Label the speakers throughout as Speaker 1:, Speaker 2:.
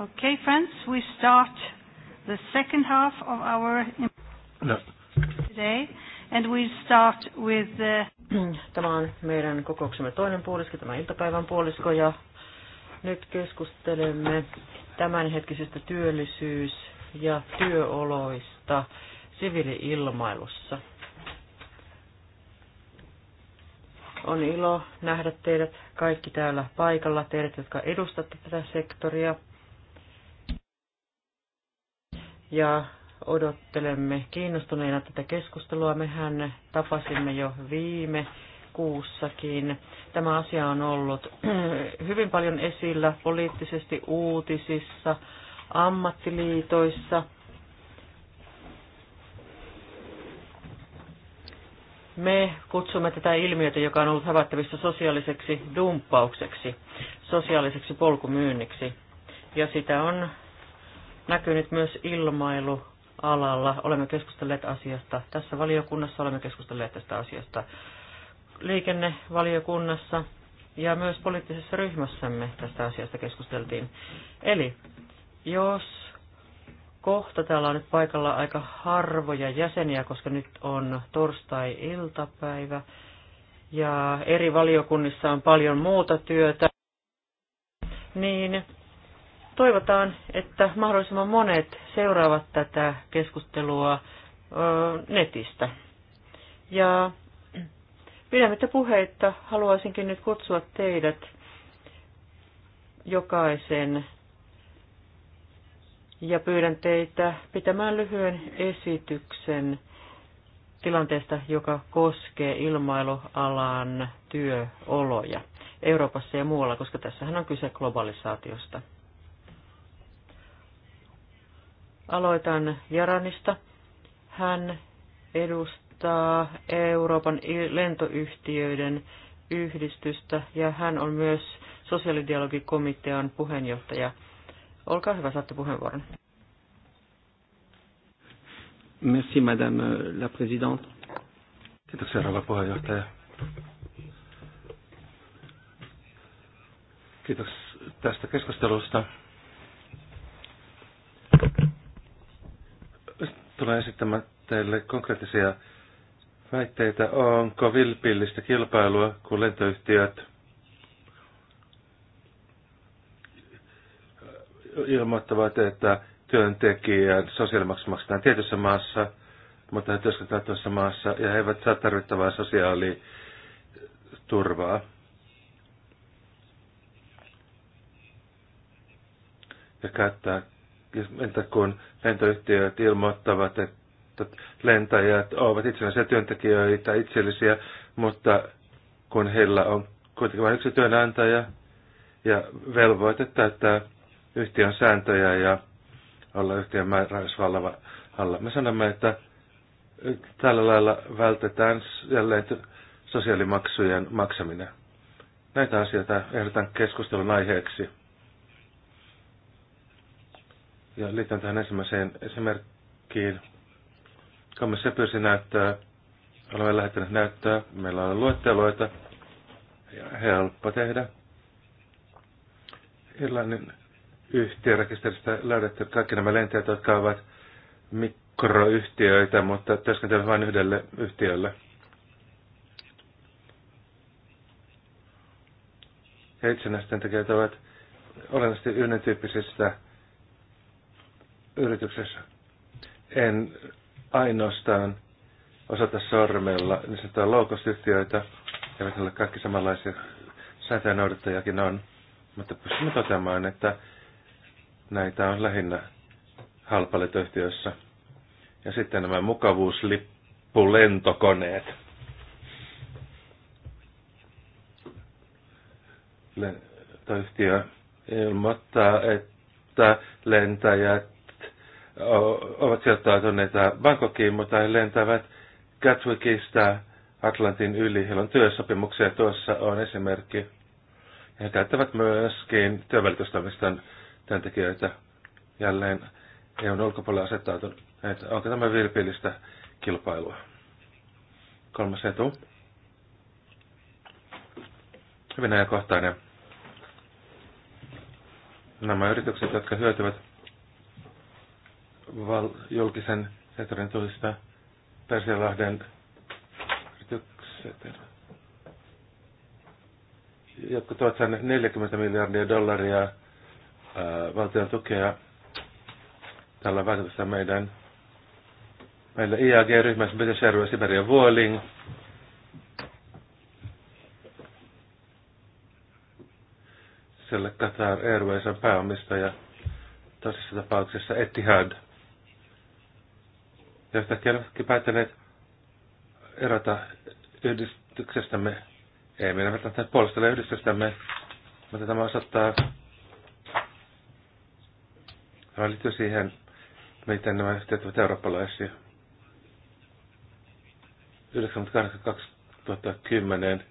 Speaker 1: Okay, friends, we start the second half of our no. today, and we start with the...
Speaker 2: Tämä on meidän kokouksemme toinen puolisko, tämä iltapäivän puolisko, ja nyt keskustelemme tämänhetkisestä työllisyys- ja työoloista siviiliilmailussa. On ilo nähdä teidät kaikki täällä paikalla, teidät, jotka edustatte tätä sektoria – ja odottelemme kiinnostuneena tätä keskustelua. Mehän tapasimme jo viime kuussakin. Tämä asia on ollut hyvin paljon esillä poliittisesti uutisissa, ammattiliitoissa. Me kutsumme tätä ilmiötä, joka on ollut havaittavissa sosiaaliseksi dumppaukseksi, sosiaaliseksi polkumyynniksi. Ja sitä on näkynyt myös alalla Olemme keskustelleet asiasta tässä valiokunnassa, olemme keskustelleet tästä asiasta liikennevaliokunnassa ja myös poliittisessa ryhmässämme tästä asiasta keskusteltiin. Eli jos kohta täällä on nyt paikalla aika harvoja jäseniä, koska nyt on torstai-iltapäivä ja eri valiokunnissa on paljon muuta työtä, niin Toivotaan, että mahdollisimman monet seuraavat tätä keskustelua netistä. Ja pidemmittä puheitta haluaisinkin nyt kutsua teidät jokaisen ja pyydän teitä pitämään lyhyen esityksen tilanteesta, joka koskee ilmailualan työoloja Euroopassa ja muualla, koska tässähän on kyse globalisaatiosta. Aloitan Jaranista. Hän edustaa Euroopan lentoyhtiöiden yhdistystä ja hän on myös sosiaalidialogikomitean puheenjohtaja. Olkaa hyvä, saatte puheenvuoron.
Speaker 1: Merci, madame la
Speaker 3: présidente. Kiitoksia, rouva puheenjohtaja. Kiitos tästä keskustelusta. Tulen esittämään teille konkreettisia väitteitä. Onko vilpillistä kilpailua, kun lentoyhtiöt ilmoittavat, että työntekijän sosiaalimaksu maksetaan tietyssä maassa, mutta he työskentelevät tuossa maassa ja he eivät saa tarvittavaa sosiaaliturvaa. Ja käyttää että kun lentoyhtiöt ilmoittavat, että lentäjät ovat itsenäisiä työntekijöitä, itsellisiä, mutta kun heillä on kuitenkin vain yksi työnantaja ja velvoite täyttää yhtiön sääntöjä ja olla yhtiön määräysvallava alla. Me sanomme, että tällä lailla vältetään jälleen sosiaalimaksujen maksaminen. Näitä asioita ehdotan keskustelun aiheeksi. Ja liitän tähän ensimmäiseen esimerkkiin. Komissio pyysi näyttää, olemme lähettäneet näyttää, meillä on luetteloita, ja helppo tehdä. Irlannin yhtiörekisteristä löydätte kaikki nämä lentäjät, jotka ovat mikroyhtiöitä, mutta työskentelevät vain yhdelle yhtiölle. Ja itsenäisten tekijät ovat olennaisesti yhden tyyppisistä yrityksessä en ainoastaan osata sormella niin sanotaan loukostyhtiöitä, eivät ole kaikki samanlaisia sääntöjä on, mutta pystymme toteamaan, että näitä on lähinnä halpaletöhtiöissä. Ja sitten nämä mukavuuslippulentokoneet. Lentoyhtiö ilmoittaa, että lentäjät ovat sijoittautuneita Bangkokiin, mutta he lentävät Gatwickista Atlantin yli. Heillä on työsopimuksia, tuossa on esimerkki. He käyttävät myöskin työvälitystoimiston työntekijöitä jälleen EUn ulkopuolella asettautuneet. Onko tämä virpillistä kilpailua? Kolmas etu. Hyvin ajankohtainen. Nämä yritykset, jotka hyötyvät val, julkisen sektorin tuista Persialahden yritykset. jotka ovat 40 miljardia dollaria ää, valtion tukea. Tällä vaikutusta meidän meillä IAG-ryhmässä British Airways Siberian Vuoling. Sillä Qatar Airways on pääomistaja. Toisessa tapauksessa Etihad. Ja yhtäkkiä olemmekin päättäneet erota yhdistyksestämme. Ei meidän välttämättä puolustella yhdistystämme, mutta tämä osoittaa, tämä liittyy siihen, miten nämä yhteydet ovat eurooppalaisia. 1998-2010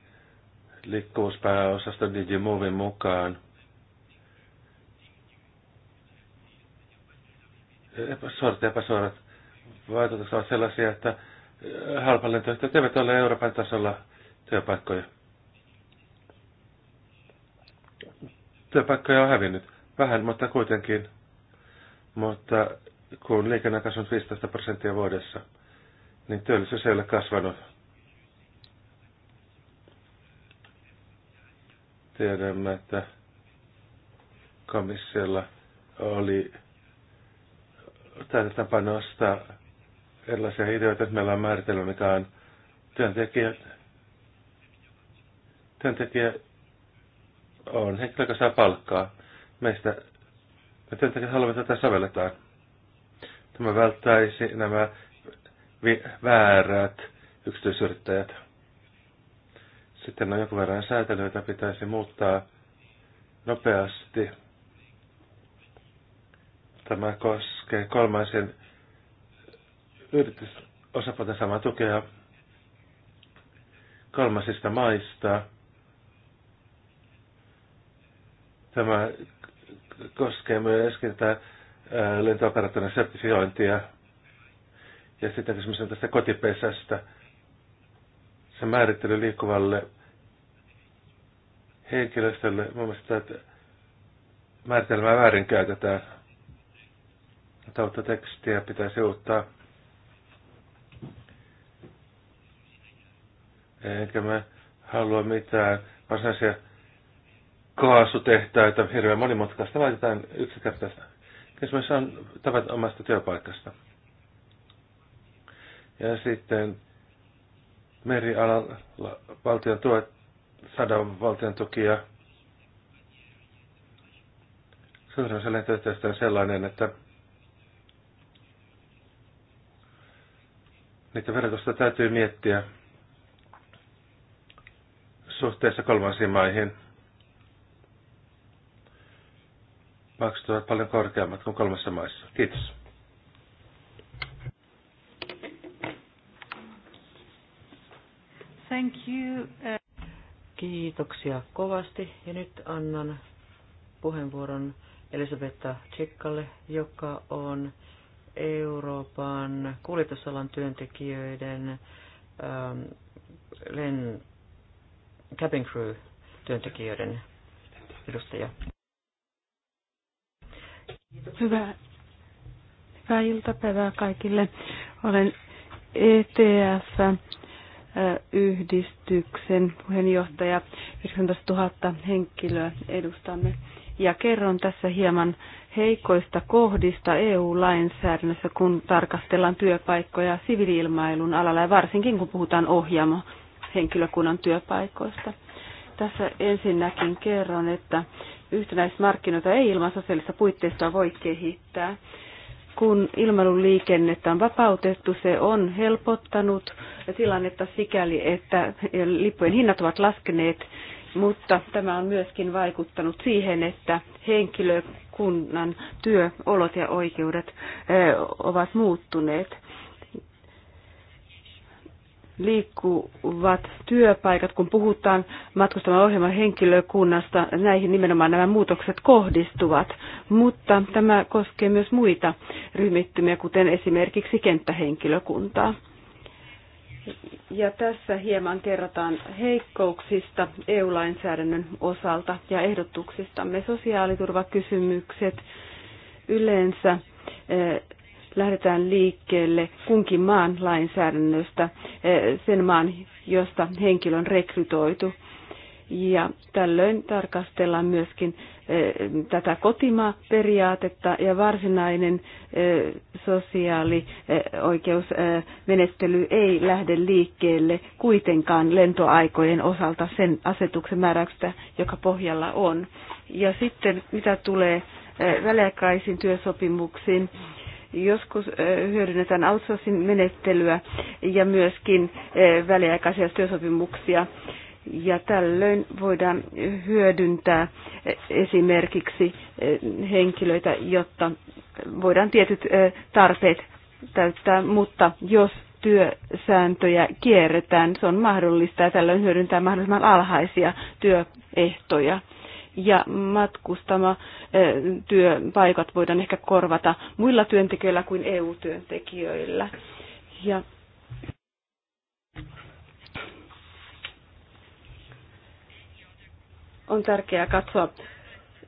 Speaker 3: liikkuvuuspääosasto Digimovin mukaan epäsuorat ja epäsuorat vaikutukset ovat sellaisia, että halpalentoista eivät ole Euroopan tasolla työpaikkoja. Työpaikkoja on hävinnyt. Vähän, mutta kuitenkin. Mutta kun liikenne on kasvanut 15 prosenttia vuodessa, niin työllisyys ei ole kasvanut. Tiedämme, että komissiolla oli täytetään panostaa erilaisia ideoita. Meillä on määritellyt, mikä on työntekijä. Työntekijä on henkilö, joka saa palkkaa. Meistä me työntekijät haluamme tätä sovelletaan. Tämä välttäisi nämä vi- väärät yksityisyrittäjät. Sitten on jonkun verran säätelyitä, pitäisi muuttaa nopeasti. Tämä koskee kolmansien yritys osapuolta saamaan tukea kolmasista maista. Tämä koskee myös tätä lentooperaattorin sertifiointia. Ja sitten kysymys on tästä kotipesästä. Se määrittely liikkuvalle henkilöstölle, Mun mielestä tämä määritelmää väärinkäytetään. tekstiä pitäisi uuttaa. Enkä mä halua mitään varsinaisia kaasutehtaita, hirveän monimutkaista, vaan yksinkertaista. Jos mä saan tavat omasta työpaikasta. Ja sitten merialalla valtion tuet, sadan valtion tukia. Suurin osa on sellainen, että niitä verotusta täytyy miettiä suhteessa kolmansiin maihin. Maksut ovat paljon korkeammat kuin kolmessa maissa. Kiitos.
Speaker 2: Thank you. Uh, Kiitoksia kovasti. Ja nyt annan puheenvuoron Elisabetta Tsekkalle, joka on Euroopan kuljetusalan työntekijöiden ähm, len, cabin crew työntekijöiden edustaja.
Speaker 4: Hyvää, hyvää iltapäivää kaikille. Olen ETF yhdistyksen puheenjohtaja. 19 000 henkilöä edustamme. Ja kerron tässä hieman heikoista kohdista EU-lainsäädännössä, kun tarkastellaan työpaikkoja siviiliilmailun alalla ja varsinkin kun puhutaan ohjaamo henkilökunnan työpaikoista. Tässä ensinnäkin kerron, että yhtenäismarkkinoita ei ilman sosiaalista puitteista voi kehittää. Kun ilmailun liikennettä on vapautettu, se on helpottanut tilannetta sikäli, että lippujen hinnat ovat laskeneet, mutta tämä on myöskin vaikuttanut siihen, että henkilökunnan työolot ja oikeudet eh, ovat muuttuneet liikkuvat työpaikat, kun puhutaan matkustamaan ohjelman henkilökunnasta, näihin nimenomaan nämä muutokset kohdistuvat. Mutta tämä koskee myös muita ryhmittymiä, kuten esimerkiksi kenttähenkilökuntaa. Ja tässä hieman kerrotaan heikkouksista EU-lainsäädännön osalta ja ehdotuksistamme sosiaaliturvakysymykset yleensä eh, lähdetään liikkeelle kunkin maan lainsäädännöstä, eh, sen maan, josta henkilö on rekrytoitu. Ja tällöin tarkastellaan myöskin eh, tätä kotimaaperiaatetta ja varsinainen eh, sosiaalioikeusmenettely ei lähde liikkeelle kuitenkaan lentoaikojen osalta sen asetuksen määräyksestä, joka pohjalla on. Ja sitten mitä tulee väliaikaisiin työsopimuksiin, Joskus eh, hyödynnetään outsourcing-menettelyä ja myöskin eh, väliaikaisia työsopimuksia. Ja tällöin voidaan hyödyntää eh, esimerkiksi henkilöitä, jotta voidaan tietyt tarpeet täyttää, mutta jos työsääntöjä kierretään, se on mahdollista ja tällöin hyödyntää mahdollisimman alhaisia työehtoja ja matkustama eh, työpaikat voidaan ehkä korvata muilla työntekijöillä kuin EU-työntekijöillä. Ja on tärkeää katsoa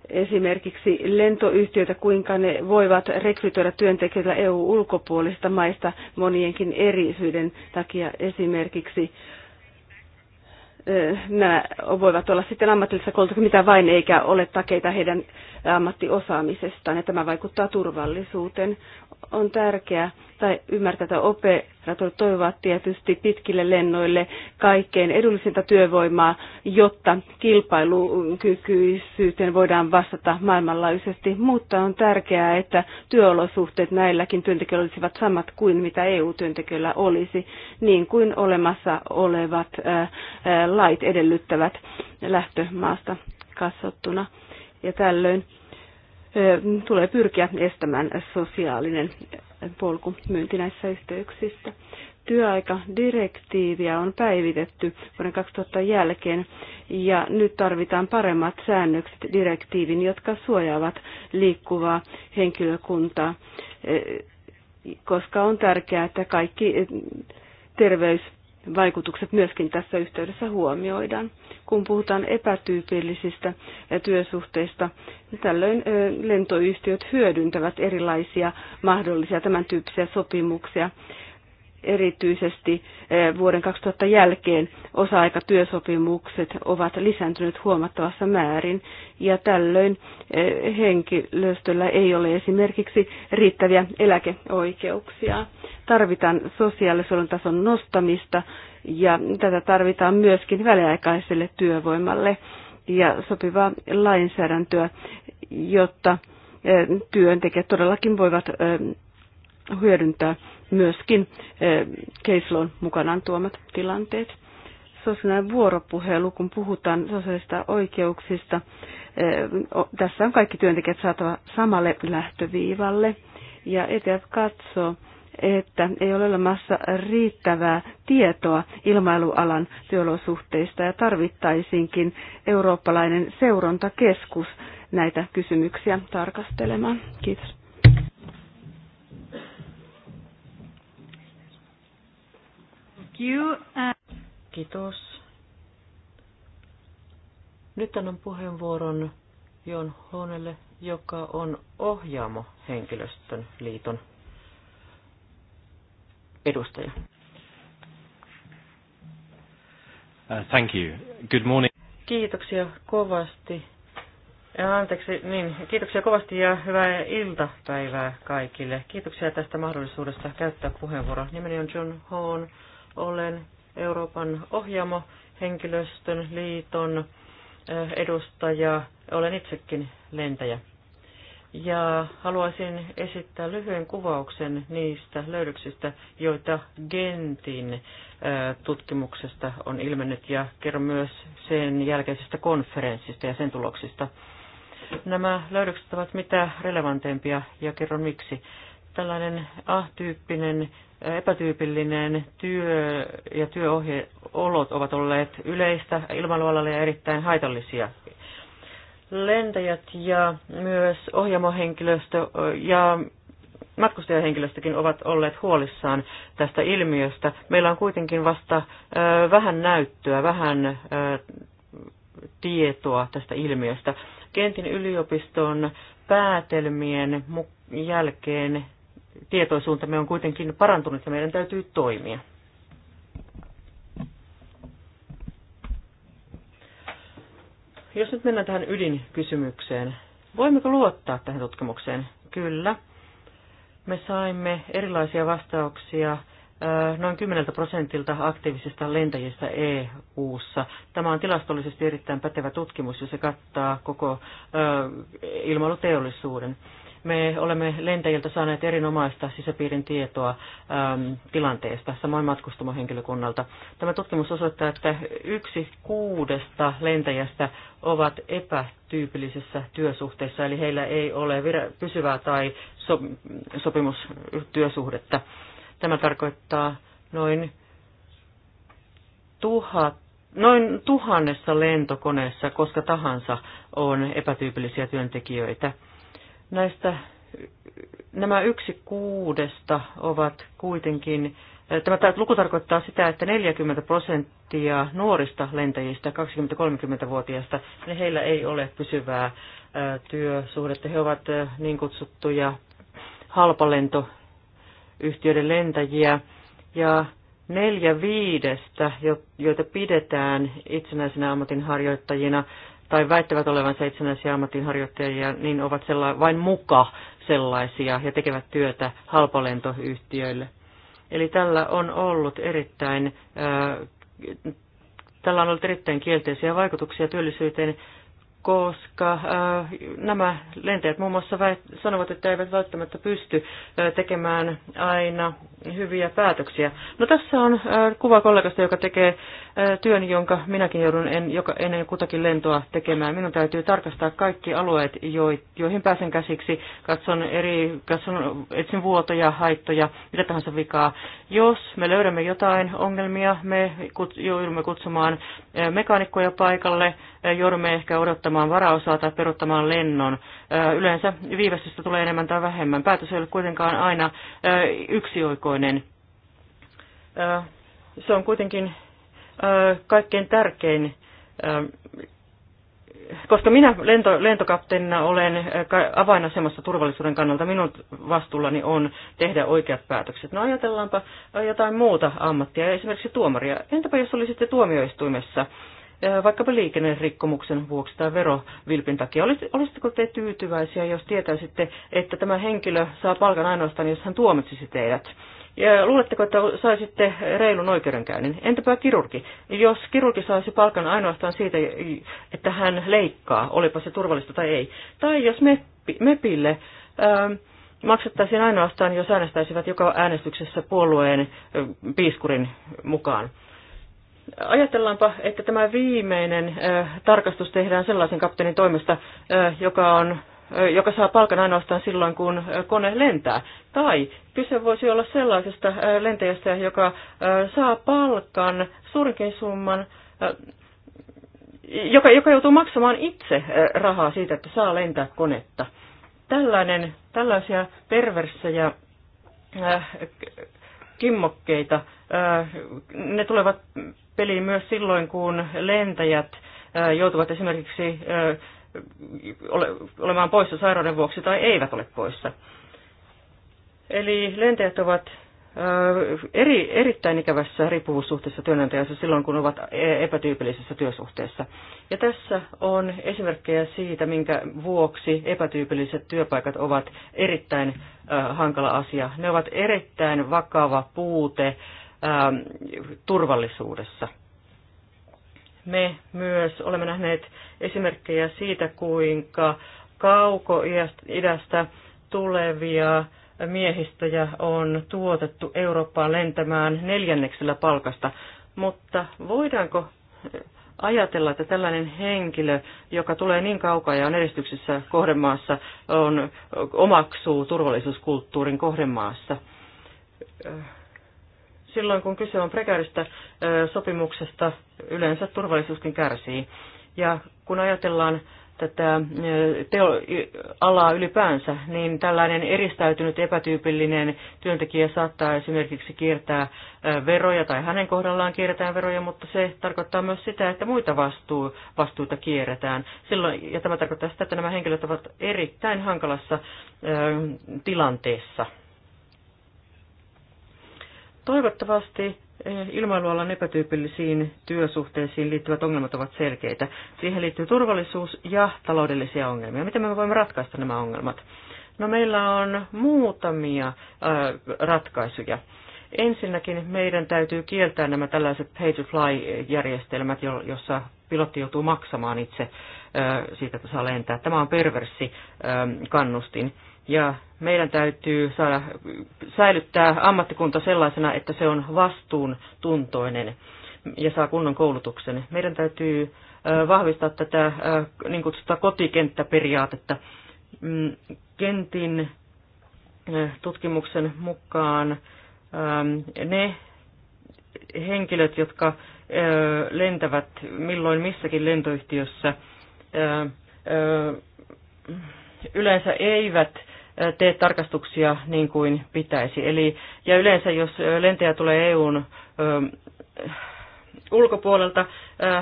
Speaker 4: esimerkiksi lentoyhtiöitä, kuinka ne voivat rekrytoida työntekijöitä EU-ulkopuolista maista monienkin eri syiden takia esimerkiksi nämä voivat olla sitten ammatillisessa koulutuksessa mitä vain, eikä ole takeita heidän ammattiosaamisestaan, ja tämä vaikuttaa turvallisuuteen. On tärkeää tai ymmärtää, että Ratot toivovat tietysti pitkille lennoille kaikkein edullisinta työvoimaa, jotta kilpailukykyisyyteen voidaan vastata maailmanlaajuisesti, mutta on tärkeää, että työolosuhteet näilläkin työntekijöillä olisivat samat kuin mitä EU-työntekijöillä olisi, niin kuin olemassa olevat äh, äh, lait edellyttävät lähtömaasta katsottuna. Ja tällöin äh, tulee pyrkiä estämään sosiaalinen polku myynti näissä yhteyksissä. Työaikadirektiiviä on päivitetty vuoden 2000 jälkeen ja nyt tarvitaan paremmat säännökset direktiivin, jotka suojaavat liikkuvaa henkilökuntaa, eh, koska on tärkeää, että kaikki eh, terveys vaikutukset myöskin tässä yhteydessä huomioidaan. Kun puhutaan epätyypillisistä eh, työsuhteista, niin tällöin eh, lentoyhtiöt hyödyntävät erilaisia mahdollisia tämän tyyppisiä sopimuksia erityisesti eh, vuoden 2000 jälkeen osa-aikatyösopimukset ovat lisääntyneet huomattavassa määrin ja tällöin eh, henkilöstöllä ei ole esimerkiksi riittäviä eläkeoikeuksia. Tarvitaan sosiaalisuuden tason nostamista ja tätä tarvitaan myöskin väliaikaiselle työvoimalle ja sopivaa lainsäädäntöä, jotta eh, työntekijät todellakin voivat hyödyntää myöskin Keislon eh, mukanaan tuomat tilanteet. Sosiaalinen vuoropuhelu, kun puhutaan sosiaalista oikeuksista, eh, tässä on kaikki työntekijät saatava samalle lähtöviivalle. Ja ETF katsoo, että ei ole olemassa riittävää tietoa ilmailualan työolosuhteista ja tarvittaisinkin eurooppalainen seurontakeskus näitä kysymyksiä tarkastelemaan. Kiitos.
Speaker 2: you. Uh, Kiitos. Nyt annan puheenvuoron Jon Honelle, joka on ohjaamo henkilöstön liiton edustaja.
Speaker 3: Uh, thank you. Good morning.
Speaker 2: Kiitoksia kovasti. ja Anteeksi, niin, kiitoksia kovasti ja hyvää iltapäivää kaikille. Kiitoksia tästä mahdollisuudesta käyttää puheenvuoro. Nimeni on John Hone. Olen Euroopan ohjaamo henkilöstön liiton edustaja. Olen itsekin lentäjä. Ja haluaisin esittää lyhyen kuvauksen niistä löydöksistä, joita Gentin tutkimuksesta on ilmennyt ja kerron myös sen jälkeisestä konferenssista ja sen tuloksista. Nämä löydökset ovat mitä relevanteimpia ja kerron miksi tällainen A-tyyppinen, epätyypillinen työ ja työohjeolot ovat olleet yleistä ilmailualalle ja erittäin haitallisia. Lentäjät ja myös ohjaamohenkilöstö ja matkustajahenkilöstökin ovat olleet huolissaan tästä ilmiöstä. Meillä on kuitenkin vasta vähän näyttöä, vähän tietoa tästä ilmiöstä. Kentin yliopiston päätelmien jälkeen tietoisuutemme on kuitenkin parantunut ja meidän täytyy toimia. Jos nyt mennään tähän ydinkysymykseen, voimmeko luottaa tähän tutkimukseen? Kyllä. Me saimme erilaisia vastauksia noin 10 prosentilta aktiivisista lentäjistä EU-ssa. Tämä on tilastollisesti erittäin pätevä tutkimus ja se kattaa koko ilmailuteollisuuden. Me olemme lentäjiltä saaneet erinomaista sisäpiirin tietoa äm, tilanteesta, samoin matkustamohenkilökunnalta. Tämä tutkimus osoittaa, että yksi kuudesta lentäjästä ovat epätyypillisessä työsuhteessa, eli heillä ei ole pysyvää tai so- sopimustyösuhdetta. Tämä tarkoittaa noin tuhat noin tuhannessa lentokoneessa koska tahansa on epätyypillisiä työntekijöitä. Näistä nämä yksi kuudesta ovat kuitenkin, tämä luku tarkoittaa sitä, että 40 prosenttia nuorista lentäjistä, 20-30-vuotiaista, niin heillä ei ole pysyvää työsuhdetta. He ovat niin kutsuttuja halpalentoyhtiöiden lentäjiä ja neljä viidestä, joita pidetään itsenäisenä ammatinharjoittajina, tai väittävät olevan itsenäisiä ammatinharjoittajia, niin ovat sella, vain muka sellaisia ja tekevät työtä halpalentoyhtiöille. Eli tällä on ollut erittäin, äh, tällä on ollut erittäin kielteisiä vaikutuksia työllisyyteen koska äh, nämä lentäjät muun muassa sanovat, että eivät välttämättä pysty äh, tekemään aina hyviä päätöksiä. No tässä on äh, kuva kollegasta, joka tekee työn, jonka minäkin joudun en, joka, ennen kutakin lentoa tekemään. Minun täytyy tarkastaa kaikki alueet, jo, joihin pääsen käsiksi, katson, eri, katson etsin vuotoja, haittoja, mitä tahansa vikaa. Jos me löydämme jotain ongelmia, me joudumme kutsumaan mekaanikkoja paikalle, joudumme ehkä odottamaan peruuttamaan varaosaa tai peruuttamaan lennon. Yleensä viivästystä tulee enemmän tai vähemmän. Päätös ei ole kuitenkaan aina yksioikoinen. Se on kuitenkin kaikkein tärkein koska minä lento, lentokapteenina olen avainasemassa turvallisuuden kannalta, minun vastuullani on tehdä oikeat päätökset. No ajatellaanpa jotain muuta ammattia, esimerkiksi tuomaria. Entäpä jos olisitte tuomioistuimessa? vaikkapa liikennerikkomuksen vuoksi tai verovilpin takia. Olisitteko te tyytyväisiä, jos tietäisitte, että tämä henkilö saa palkan ainoastaan, jos hän tuomitsisi teidät? Ja luuletteko, että saisitte reilun oikeudenkäynnin? Entäpä kirurgi? Jos kirurgi saisi palkan ainoastaan siitä, että hän leikkaa, olipa se turvallista tai ei. Tai jos meppi, mepille ää, maksettaisiin ainoastaan, jos äänestäisivät joka äänestyksessä puolueen piiskurin mukaan. Ajatellaanpa, että tämä viimeinen tarkastus tehdään sellaisen kapteenin toimesta, joka, on, joka saa palkan ainoastaan silloin, kun kone lentää. Tai kyse voisi olla sellaisesta lentäjästä, joka saa palkan suurinkin summan, joka, joka joutuu maksamaan itse rahaa siitä, että saa lentää konetta. Tällainen, tällaisia perversejä kimmokkeita, ne tulevat peliin myös silloin, kun lentäjät joutuvat esimerkiksi olemaan poissa sairauden vuoksi tai eivät ole poissa. Eli lentäjät ovat eri, erittäin ikävässä riippuvuussuhteessa työnantajansa silloin, kun ovat e, epätyypillisessä työsuhteessa. Ja tässä on esimerkkejä siitä, minkä vuoksi epätyypilliset työpaikat ovat erittäin hankala asia. Ne ovat erittäin vakava puute Ähm, turvallisuudessa. Me myös olemme nähneet esimerkkejä siitä, kuinka kauko-idästä tulevia miehistöjä on tuotettu Eurooppaan lentämään neljänneksellä palkasta. Mutta voidaanko ajatella, että tällainen henkilö, joka tulee niin kaukaa ja on edistyksessä kohdemaassa, on, omaksuu turvallisuuskulttuurin kohdemaassa? silloin kun kyse on prekäristä sopimuksesta, yleensä turvallisuuskin kärsii. Ja kun ajatellaan tätä teo- alaa ylipäänsä, niin tällainen eristäytynyt epätyypillinen työntekijä saattaa esimerkiksi kiertää veroja tai hänen kohdallaan kierretään veroja, mutta se tarkoittaa myös sitä, että muita vastuu, vastuuta kierretään. Silloin, ja tämä tarkoittaa sitä, että nämä henkilöt ovat erittäin hankalassa ö, tilanteessa Toivottavasti eh, ilmailualan epätyypillisiin työsuhteisiin liittyvät ongelmat ovat selkeitä. Siihen liittyy turvallisuus ja taloudellisia ongelmia. Miten me voimme ratkaista nämä ongelmat? No meillä on muutamia eh, ratkaisuja. Ensinnäkin meidän täytyy kieltää nämä tällaiset pay-to-fly-järjestelmät, jossa pilotti joutuu maksamaan itse siitä, että saa lentää. Tämä on perverssi kannustin. Ja meidän täytyy saada säilyttää ammattikunta sellaisena, että se on vastuuntuntoinen ja saa kunnon koulutuksen. Meidän täytyy vahvistaa tätä niin kutsutaan kotikenttäperiaatetta. Mm, Kentin tutkimuksen mukaan ne henkilöt, jotka lentävät milloin missäkin lentoyhtiössä – yleensä eivät tee tarkastuksia niin kuin pitäisi. Eli, ja yleensä jos lentäjä tulee EUn ulkopuolelta,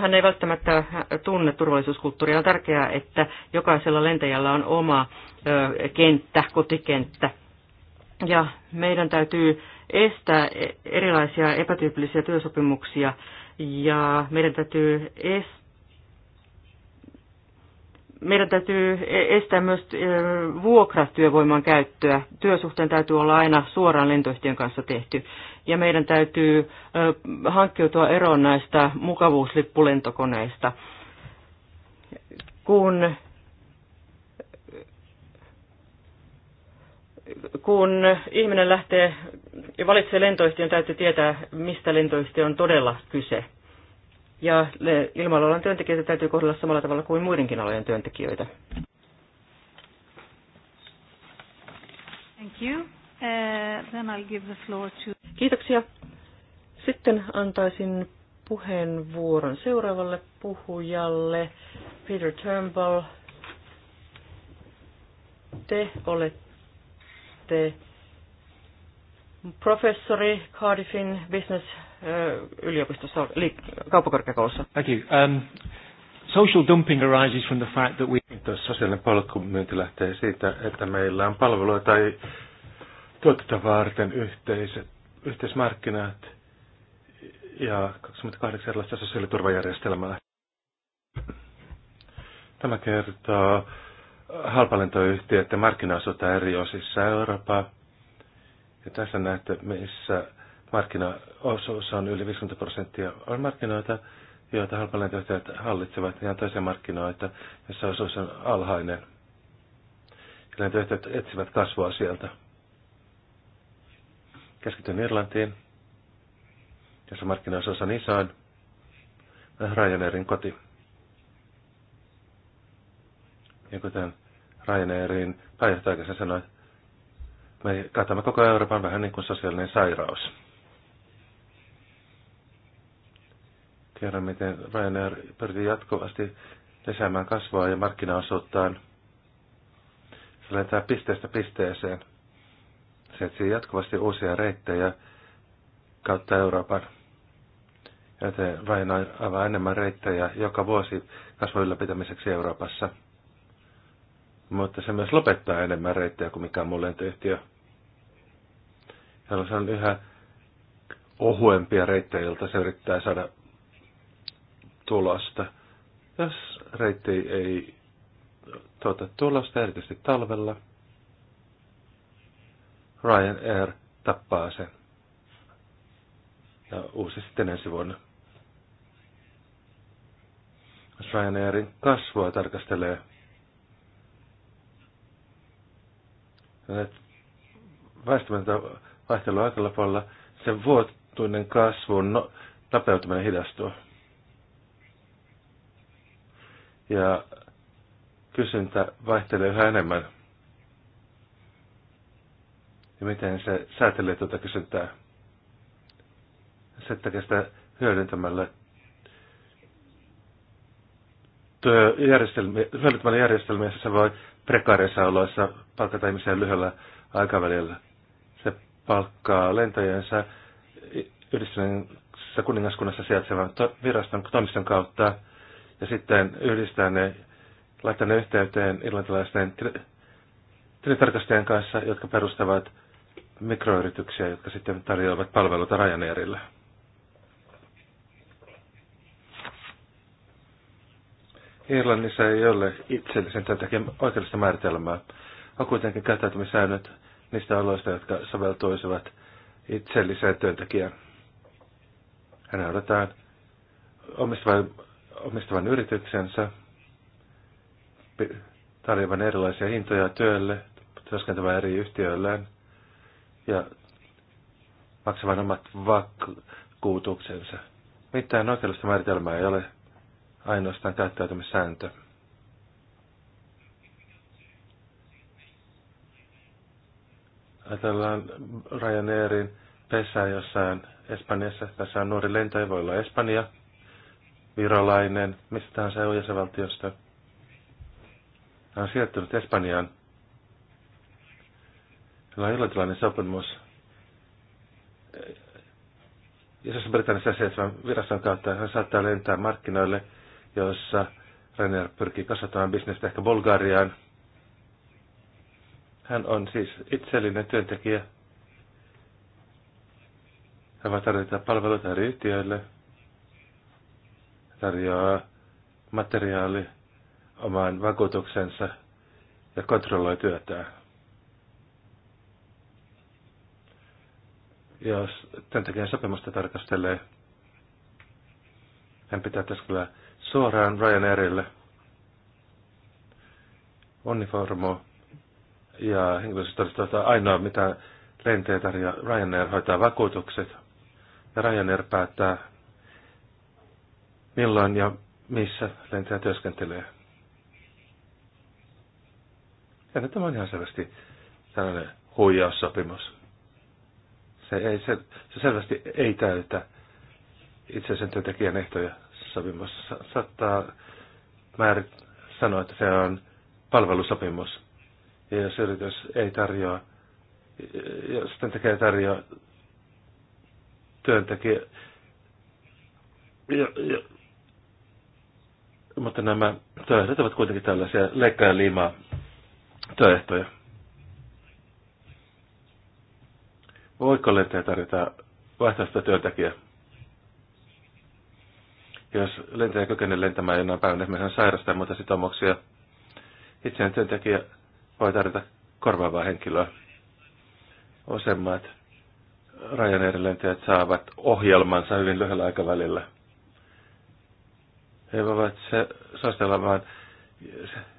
Speaker 2: hän ei välttämättä tunne turvallisuuskulttuuria. On tärkeää, että jokaisella lentäjällä on oma kenttä, kotikenttä. Ja meidän täytyy estää e- erilaisia epätyypillisiä työsopimuksia ja meidän täytyy estää meidän täytyy estää myös vuokratyövoiman käyttöä. Työsuhteen täytyy olla aina suoraan lentoyhtiön kanssa tehty. Ja meidän täytyy hankkiutua eroon näistä mukavuuslippulentokoneista. Kun, kun ihminen lähtee ja valitsee lentoyhtiön, täytyy tietää, mistä lentoyhtiö on todella kyse ja ilmailualan työntekijöitä täytyy kohdella samalla tavalla kuin muidenkin alojen työntekijöitä.
Speaker 1: Thank you. Uh, then I'll give the floor to... Kiitoksia.
Speaker 2: Sitten antaisin puheenvuoron seuraavalle puhujalle, Peter Turnbull. Te olette professori Cardiffin Business yliopistossa,
Speaker 3: kauppakorkeakoulussa. Thank you. Um, social dumping arises from the fact that we... Sosiaalinen palkkumyynti lähtee siitä, että meillä on palveluja tai tuotetta varten yhteiset, yhteismarkkinat ja 28 erilaista sosiaaliturvajärjestelmää. Tämä kertoo halpalentoyhtiöiden markkinaosuutta eri osissa Eurooppaa. Ja tässä näette, missä markkinaosuus on yli 50 prosenttia. On markkinoita, joita halpalentoyhtiöt hallitsevat, ja on toisia markkinoita, joissa osuus on alhainen. Lentoyhtiöt etsivät kasvua sieltä. Keskityn Irlantiin, jossa markkinaosuus on isoin. Ryanairin koti. Ja kuten Ryanairin pääjohtaja sanoi, me katamme koko Euroopan vähän niin kuin sosiaalinen sairaus. Kerron, miten Ryanair pyrkii jatkuvasti lisäämään kasvua ja markkinaosuuttaan. Se lentää pisteestä pisteeseen. Se etsii jatkuvasti uusia reittejä kautta Euroopan. Joten Ryanair avaa enemmän reittejä joka vuosi kasvun ylläpitämiseksi Euroopassa. Mutta se myös lopettaa enemmän reittejä kuin mikään muu lentoyhtiö. Ja se on yhä ohuempia reittejä, joilta se yrittää saada tulosta. Jos reitti ei tuota tulosta, erityisesti talvella, Ryanair tappaa sen. Ja uusi sitten ensi vuonna. Jos Ryanairin kasvua tarkastelee, väistämättä vaihtelua puolella, sen vuotuinen kasvu no, nopeutuminen hidastuu ja kysyntä vaihtelee yhä enemmän. Ja miten se säätelee tuota kysyntää? Se tekee sitä hyödyntämällä järjestelmiä, hyödyntämällä järjestelmiä, se voi prekaarissa oloissa palkata ihmisiä lyhyellä aikavälillä. Se palkkaa lentäjänsä yhdistyneessä kuningaskunnassa sijaitsevan viraston toimiston kautta – ja sitten yhdistää ne, laittaa ne yhteyteen irlantilaisten tilitarkastajien kanssa, jotka perustavat mikroyrityksiä, jotka sitten tarjoavat palveluita Ryanairille. Irlannissa ei ole itsellisen takia oikeudellista määritelmää. On kuitenkin käyttäytymisäännöt niistä aloista, jotka soveltuisivat itselliseen työntekijään. Hän odotetaan omistavan omistavan yrityksensä, tarjoavan erilaisia hintoja työlle, työskentävän eri yhtiöillään ja maksavan omat vakuutuksensa. Mitään oikeudellista määritelmää ei ole, ainoastaan käyttäytymissääntö. Ajatellaan Ryanairin pesää jossain Espanjassa. Tässä on nuori lentäjä, voi olla Espanja – virolainen, mistä tahansa EU-jäsenvaltiosta. Hän on sijoittunut Espanjaan. Hän on ilotilainen sopimus Isossa Britanniassa seitsemän viraston kautta hän saattaa lentää markkinoille, joissa Rainer pyrkii kasvattamaan bisnestä ehkä Bulgariaan. Hän on siis itsellinen työntekijä. Hän voi tarjota palveluita eri yhtiöille tarjoaa materiaali omaan vakuutuksensa ja kontrolloi työtään. Jos työntekijän sopimusta tarkastelee, hän pitää tässä suoraan Ryanairille uniformo ja henkilöllisyystodistus on ainoa, mitä lentäjä tarjoaa. Ryanair hoitaa vakuutukset ja Ryanair päättää, milloin ja missä lentäjä työskentelee. Ja nyt tämä on ihan selvästi tällainen huijaussopimus. Se, ei, se, se selvästi ei täytä sen työntekijän ehtoja sopimus. Saattaa määrit, sanoa, että se on palvelusopimus. Ja jos yritys ei tarjoa, jos työntekijä tarjoa työntekijä, mutta nämä työehdot ovat kuitenkin tällaisia leikkaa ja liimaa työehtoja. Voiko lentäjä tarjota vaihtoehtoista työntekijää? Jos lentäjä kykenee lentämään enää päivänä, esimerkiksi sairastaa muita sitoumuksia, itseään työntekijä voi tarjota korvaavaa henkilöä. Useimmat Ryanair-lentäjät saavat ohjelmansa hyvin lyhyellä aikavälillä – he voivat saastella vaan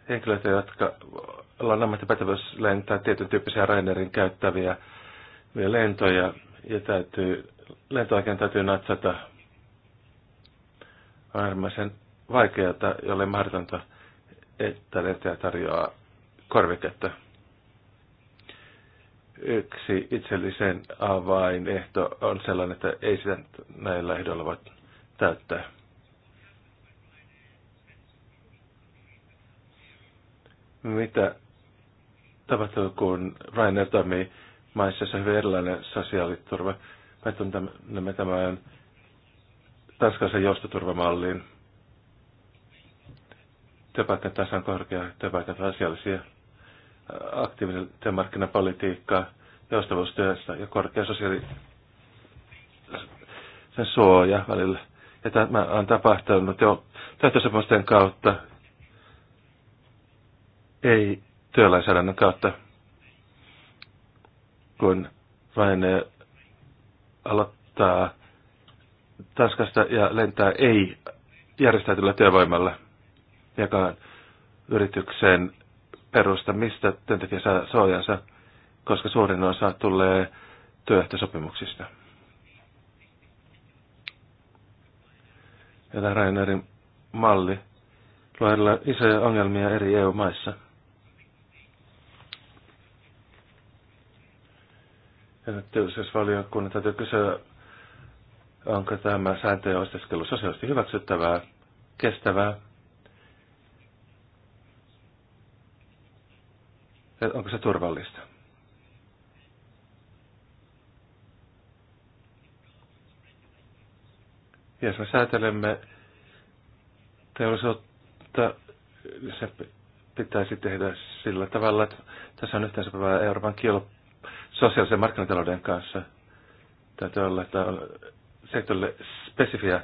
Speaker 3: henkilöitä, jotka ollaan ammattipätevyys lentää tietyn tyyppisiä Rainerin käyttäviä lentoja ja täytyy, lentoaikeen täytyy natsata on äärimmäisen vaikeata, jolle mahdotonta, että lentäjä tarjoaa korviketta. Yksi itsellisen avainehto on sellainen, että ei sitä näillä ehdoilla voi täyttää. mitä tapahtuu, kun Rainer toimii maissa, jossa on hyvin erilainen sosiaaliturva. Me tunnemme tämän tanskaisen joustoturvamalliin. Työpaikan tasan korkea, työpaikan asiallisia, aktiivinen työmarkkinapolitiikka, joustavuustyössä ja korkea sosiaali sen suoja välillä. Ja tämä on tapahtunut jo täytösopimusten kautta ei työlainsäädännön kautta, kun vain aloittaa Tanskasta ja lentää ei järjestäytyllä työvoimalla, joka on yrityksen perusta, mistä työntekijä saa suojansa, koska suurin osa tulee työehtosopimuksista. Ja tämä Rainerin malli luo isoja ongelmia eri EU-maissa – Ja nyt teollisuusvaliokunnan täytyy kysyä, onko tämä sääntöjen osteskelu sosiaalisesti hyväksyttävää, kestävää, ja onko se turvallista. Ja jos me säätelemme teollisuutta, niin se pitäisi tehdä sillä tavalla, että tässä on yhteensopivaa Euroopan kilpailu sosiaalisen markkinatalouden kanssa. Täytyy olla, että on sektorille spesifiä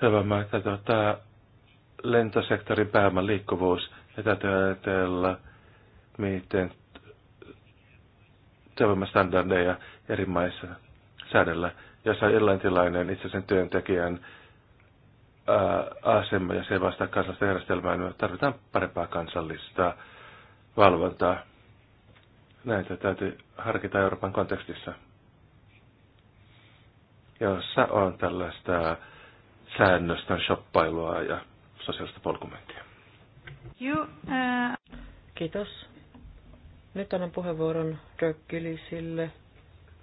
Speaker 3: työvoimaa. että tuota, lentosektorin pääoman liikkuvuus ja täytyy ajatella, miten työvoimastandardeja eri maissa säädellä. Jos on irlantilainen itse sen työntekijän asema ja se vastaa kansallista järjestelmää, niin tarvitaan parempaa kansallista valvontaa. Näitä täytyy harkita Euroopan kontekstissa, jossa on tällaista säännöstä shoppailua ja sosiaalista polkumentia.
Speaker 2: Joo, ää... Uh, Kiitos. Nyt annan puheenvuoron Dirk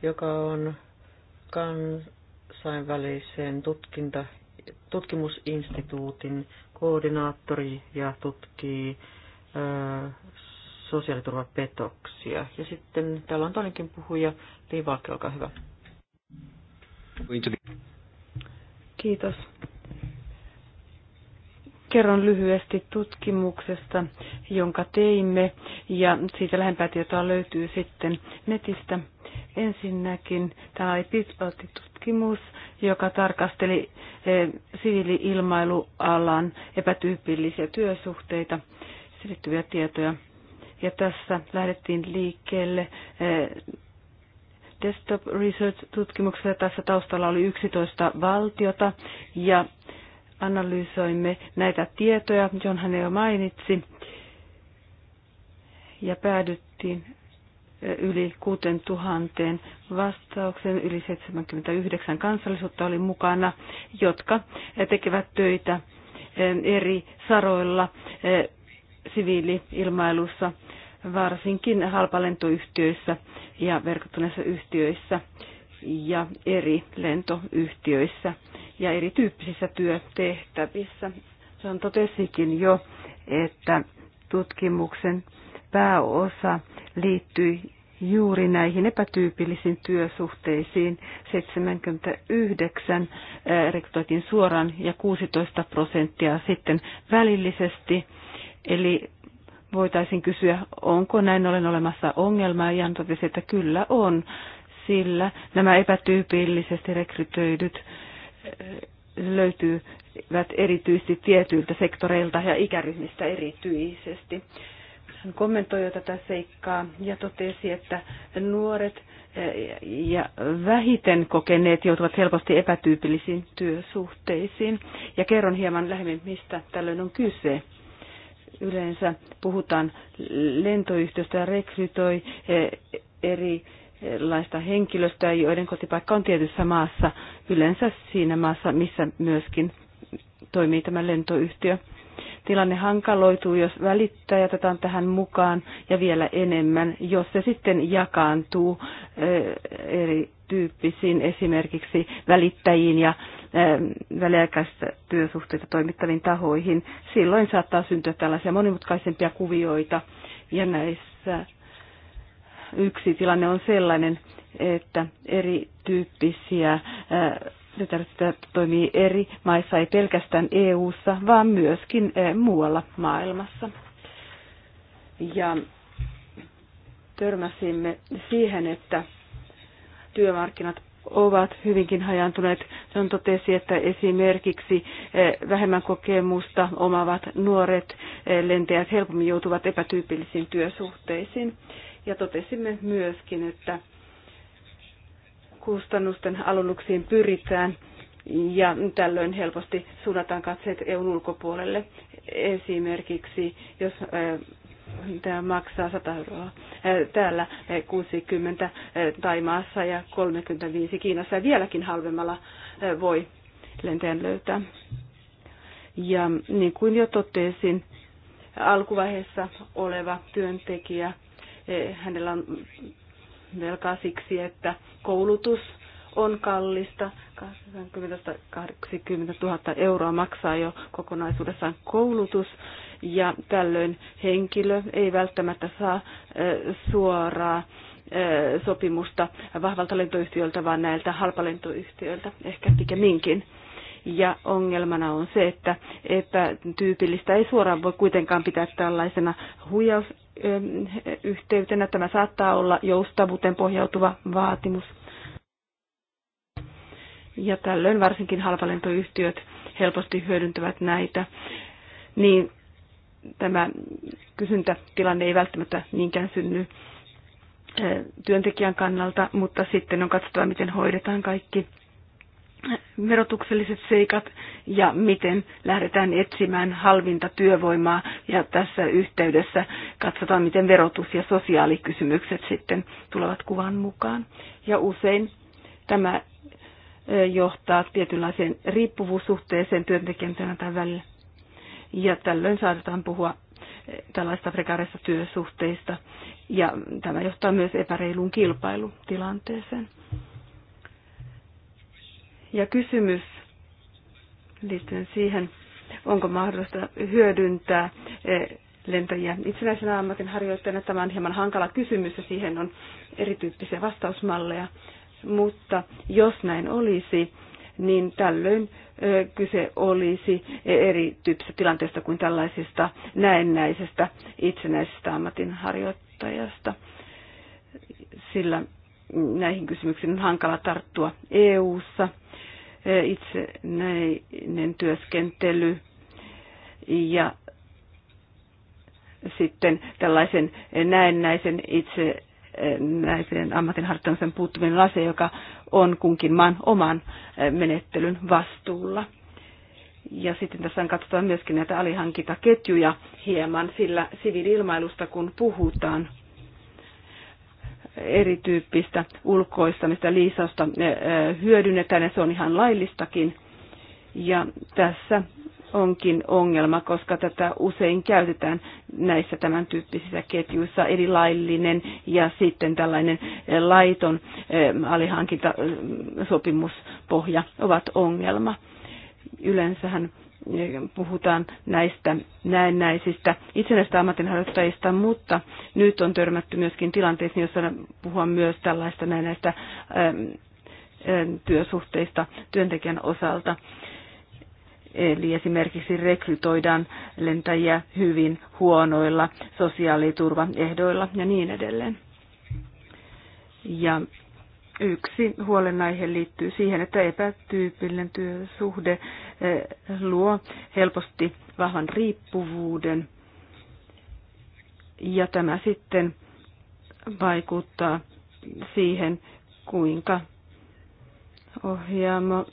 Speaker 2: joka on kansainvälisen tutkinta, tutkimusinstituutin koordinaattori ja tutkii uh, sosiaaliturvapetoksia. Ja sitten täällä on toinenkin puhuja, Li olkaa hyvä.
Speaker 4: Kiitos. Kerron lyhyesti tutkimuksesta, jonka teimme, ja siitä lähempää tietoa löytyy sitten netistä. Ensinnäkin tämä oli pitkälti tutkimus, joka tarkasteli eh, siviili-ilmailualan epätyypillisiä työsuhteita, selittyviä tietoja ja tässä lähdettiin liikkeelle eh, Desktop Research-tutkimuksessa. Tässä taustalla oli 11 valtiota ja analysoimme näitä tietoja, John hän jo mainitsi, ja päädyttiin eh, yli 6000 vastauksen, yli 79 kansallisuutta oli mukana, jotka eh, tekevät töitä eri saroilla siviiliilmailussa, varsinkin halpalentoyhtiöissä ja verkottuneissa yhtiöissä ja eri lentoyhtiöissä ja erityyppisissä työtehtävissä. on totesikin jo, että tutkimuksen pääosa liittyi juuri näihin epätyypillisiin työsuhteisiin. 79 rekrytoitiin suoraan ja 16 prosenttia sitten välillisesti Eli voitaisiin kysyä, onko näin ollen olemassa ongelmaa, ja totesi, että kyllä on, sillä nämä epätyypillisesti rekrytoidut eh, löytyvät erityisesti tietyiltä sektoreilta ja ikäryhmistä erityisesti. Hän kommentoi jo tätä seikkaa ja totesi, että nuoret eh, ja vähiten kokeneet joutuvat helposti epätyypillisiin työsuhteisiin. Ja kerron hieman lähemmin, mistä tällöin on kyse yleensä puhutaan lentoyhtiöstä ja rekrytoi eh, eri laista henkilöstöä, joiden kotipaikka on tietyssä maassa, yleensä siinä maassa, missä myöskin toimii tämä lentoyhtiö. Tilanne hankaloituu, jos välittäjät otetaan tähän mukaan ja vielä enemmän, jos se sitten jakaantuu eh, eri tyyppisiin esimerkiksi välittäjiin ja ähm, väliaikaista työsuhteita toimittaviin tahoihin. Silloin saattaa syntyä tällaisia monimutkaisempia kuvioita ja näissä yksi tilanne on sellainen, että erityyppisiä äh, tätä toimii eri maissa, ei pelkästään EU-ssa, vaan myöskin äh, muualla maailmassa. Ja törmäsimme siihen, että työmarkkinat ovat hyvinkin hajantuneet. on totesi, että esimerkiksi eh, vähemmän kokemusta omavat nuoret eh, lentäjät helpommin joutuvat epätyypillisiin työsuhteisiin. Ja totesimme myöskin, että kustannusten alunnuksiin pyritään ja tällöin helposti suunnataan katseet EUn ulkopuolelle. Esimerkiksi jos eh, tämä maksaa 100 euroa, täällä 60 Taimaassa ja 35 Kiinassa ja vieläkin halvemmalla voi lentäjän löytää. Ja niin kuin jo totesin, alkuvaiheessa oleva työntekijä, hänellä on velkaa siksi, että koulutus on kallista. 80 000 euroa maksaa jo kokonaisuudessaan koulutus ja tällöin henkilö ei välttämättä saa suoraa sopimusta vahvalta lentoyhtiöltä, vaan näiltä halpalentoyhtiöiltä, ehkä pikemminkin. Ja ongelmana on se, että epätyypillistä ei suoraan voi kuitenkaan pitää tällaisena huijausyhteytenä. Tämä saattaa olla joustavuuteen pohjautuva vaatimus. Ja tällöin varsinkin halpalentoyhtiöt helposti hyödyntävät näitä niin tämä kysyntätilanne ei välttämättä niinkään synny työntekijän kannalta, mutta sitten on katsottava, miten hoidetaan kaikki verotukselliset seikat ja miten lähdetään etsimään halvinta työvoimaa ja tässä yhteydessä katsotaan, miten verotus ja sosiaalikysymykset sitten tulevat kuvan mukaan. Ja usein tämä johtaa tietynlaiseen riippuvuussuhteeseen työntekijän tai välillä ja tällöin saatetaan puhua eh, tällaista prekaarista työsuhteista ja tämä johtaa myös epäreiluun kilpailutilanteeseen. Ja kysymys liittyen siihen, onko mahdollista hyödyntää eh, lentäjiä itsenäisenä ammatinharjoittajana. Tämä on hieman hankala kysymys ja siihen on erityyppisiä vastausmalleja. Mutta jos näin olisi, niin tällöin kyse olisi erityyppisestä tilanteesta kuin tällaisista näennäisestä itsenäisestä ammatinharjoittajasta, sillä näihin kysymyksiin on hankala tarttua EU-ssa. Itsenäinen työskentely ja sitten tällaisen näennäisen itse näisen ammatinharjoittamisen puuttuminen on asia, joka on kunkin maan oman menettelyn vastuulla. Ja sitten tässä on katsotaan myöskin näitä alihankintaketjuja hieman, sillä siviililmailusta kun puhutaan, erityyppistä ulkoistamista, liisausta hyödynnetään ja se on ihan laillistakin. Ja tässä onkin ongelma, koska tätä usein käytetään näissä tämän tyyppisissä ketjuissa, eli laillinen ja sitten tällainen eh, laiton eh, alihankintasopimuspohja ovat ongelma. Yleensähän eh, puhutaan näistä näennäisistä itsenäistä ammatinharjoittajista, mutta nyt on törmätty myöskin tilanteisiin, jossa puhutaan myös tällaista näennäistä työsuhteista työntekijän osalta. Eli esimerkiksi rekrytoidaan lentäjiä hyvin huonoilla sosiaaliturvaehdoilla ja niin edelleen. Ja yksi huolenaihe liittyy siihen, että epätyypillinen työsuhde eh, luo helposti vahvan riippuvuuden ja tämä sitten vaikuttaa siihen, kuinka ohjaamo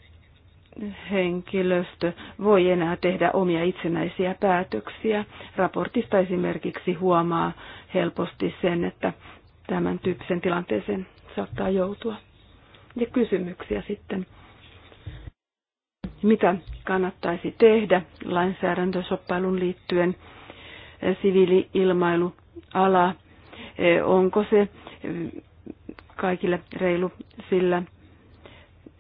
Speaker 4: henkilöstö voi enää tehdä omia itsenäisiä päätöksiä. Raportista esimerkiksi huomaa helposti sen, että tämän tyyppisen tilanteeseen saattaa joutua. Ja kysymyksiä sitten. Mitä kannattaisi tehdä lainsäädäntösoppailun liittyen siviiliilmailuala? Onko se kaikille reilu, sillä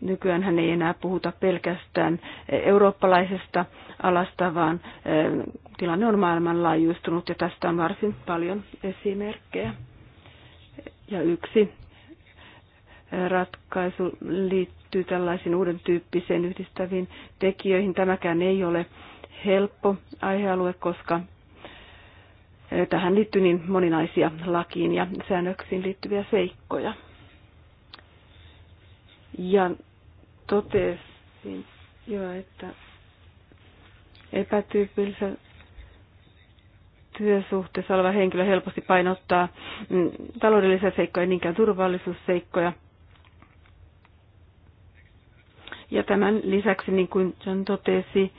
Speaker 4: Nykyään ei enää puhuta pelkästään eurooppalaisesta alasta, vaan eh, tilanne on maailmanlaajuistunut ja tästä on varsin paljon esimerkkejä. Ja yksi eh, ratkaisu liittyy tällaisiin uuden tyyppiseen yhdistäviin tekijöihin. Tämäkään ei ole helppo aihealue, koska eh, tähän liittyy niin moninaisia lakiin ja säännöksiin liittyviä seikkoja. Ja totesin jo, että epätyypillisessä työsuhteessa oleva henkilö helposti painottaa mm, taloudellisia seikkoja, niinkään turvallisuusseikkoja. Ja tämän lisäksi, niin kuin John totesi,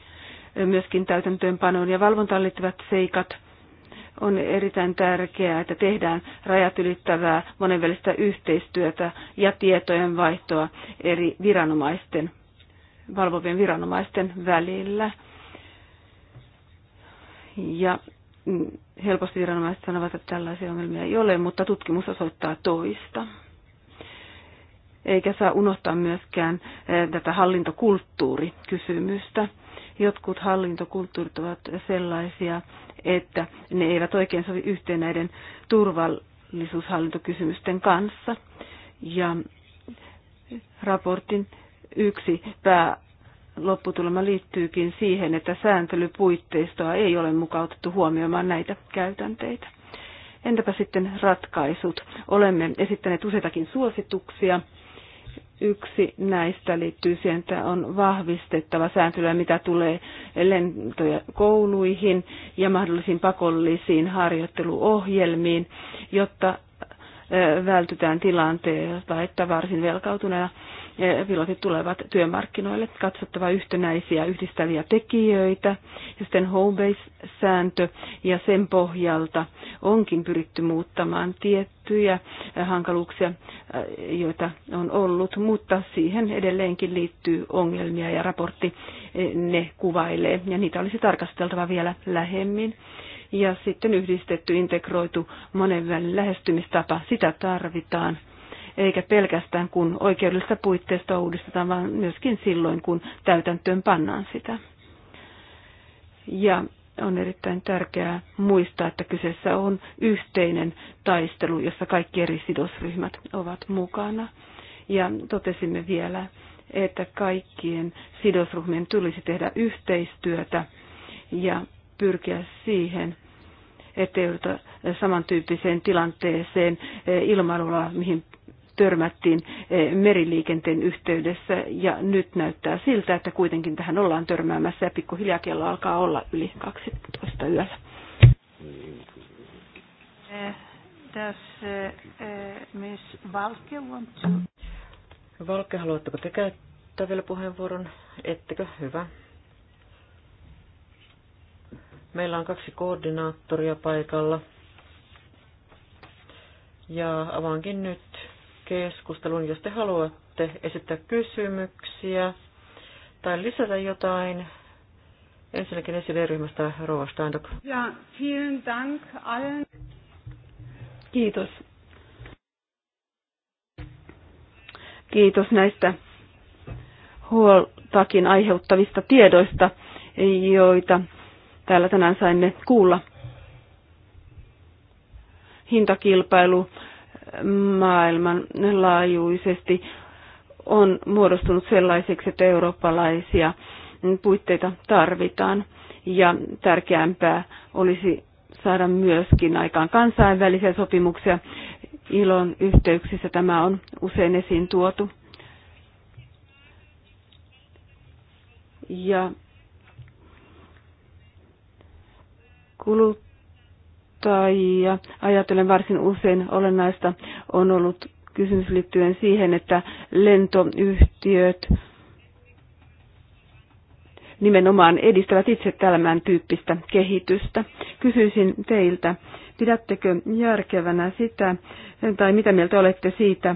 Speaker 4: myöskin täytäntöönpanoon ja valvontaan liittyvät seikat – on erittäin tärkeää, että tehdään rajat ylittävää monenvälistä yhteistyötä ja tietojen vaihtoa eri viranomaisten, valvovien viranomaisten välillä. Ja helposti viranomaiset sanovat, että tällaisia ongelmia ei ole, mutta tutkimus osoittaa toista. Eikä saa unohtaa myöskään eh, tätä hallintokulttuurikysymystä. Jotkut hallintokulttuurit ovat sellaisia, että ne eivät oikein sovi yhteen näiden turvallisuushallintokysymysten kanssa. Ja raportin yksi pää lopputulema liittyykin siihen, että sääntelypuitteistoa ei ole mukautettu huomioimaan näitä käytänteitä. Entäpä sitten ratkaisut? Olemme esittäneet useitakin suosituksia Yksi näistä liittyy siihen, että on vahvistettava sääntelyä, mitä tulee lentoja kouluihin ja mahdollisiin pakollisiin harjoitteluohjelmiin, jotta vältytään tilanteelta, että varsin velkautuneena pilotit tulevat työmarkkinoille. Katsottava yhtenäisiä yhdistäviä tekijöitä ja sitten homebase sääntö ja sen pohjalta onkin pyritty muuttamaan tiettyjä hankaluuksia, äh, joita on ollut, mutta siihen edelleenkin liittyy ongelmia ja raportti äh, ne kuvailee ja niitä olisi tarkasteltava vielä lähemmin ja sitten yhdistetty, integroitu monenvälinen lähestymistapa, sitä tarvitaan eikä pelkästään kun oikeudellista puitteista uudistetaan, vaan myöskin silloin, kun täytäntöön pannaan sitä. Ja on erittäin tärkeää muistaa, että kyseessä on yhteinen taistelu, jossa kaikki eri sidosryhmät ovat mukana. Ja totesimme vielä, että kaikkien sidosryhmien tulisi tehdä yhteistyötä ja pyrkiä siihen, ettei jouduta samantyyppiseen tilanteeseen eh, ilmailulla, mihin törmättiin eh, meriliikenteen yhteydessä ja nyt näyttää siltä, että kuitenkin tähän ollaan törmäämässä ja pikkuhiljaa kello alkaa olla yli 12 yöllä.
Speaker 1: Eh, does eh, Valke want
Speaker 2: to... Valke, haluatteko te käyttää vielä puheenvuoron? Ettekö? Hyvä. Meillä on kaksi koordinaattoria paikalla. Ja avaankin nyt keskustelun. Jos te haluatte esittää kysymyksiä tai lisätä jotain, ensinnäkin ryhmästä Rova Steindok.
Speaker 4: Ja, vielen dank allen. Kiitos. Kiitos näistä huoltakin aiheuttavista tiedoista, joita täällä tänään saimme kuulla. Hintakilpailu maailmanlaajuisesti on muodostunut sellaiseksi, että eurooppalaisia puitteita tarvitaan. Ja tärkeämpää olisi saada myöskin aikaan kansainvälisiä sopimuksia. Ilon yhteyksissä tämä on usein esiin tuotu. Ja kulut kuluttajia ajatellen varsin usein olennaista on ollut kysymys liittyen siihen, että lentoyhtiöt nimenomaan edistävät itse tämän tyyppistä kehitystä. Kysyisin teiltä, pidättekö järkevänä sitä, tai mitä mieltä olette siitä,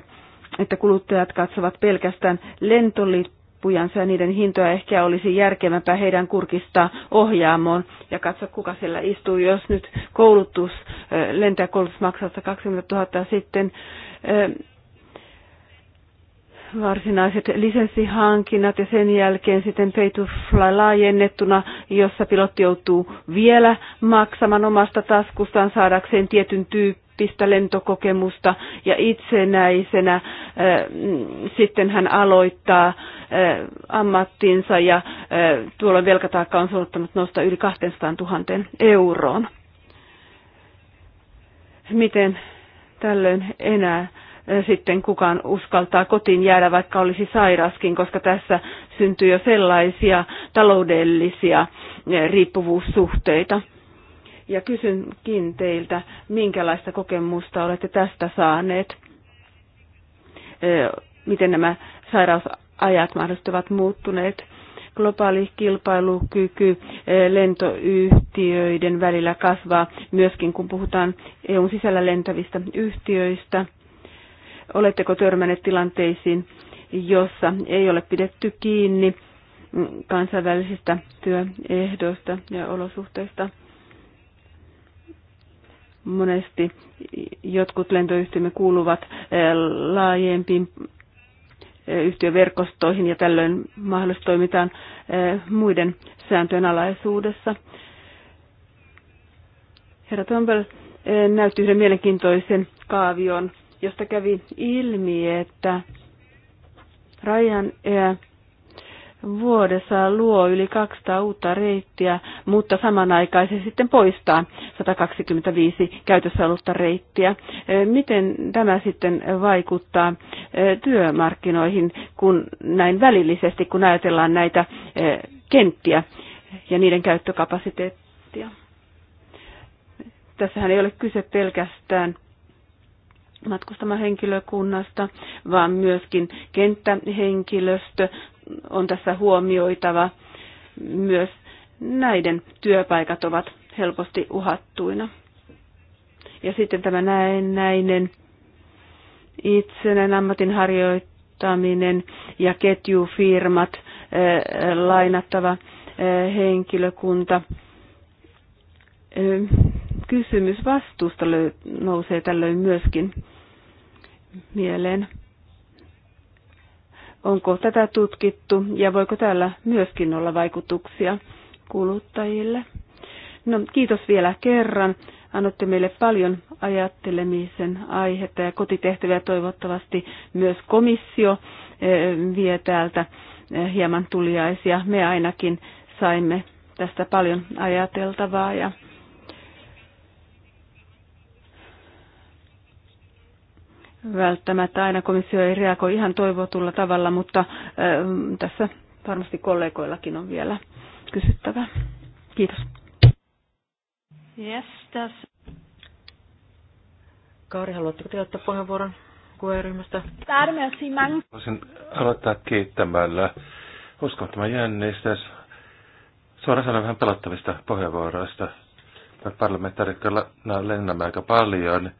Speaker 4: että kuluttajat katsovat pelkästään lentoliittoon, pujansa ja niiden hintoja ehkä olisi järkevämpää heidän kurkistaa ohjaamoon ja katso kuka siellä istuu. Jos nyt koulutus, lentäjäkoulutus maksaa 20 000 sitten varsinaiset lisenssihankinnat ja sen jälkeen sitten pay to fly laajennettuna, jossa pilotti joutuu vielä maksamaan omasta taskustaan saadakseen tietyn tyyppi tyyppistä lentokokemusta ja itsenäisenä äh, sitten hän aloittaa äh, ammattinsa ja äh, tuolloin velkataakka on suunnattanut nostaa yli 200 000 euroon. Miten tällöin enää sitten kukaan uskaltaa kotiin jäädä, vaikka olisi sairaskin, koska tässä syntyy jo sellaisia taloudellisia riippuvuussuhteita. Ja kysynkin teiltä, minkälaista kokemusta olette tästä saaneet? Miten nämä sairausajat mahdollisesti ovat muuttuneet? globaali kilpailukyky lentoyhtiöiden välillä kasvaa myöskin, kun puhutaan EUn sisällä lentävistä yhtiöistä. Oletteko törmänneet tilanteisiin, jossa ei ole pidetty kiinni mm, kansainvälisistä työehdoista ja olosuhteista? monesti jotkut lentoyhtiömme kuuluvat eh, laajempiin eh, yhtiöverkostoihin ja tällöin mahdollisesti toimitaan eh, muiden sääntöjen alaisuudessa. Herra Tompel näytti yhden mielenkiintoisen kaavion, josta kävi ilmi, että Rajan vuodessa luo yli 200 uutta reittiä, mutta samanaikaisesti sitten poistaa 125 käytössä ollutta reittiä. E, miten tämä sitten vaikuttaa e, työmarkkinoihin kun näin välillisesti, kun ajatellaan näitä e, kenttiä ja niiden käyttökapasiteettia? Tässähän ei ole kyse pelkästään matkustama vaan myöskin kenttähenkilöstö on tässä huomioitava myös näiden työpaikat ovat helposti uhattuina. Ja sitten tämä näennäinen itsenäinen ammatin harjoittaminen ja ketjufirmat, eh, lainattava eh, henkilökunta. Eh, kysymys vastuusta nousee tällöin myöskin mieleen. Onko tätä tutkittu ja voiko tällä myöskin olla vaikutuksia kuluttajille? No, kiitos vielä kerran. annotte meille paljon ajattelemisen aihetta ja kotitehtäviä toivottavasti myös komissio eh, vie täältä eh, hieman tuliaisia. Me ainakin saimme tästä paljon ajateltavaa ja välttämättä aina komissio ei reagoi ihan toivotulla tavalla, mutta tässä varmasti kollegoillakin on vielä kysyttävää. Kiitos.
Speaker 2: Yes, tässä. Kaari, haluatteko te ottaa puheenvuoron QE-ryhmästä?
Speaker 3: Voisin aloittaa kiittämällä uskomattoman jännistä, suoraan sanoen vähän pelottavista puheenvuoroista. Me parlamentaarikkoina no, lennämme aika paljon –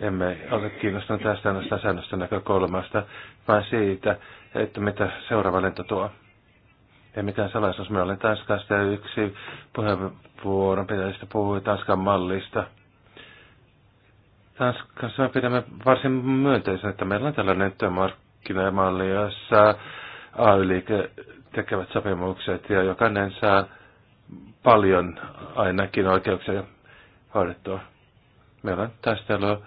Speaker 3: emme ole kiinnostuneet tästä ainoastaan säännöstä näkökulmasta, vaan siitä, että mitä seuraava lento tuo. Ja mitään salaisuus. Me olen Tanskasta ja yksi puheenvuoron pitäjistä puhui Tanskan mallista. Tanskassa me pidämme varsin myönteisenä, että meillä on tällainen työmarkkinamalli, jossa AY-liike tekevät sopimukset ja jokainen saa paljon ainakin oikeuksia hoidettua. Meillä on taistelua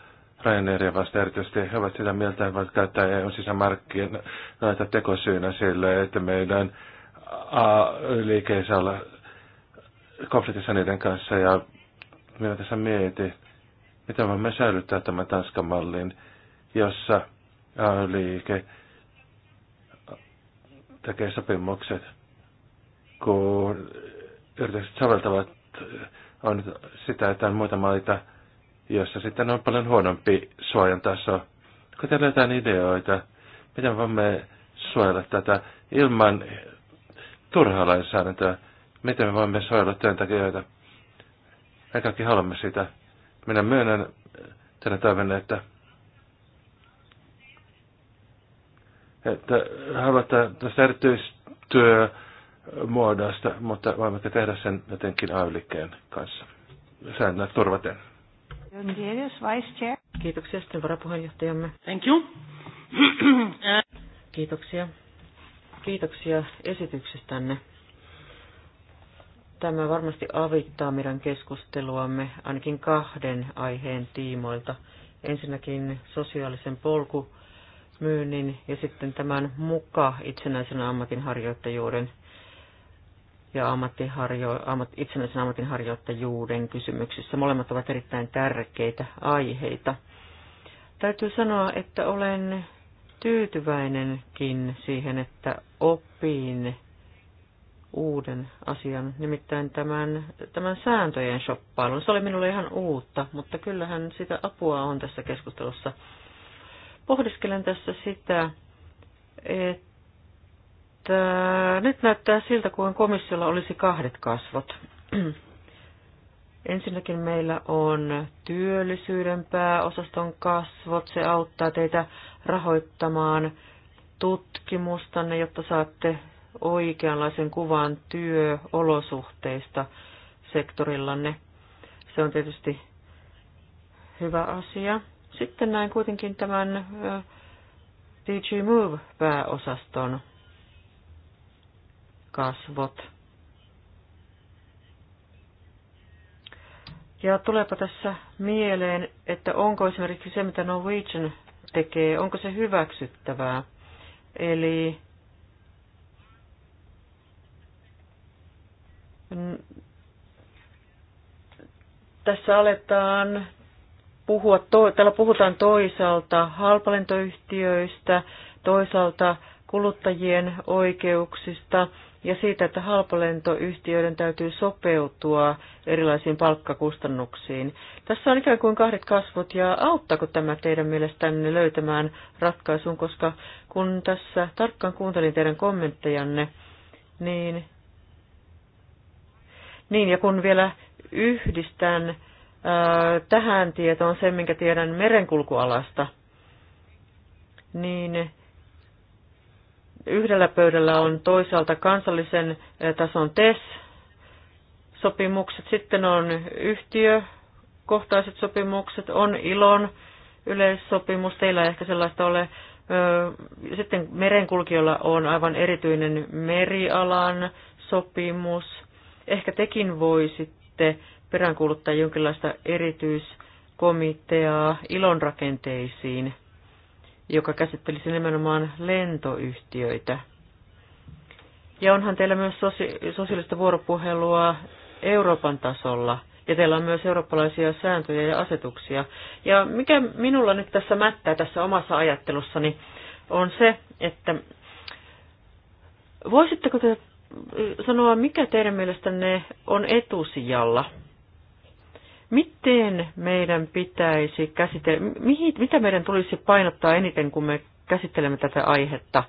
Speaker 3: Raineria vasta erityisesti. He ovat sitä mieltä, että käyttää EUn sisämarkkinoita tekosyynä sille, että meidän liike ei saa olla konfliktissa niiden kanssa. Ja minä tässä mietin, miten voimme säilyttää tämän Tanskan mallin, jossa liike tekee sopimukset, kun yritykset soveltavat on sitä, että on muita maita – jossa sitten on paljon huonompi suojan taso. Kun teillä jotain ideoita, miten voimme suojella tätä ilman turhaa lainsäädäntöä? Miten me voimme suojella työntekijöitä? Me kaikki haluamme sitä. Minä myönnän tänä toivonne, että, että haluatte tästä erityistyömuodosta, mutta voimmeko tehdä sen jotenkin ay kanssa säännöt turvaten?
Speaker 2: Kiitoksia sitten varapuheenjohtajamme. Thank you. Kiitoksia. Kiitoksia esityksestänne. Tämä varmasti avittaa meidän keskusteluamme ainakin kahden aiheen tiimoilta. Ensinnäkin sosiaalisen polkumyynnin ja sitten tämän muka itsenäisen ammatinharjoittajuuden ja ammattiharjo, ammat, itsenäisen ammatinharjoittajuuden kysymyksissä. Molemmat ovat erittäin tärkeitä aiheita. Täytyy sanoa, että olen tyytyväinenkin siihen, että opin uuden asian, nimittäin tämän, tämän sääntöjen shoppailun. Se oli minulle ihan uutta, mutta kyllähän sitä apua on tässä keskustelussa. Pohdiskelen tässä sitä, että Äh, nyt näyttää siltä, kuin komissiolla olisi kahdet kasvot. Ensinnäkin meillä on työllisyyden pääosaston kasvot. Se auttaa teitä rahoittamaan tutkimustanne, jotta saatte oikeanlaisen kuvan työolosuhteista sektorillanne. Se on tietysti hyvä asia. Sitten näin kuitenkin tämän äh, DG Move pääosaston kasvot. Ja tuleepa tässä mieleen, että onko esimerkiksi se, mitä Norwegian tekee, onko se hyväksyttävää. Eli tässä aletaan puhua, to, täällä puhutaan toisaalta halpalentoyhtiöistä, toisaalta kuluttajien oikeuksista, ja siitä, että halpalentoyhtiöiden täytyy sopeutua erilaisiin palkkakustannuksiin. Tässä on ikään kuin kahdet kasvot ja auttaako tämä teidän mielestänne löytämään ratkaisun, koska kun tässä tarkkaan kuuntelin teidän kommenttejanne, niin, niin ja kun vielä yhdistän ää, tähän tietoon sen, minkä tiedän merenkulkualasta, niin Yhdellä pöydällä on toisaalta kansallisen eh, tason TES-sopimukset, sitten on yhtiökohtaiset sopimukset, on ILON yleissopimus, teillä ehkä sellaista ole. Eh, sitten merenkulkijoilla on aivan erityinen merialan sopimus. Ehkä tekin voisitte peräänkuuluttaa jonkinlaista erityiskomiteaa ilon rakenteisiin joka käsittelisi nimenomaan lentoyhtiöitä. Ja onhan teillä myös sosi- sosiaalista vuoropuhelua Euroopan tasolla, ja teillä on myös eurooppalaisia sääntöjä ja asetuksia. Ja mikä minulla nyt tässä mättää tässä omassa ajattelussani, on se, että voisitteko te sanoa, mikä teidän mielestänne on etusijalla Miten meidän pitäisi käsitellä, mihin, mitä meidän tulisi painottaa eniten, kun me käsittelemme tätä aihetta?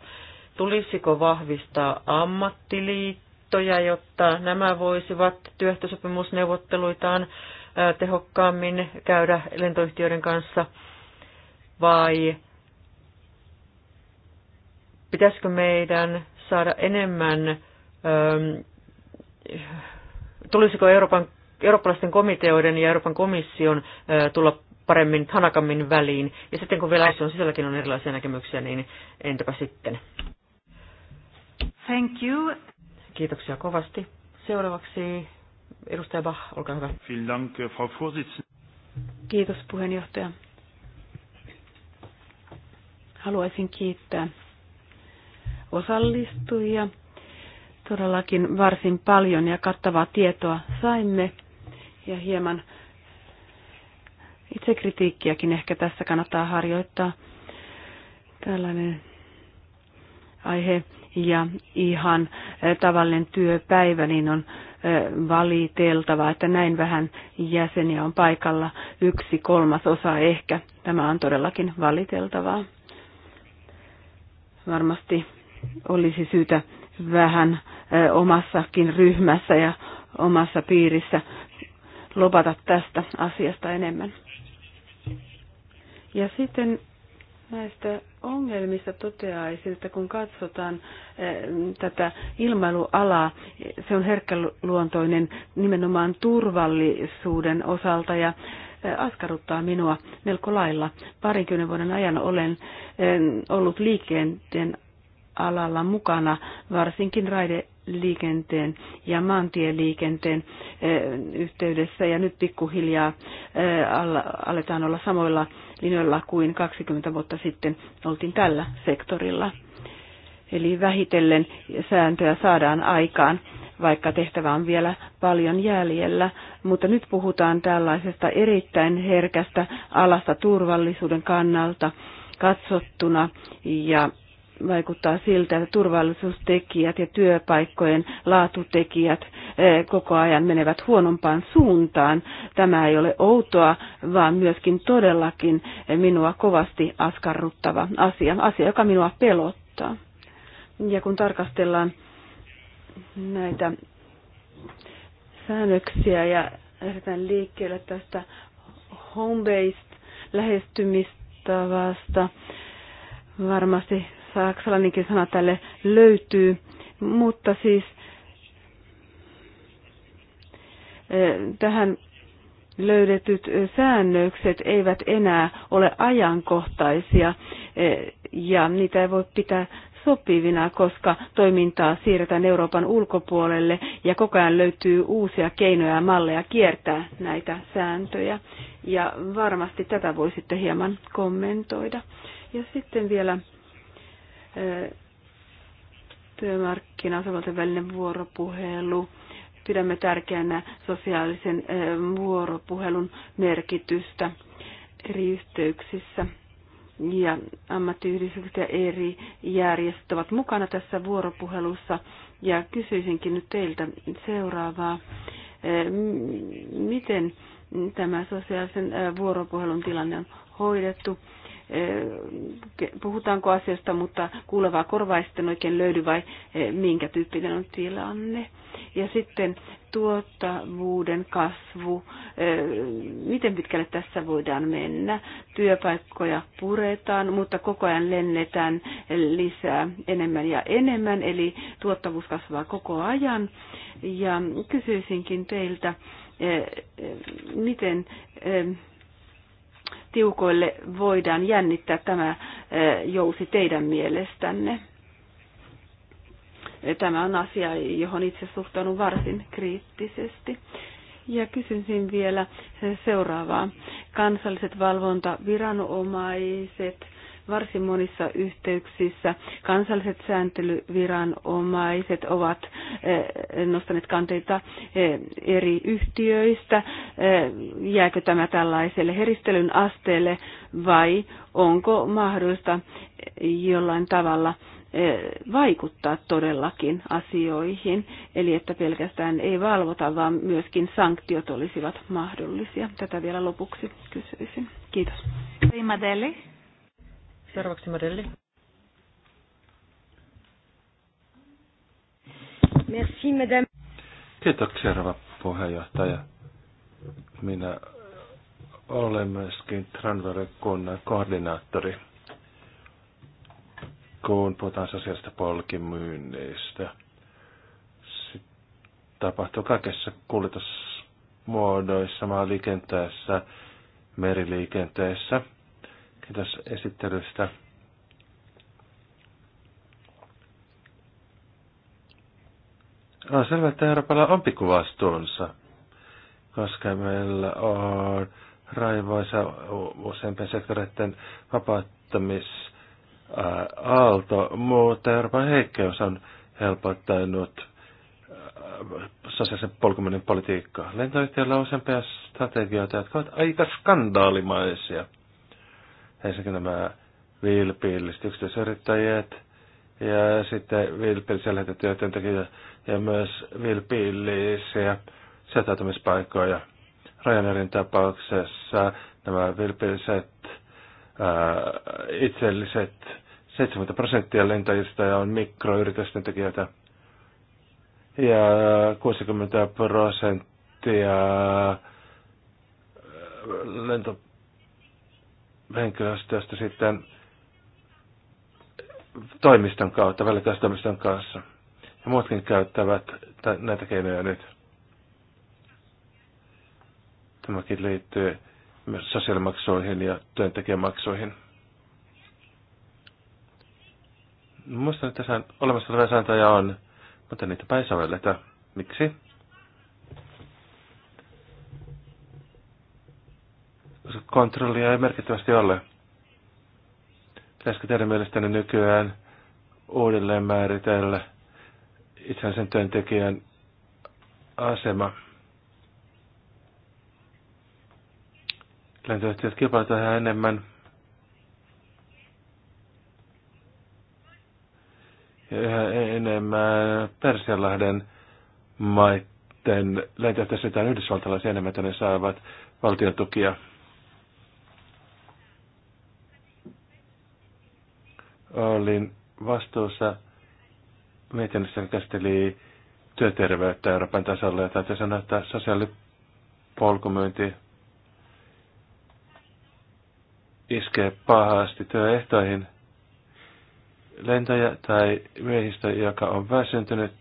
Speaker 2: Tulisiko vahvistaa ammattiliittoja, jotta nämä voisivat työehtosopimusneuvotteluitaan tehokkaammin käydä lentoyhtiöiden kanssa? Vai pitäisikö meidän saada enemmän, tulisiko Euroopan eurooppalaisten komiteoiden ja Euroopan komission tulla paremmin hanakammin väliin. Ja sitten kun vielä on sisälläkin on erilaisia näkemyksiä, niin entäpä sitten? Thank you. Kiitoksia kovasti. Seuraavaksi edustaja Bach, olkaa hyvä. Vielen Dank, äh, Frau
Speaker 4: Kiitos puheenjohtaja. Haluaisin kiittää osallistujia. Todellakin varsin paljon ja kattavaa tietoa saimme ja hieman itsekritiikkiäkin ehkä tässä kannattaa harjoittaa tällainen aihe ja ihan tavallinen työpäivä, niin on valiteltava, että näin vähän jäseniä on paikalla, yksi kolmas osa ehkä. Tämä on todellakin valiteltavaa. Varmasti olisi syytä vähän omassakin ryhmässä ja omassa piirissä lopata tästä asiasta enemmän. Ja sitten näistä ongelmista toteaisin, että kun katsotaan eh, tätä ilmailualaa, se on herkkäluontoinen nimenomaan turvallisuuden osalta ja eh, askarruttaa minua melko lailla. Parinkymmenen vuoden ajan olen eh, ollut liikenteen alalla mukana, varsinkin raide liikenteen ja maantieliikenteen eh, yhteydessä ja nyt pikkuhiljaa eh, aletaan olla samoilla linjoilla kuin 20 vuotta sitten oltiin tällä sektorilla. Eli vähitellen sääntöä saadaan aikaan, vaikka tehtävä on vielä paljon jäljellä. Mutta nyt puhutaan tällaisesta erittäin herkästä alasta turvallisuuden kannalta katsottuna ja vaikuttaa siltä, että turvallisuustekijät ja työpaikkojen laatutekijät eh, koko ajan menevät huonompaan suuntaan. Tämä ei ole outoa, vaan myöskin todellakin minua kovasti askarruttava asia, asia joka minua pelottaa. Ja kun tarkastellaan näitä säännöksiä ja lähdetään liikkeelle tästä home-based lähestymistavasta, varmasti saksalainenkin sana tälle löytyy, mutta siis e, tähän löydetyt säännökset eivät enää ole ajankohtaisia e, ja niitä ei voi pitää sopivina, koska toimintaa siirretään Euroopan ulkopuolelle ja koko ajan löytyy uusia keinoja ja malleja kiertää näitä sääntöjä. Ja varmasti tätä voi sitten hieman kommentoida. Ja sitten vielä työmarkkinaosapuolten välinen vuoropuhelu. Pidämme tärkeänä sosiaalisen vuoropuhelun merkitystä eri yhteyksissä. Ja ammattiyhdistykset ja eri järjestöt ovat mukana tässä vuoropuhelussa. Ja kysyisinkin nyt teiltä seuraavaa. Miten tämä sosiaalisen vuoropuhelun tilanne on hoidettu? Eh, puhutaanko asiasta, mutta kuulevaa korvaa ei sitten oikein löydy vai eh, minkä tyyppinen on tilanne. Ja sitten tuottavuuden kasvu, eh, miten pitkälle tässä voidaan mennä. Työpaikkoja puretaan, mutta koko ajan lennetään lisää enemmän ja enemmän, eli tuottavuus kasvaa koko ajan. Ja kysyisinkin teiltä, miten tiukoille voidaan jännittää tämä eh, jousi teidän mielestänne? Eh, tämä on asia, johon itse suhtaudun varsin kriittisesti. Ja kysyisin vielä eh, seuraavaa. Kansalliset valvontaviranomaiset varsin monissa yhteyksissä kansalliset sääntelyviranomaiset ovat eh, nostaneet kanteita eh, eri yhtiöistä. Eh, jääkö tämä tällaiselle heristelyn asteelle vai onko mahdollista jollain tavalla vaikuttaa todellakin asioihin, eli että pelkästään ei valvota, vaan myöskin sanktiot olisivat mahdollisia. Tätä vielä lopuksi kysyisin. Kiitos. Rimadeli. Seuraavaksi Madelli.
Speaker 1: Merci, madame.
Speaker 3: Kiitoksia, herra puheenjohtaja. Minä olen myöskin Tranverikunnan koordinaattori, kun puhutaan sosiaalista polkimyynnistä. Se tapahtuu kaikessa kuljetusmuodoissa, maaliikenteessä, meriliikenteessä – Kiitos esittelystä. On selvä, että Euroopalla on pikkuvastuunsa, koska meillä on raivoisa useampien sektoreiden vapauttamisaalto, mutta Euroopan heikkeys on helpottanut sosiaalisen polkuminen politiikkaa. Lentoyhtiöllä on useampia strategioita, jotka ovat aika skandaalimaisia – ensinnäkin nämä vilpilliset yksityisyrittäjät ja sitten vilpillisiä lähetettyjä työntekijöitä ja myös vilpillisiä sijoittautumispaikkoja. Rajanerin tapauksessa nämä vilpilliset ää, itselliset 70 prosenttia lentäjistä on mikroyritysten tekijöitä ja 60 prosenttia lento henkilöstöstä sitten toimiston kautta, välikäistoimiston kanssa. Ja muutkin käyttävät näitä keinoja nyt. Tämäkin liittyy myös sosiaalimaksuihin ja työntekijämaksuihin. Muistan, että olemassa olevia sääntöjä on, mutta niitä ei sovelleta. Miksi? kontrollia ei merkittävästi ole. Pitäisikö teidän mielestäni nykyään uudelleen määritellä sen työntekijän asema? Lentoyhtiöt kilpailevat vähän enemmän. Ja yhä enemmän Persianlahden maiden lentoyhtiöt sitä on yhdysvaltalaisia enemmän, että ne saavat valtion tukia. Olin vastuussa mietinnössä, joka käsitteli työterveyttä Euroopan tasolla, ja täytyy sanoa, että sosiaalipolkumyynti iskee pahasti työehtoihin. Lentäjä tai miehistö, joka on väsyntynyt,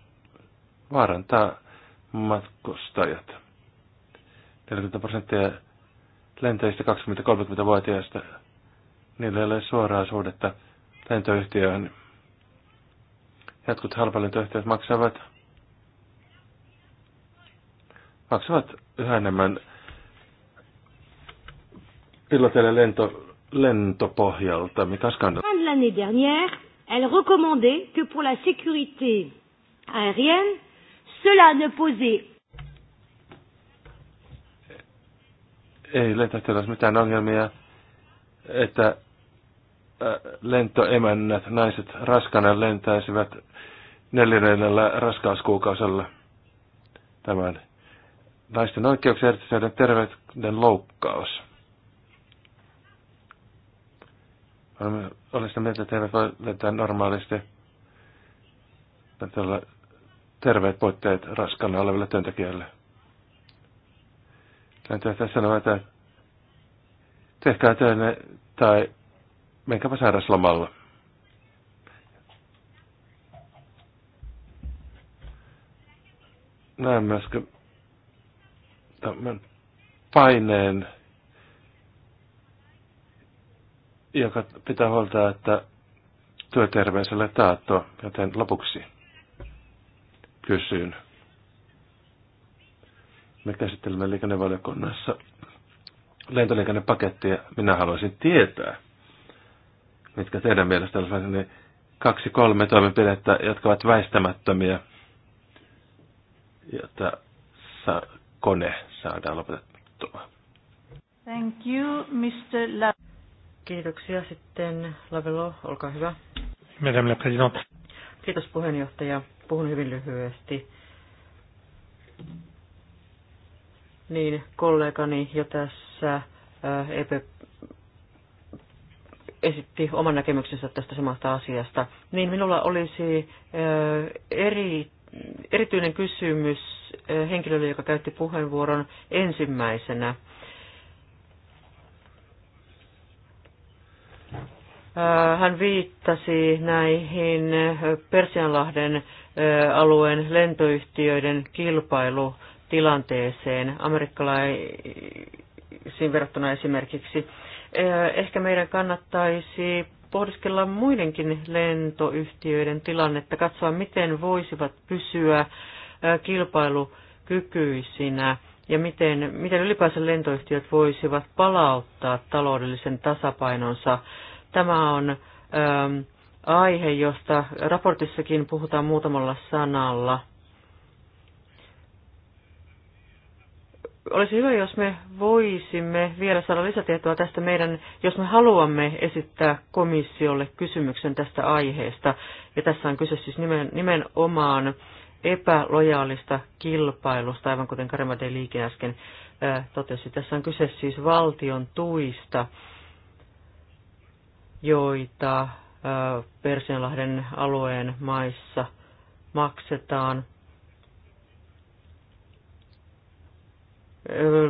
Speaker 3: vaarantaa matkustajat. 40 prosenttia lentäjistä 20-30-vuotiaista, niillä ei ole suoraa suhdetta lentoyhtiöön. Jotkut halpalentoyhtiöt maksavat, maksavat yhä enemmän pilotille lento, lentopohjalta, mikä on skandaali.
Speaker 1: L'année dernière, elle recommandait que pour la cela ne posait
Speaker 3: ei lentoyhtiöllä mitään ongelmia, että lentoemännät, naiset raskana lentäisivät neljännellä raskauskuukausella tämän naisten oikeuksien erityisen terveyden loukkaus. olen sitä mieltä, että he eivät voi lentää normaalisti tällä terveet poitteet raskana oleville työntekijöille. Lentäjät sanovat, että tehkää töinne tai menkääpä sairaslomalla. Näen myöskin tämän paineen, joka pitää huolta, että työterveyselle taatto, joten lopuksi kysyn. Me käsittelemme liikennevaliokunnassa lentoliikennepakettia. Minä haluaisin tietää, mitkä teidän mielestä olisivat niin kaksi kolme toimenpidettä, jotka ovat väistämättömiä, jotta sa- kone saadaan lopetettua.
Speaker 2: Thank you, Mr. La- Kiitoksia sitten Lavelo, olkaa hyvä.
Speaker 3: Madame la Présidente.
Speaker 2: Kiitos puheenjohtaja. Puhun hyvin lyhyesti. Niin, kollegani jo tässä EPP esitti oman näkemyksensä tästä samasta asiasta, niin minulla olisi eri, erityinen kysymys henkilölle, joka käytti puheenvuoron ensimmäisenä. Hän viittasi näihin Persianlahden alueen lentoyhtiöiden kilpailutilanteeseen amerikkalaisiin verrattuna esimerkiksi. Eh, ehkä meidän kannattaisi pohdiskella muidenkin lentoyhtiöiden tilannetta, katsoa miten voisivat pysyä eh, kilpailukykyisinä ja miten, miten ylipäänsä lentoyhtiöt voisivat palauttaa taloudellisen tasapainonsa. Tämä on ähm, aihe, josta raportissakin puhutaan muutamalla sanalla – olisi hyvä, jos me voisimme vielä saada lisätietoa tästä meidän, jos me haluamme esittää komissiolle kysymyksen tästä aiheesta. Ja tässä on kyse siis nimen, nimenomaan epälojaalista kilpailusta, aivan kuten Karima de Liikin äsken totesi. Tässä on kyse siis valtion tuista, joita Persianlahden alueen maissa maksetaan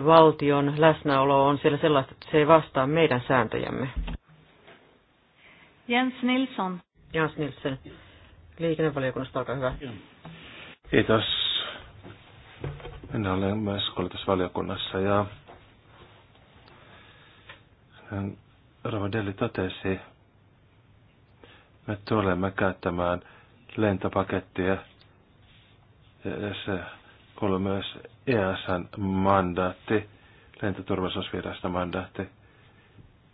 Speaker 2: valtion läsnäolo on siellä sellaista, että se ei vastaa meidän sääntöjämme. Jens Nilsson. Jens Nilsson. Liikennevaliokunnasta, olkaa hyvä.
Speaker 3: Kiitos. Minä olen myös koulutusvaliokunnassa ja Rovadelli totesi, me tulemme käyttämään lentopakettia ja se kuuluu myös EASan mandaatti, lentoturvallisuusvirasta mandaatti,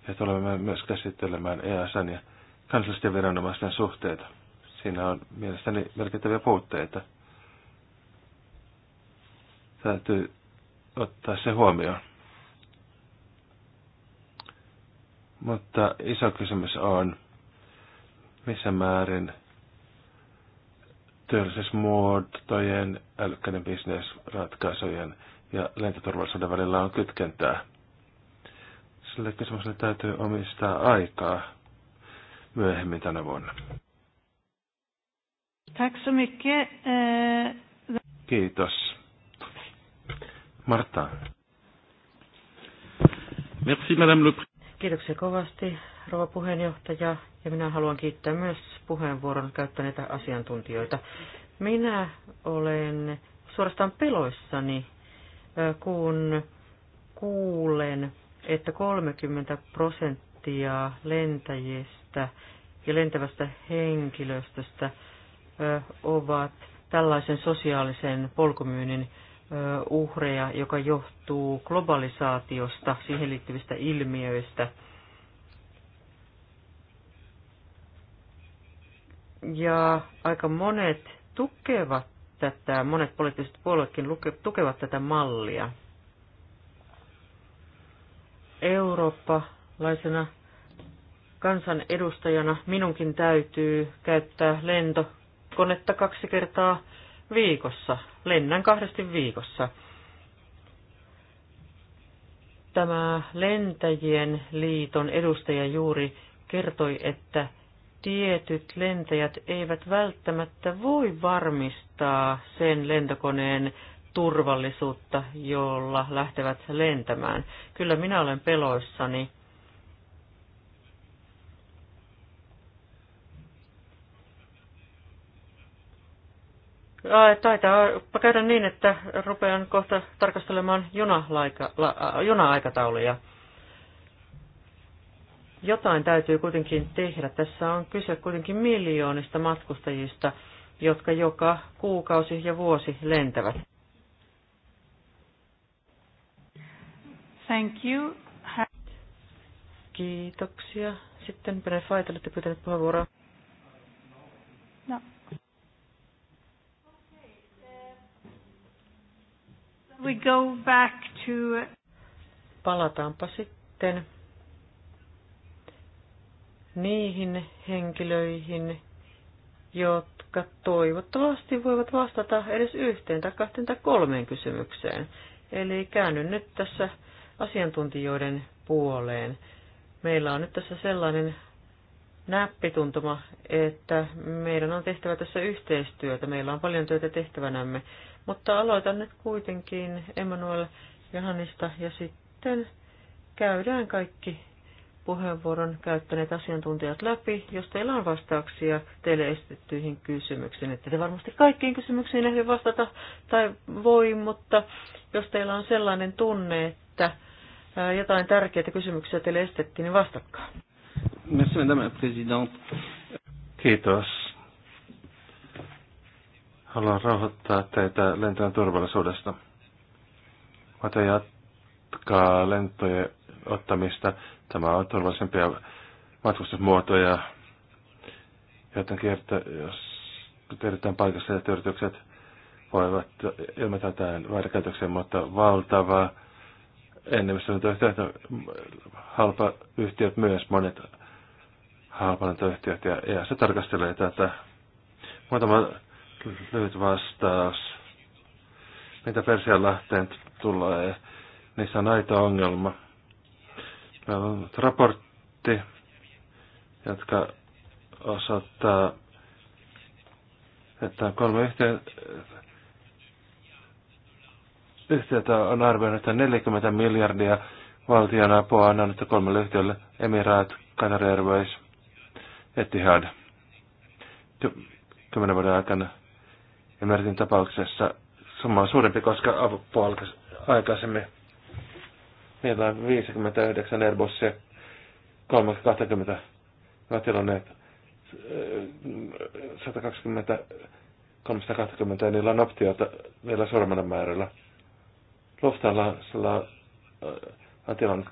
Speaker 3: ja tulemme myös käsittelemään EASan ja kansallisten viranomaisten suhteita. Siinä on mielestäni merkittäviä puutteita. Täytyy ottaa se huomioon. Mutta iso kysymys on, missä määrin teollisuusmuotojen, älykkäiden bisnesratkaisujen ja lentoturvallisuuden välillä on kytkentää. Sille kysymykselle täytyy omistaa aikaa myöhemmin tänä vuonna.
Speaker 1: Eh,
Speaker 3: Kiitos. Marta. Merci, Madame le
Speaker 2: Kiitoksia kovasti, rouva puheenjohtaja, ja minä haluan kiittää myös puheenvuoron käyttäneitä asiantuntijoita. Minä olen suorastaan peloissani, kun kuulen, että 30 prosenttia lentäjistä ja lentävästä henkilöstöstä ovat tällaisen sosiaalisen polkumyynnin uhreja, joka johtuu globalisaatiosta, siihen liittyvistä ilmiöistä – Ja aika monet tukevat tätä, monet poliittiset puolueetkin tukevat tätä mallia. Eurooppalaisena kansanedustajana minunkin täytyy käyttää lentokonetta kaksi kertaa viikossa. Lennän kahdesti viikossa. Tämä lentäjien liiton edustaja juuri kertoi, että tietyt lentäjät eivät välttämättä voi varmistaa sen lentokoneen turvallisuutta, jolla lähtevät lentämään. Kyllä minä olen peloissani. Taitaa käydä niin, että rupean kohta tarkastelemaan juna-aikatauluja. Jotain täytyy kuitenkin tehdä. Tässä on kyse kuitenkin miljoonista matkustajista, jotka joka kuukausi ja vuosi lentävät. Thank you. Kiitoksia. Sitten Benefait, olette pyytäneet puheenvuoroa. No. We go back to... Palataanpa sitten niihin henkilöihin, jotka toivottavasti voivat vastata edes yhteen tai kahteen tai kolmeen kysymykseen. Eli käännyn nyt tässä asiantuntijoiden puoleen. Meillä on nyt tässä sellainen näppituntuma, että meidän on tehtävä tässä yhteistyötä. Meillä on paljon työtä tehtävänämme. Mutta aloitan nyt kuitenkin Emmanuel Johannista ja sitten käydään kaikki puheenvuoron käyttäneet asiantuntijat läpi. Jos teillä on vastauksia teille esitettyihin kysymyksiin, että te varmasti kaikkiin kysymyksiin ehdi vastata tai voi, mutta jos teillä on sellainen tunne, että jotain tärkeitä kysymyksiä teille esitettiin, niin vastatkaa.
Speaker 1: Merci, madame la présidente.
Speaker 3: Kiitos. Haluan rauhoittaa teitä lentojen turvallisuudesta. Mä jatkaa lentojen ottamista Tämä on turvallisempia matkustusmuotoja, joten kerta, jos tiedetään paikassa, että yritykset voivat ilmetä tämän väärinkäytöksen, mutta valtava enemmistölentoyhtiöt, halpa yhtiöt myös, monet halpalentoyhtiöt, ja, ja se tarkastelee tätä. Muutama lyhyt vastaus. Mitä lähteen tulee, niissä on aito ongelma. Meillä on raportti, jotka osoittaa, että on kolme yhtiötä on arvioinut, että 40 miljardia valtion apua on annettu kolmelle yhtiölle, Emiraat, Qatar Airways, Etihad. Kymmenen vuoden aikana Emiratin tapauksessa summa on suurempi, koska apu aikaisemmin Meillä on 59 Airbusia, 320 Matiloneet, 120, 320 ja niillä on optioita vielä suuremmalla määrällä. Lufthansalla Antilon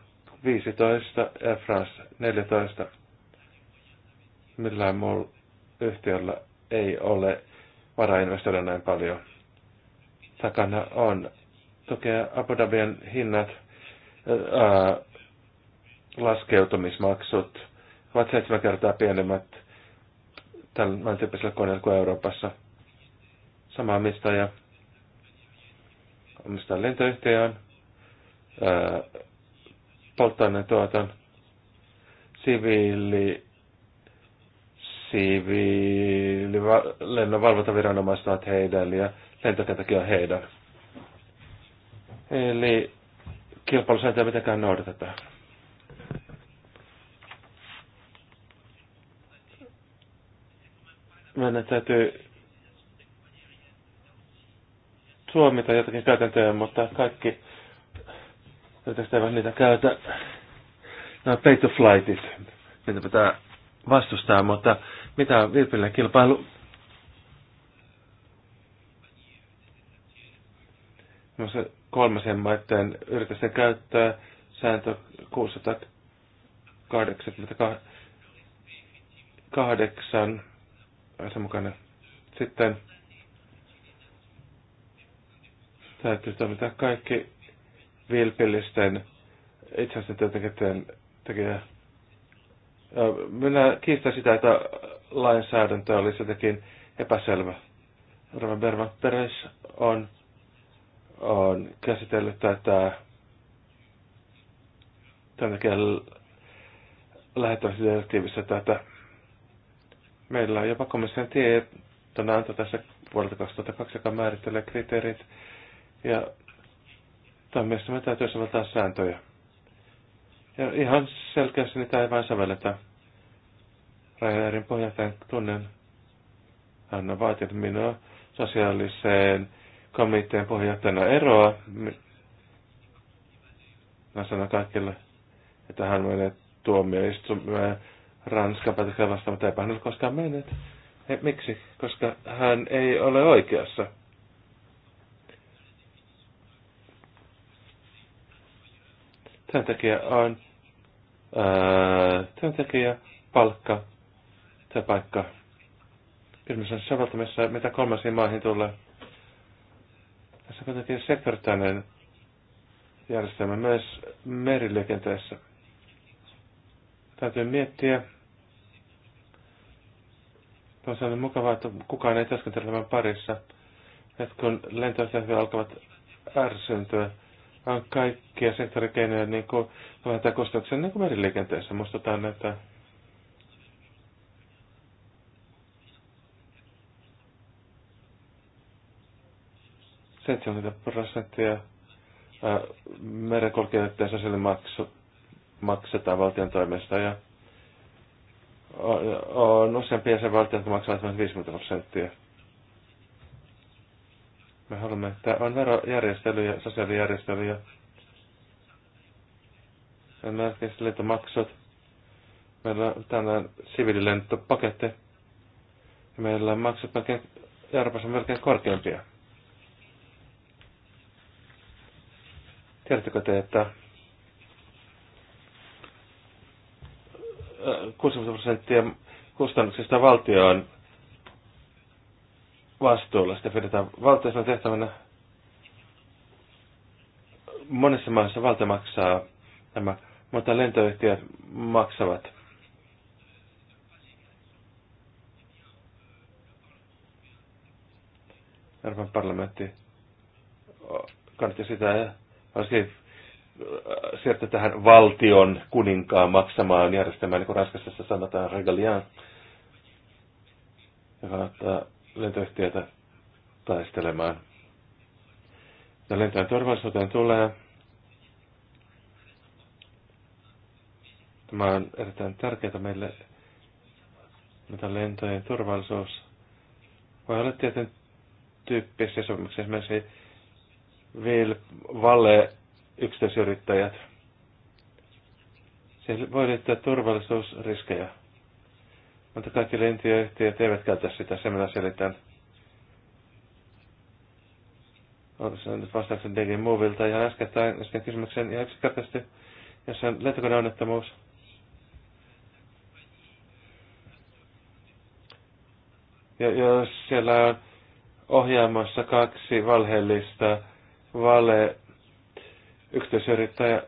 Speaker 3: 15, Air France 14. Millään muulla yhtiöllä ei ole varaa investoida näin paljon. Takana on tukea Abu Dhabien hinnat – ää, laskeutumismaksut ovat seitsemän kertaa pienemmät tämän tyyppisellä koneella kuin Euroopassa. Sama omistaja omistaa lentoyhtiön, polttoaineen tuoton, siviili, siviili, lennonvalvontaviranomaiset ovat heidän ja lentokentäkin on heidän. Eli kilpailusääntöjä mitenkään noudatetaan. Meidän täytyy tuomita jotakin käytäntöjä, mutta kaikki yritykset eivät niitä käytä. Nämä pay to flightit, niitä pitää vastustaa, mutta mitä on vilpillinen kilpailu? No se kolmasen yritä sen käyttää sääntö 688 se mukana. Sitten täytyy toimittaa kaikki vilpillisten itsensä työntekijöiden tekijä. Minä kiistän sitä, että lainsäädäntö olisi jotenkin epäselvä. Rova Berman Peres on on käsitellyt tätä tämän lähettämisdirektiivissä tätä. Meillä on jopa komission tietona anto tässä vuodelta 2002, joka määrittelee kriteerit. Ja tämän mielestä me täytyy soveltaa sääntöjä. Ja ihan selkeästi niitä ei vain sovelleta. Rajaärin pohjalta tunnen. Hän on vaatinut minua sosiaaliseen komitean puheenjohtajana eroa. Mä sanon kaikille, että hän menee tuomioistumaan Ranskan päätöksiä vastaan, mutta eipä hän ole koskaan mennyt. miksi? Koska hän ei ole oikeassa. Työntekijä on ää, työntekijä, palkka, työpaikka. Kysymys on soveltamisessa, mitä kolmansiin maihin tulee. Tässä on kuitenkin sektoritainen järjestelmä myös meriliikenteessä. Täytyy miettiä. Toisaalta on mukavaa, että kukaan ei työskentele tämän parissa. Et kun lentoyhtiöt alkavat ärsyntyä, on kaikkia sektorikeinoja niin kuin, kustannuksia niin kuin meriliikenteessä. Muistutaan, että 70 prosenttia merenkulkijoiden sosiaalimaksu maksetaan valtion toimesta ja on useampia jäsenvaltioita, jotka maksavat vain 50 prosenttia. Me haluamme, että on verojärjestelyjä, sosiaalijärjestelyjä, lentoliittomaksut. Meillä on tänään siviililentopaketti. Ja meillä on maksut melkein, Euroopassa melkein korkeampia. Tiedättekö te, että 60 äh, prosenttia kustannuksista valtioon vastuulla. Sitä pidetään valtioissa tehtävänä. Monessa maassa valta maksaa nämä, mutta lentoyhtiöt maksavat. Euroopan parlamentti kannatti sitä varsinkin äh, sieltä tähän valtion kuninkaan maksamaan järjestelmään, niin kuin Ranskassa sanotaan regalian, ja kannattaa lentoyhtiötä taistelemaan. Ja lentojen turvallisuuteen tulee. Tämä on erittäin tärkeää meille, mitä lentojen turvallisuus voi olla tietyn tyyppisiä sopimuksia. Esimerkiksi Vil Valle yksityisyrittäjät. se siis voi liittyä turvallisuusriskejä. Mutta kaikki lentiöyhtiöt eivät käytä sitä, se minä selitän. Oletko nyt vastauksen DG Movilta ja äskettäin äsken kysymykseen ja yksikertaisesti jos on lentokoneonnettomuus. Ja jos siellä on ohjaamassa kaksi valheellista Vale, yksityisyrittäjä,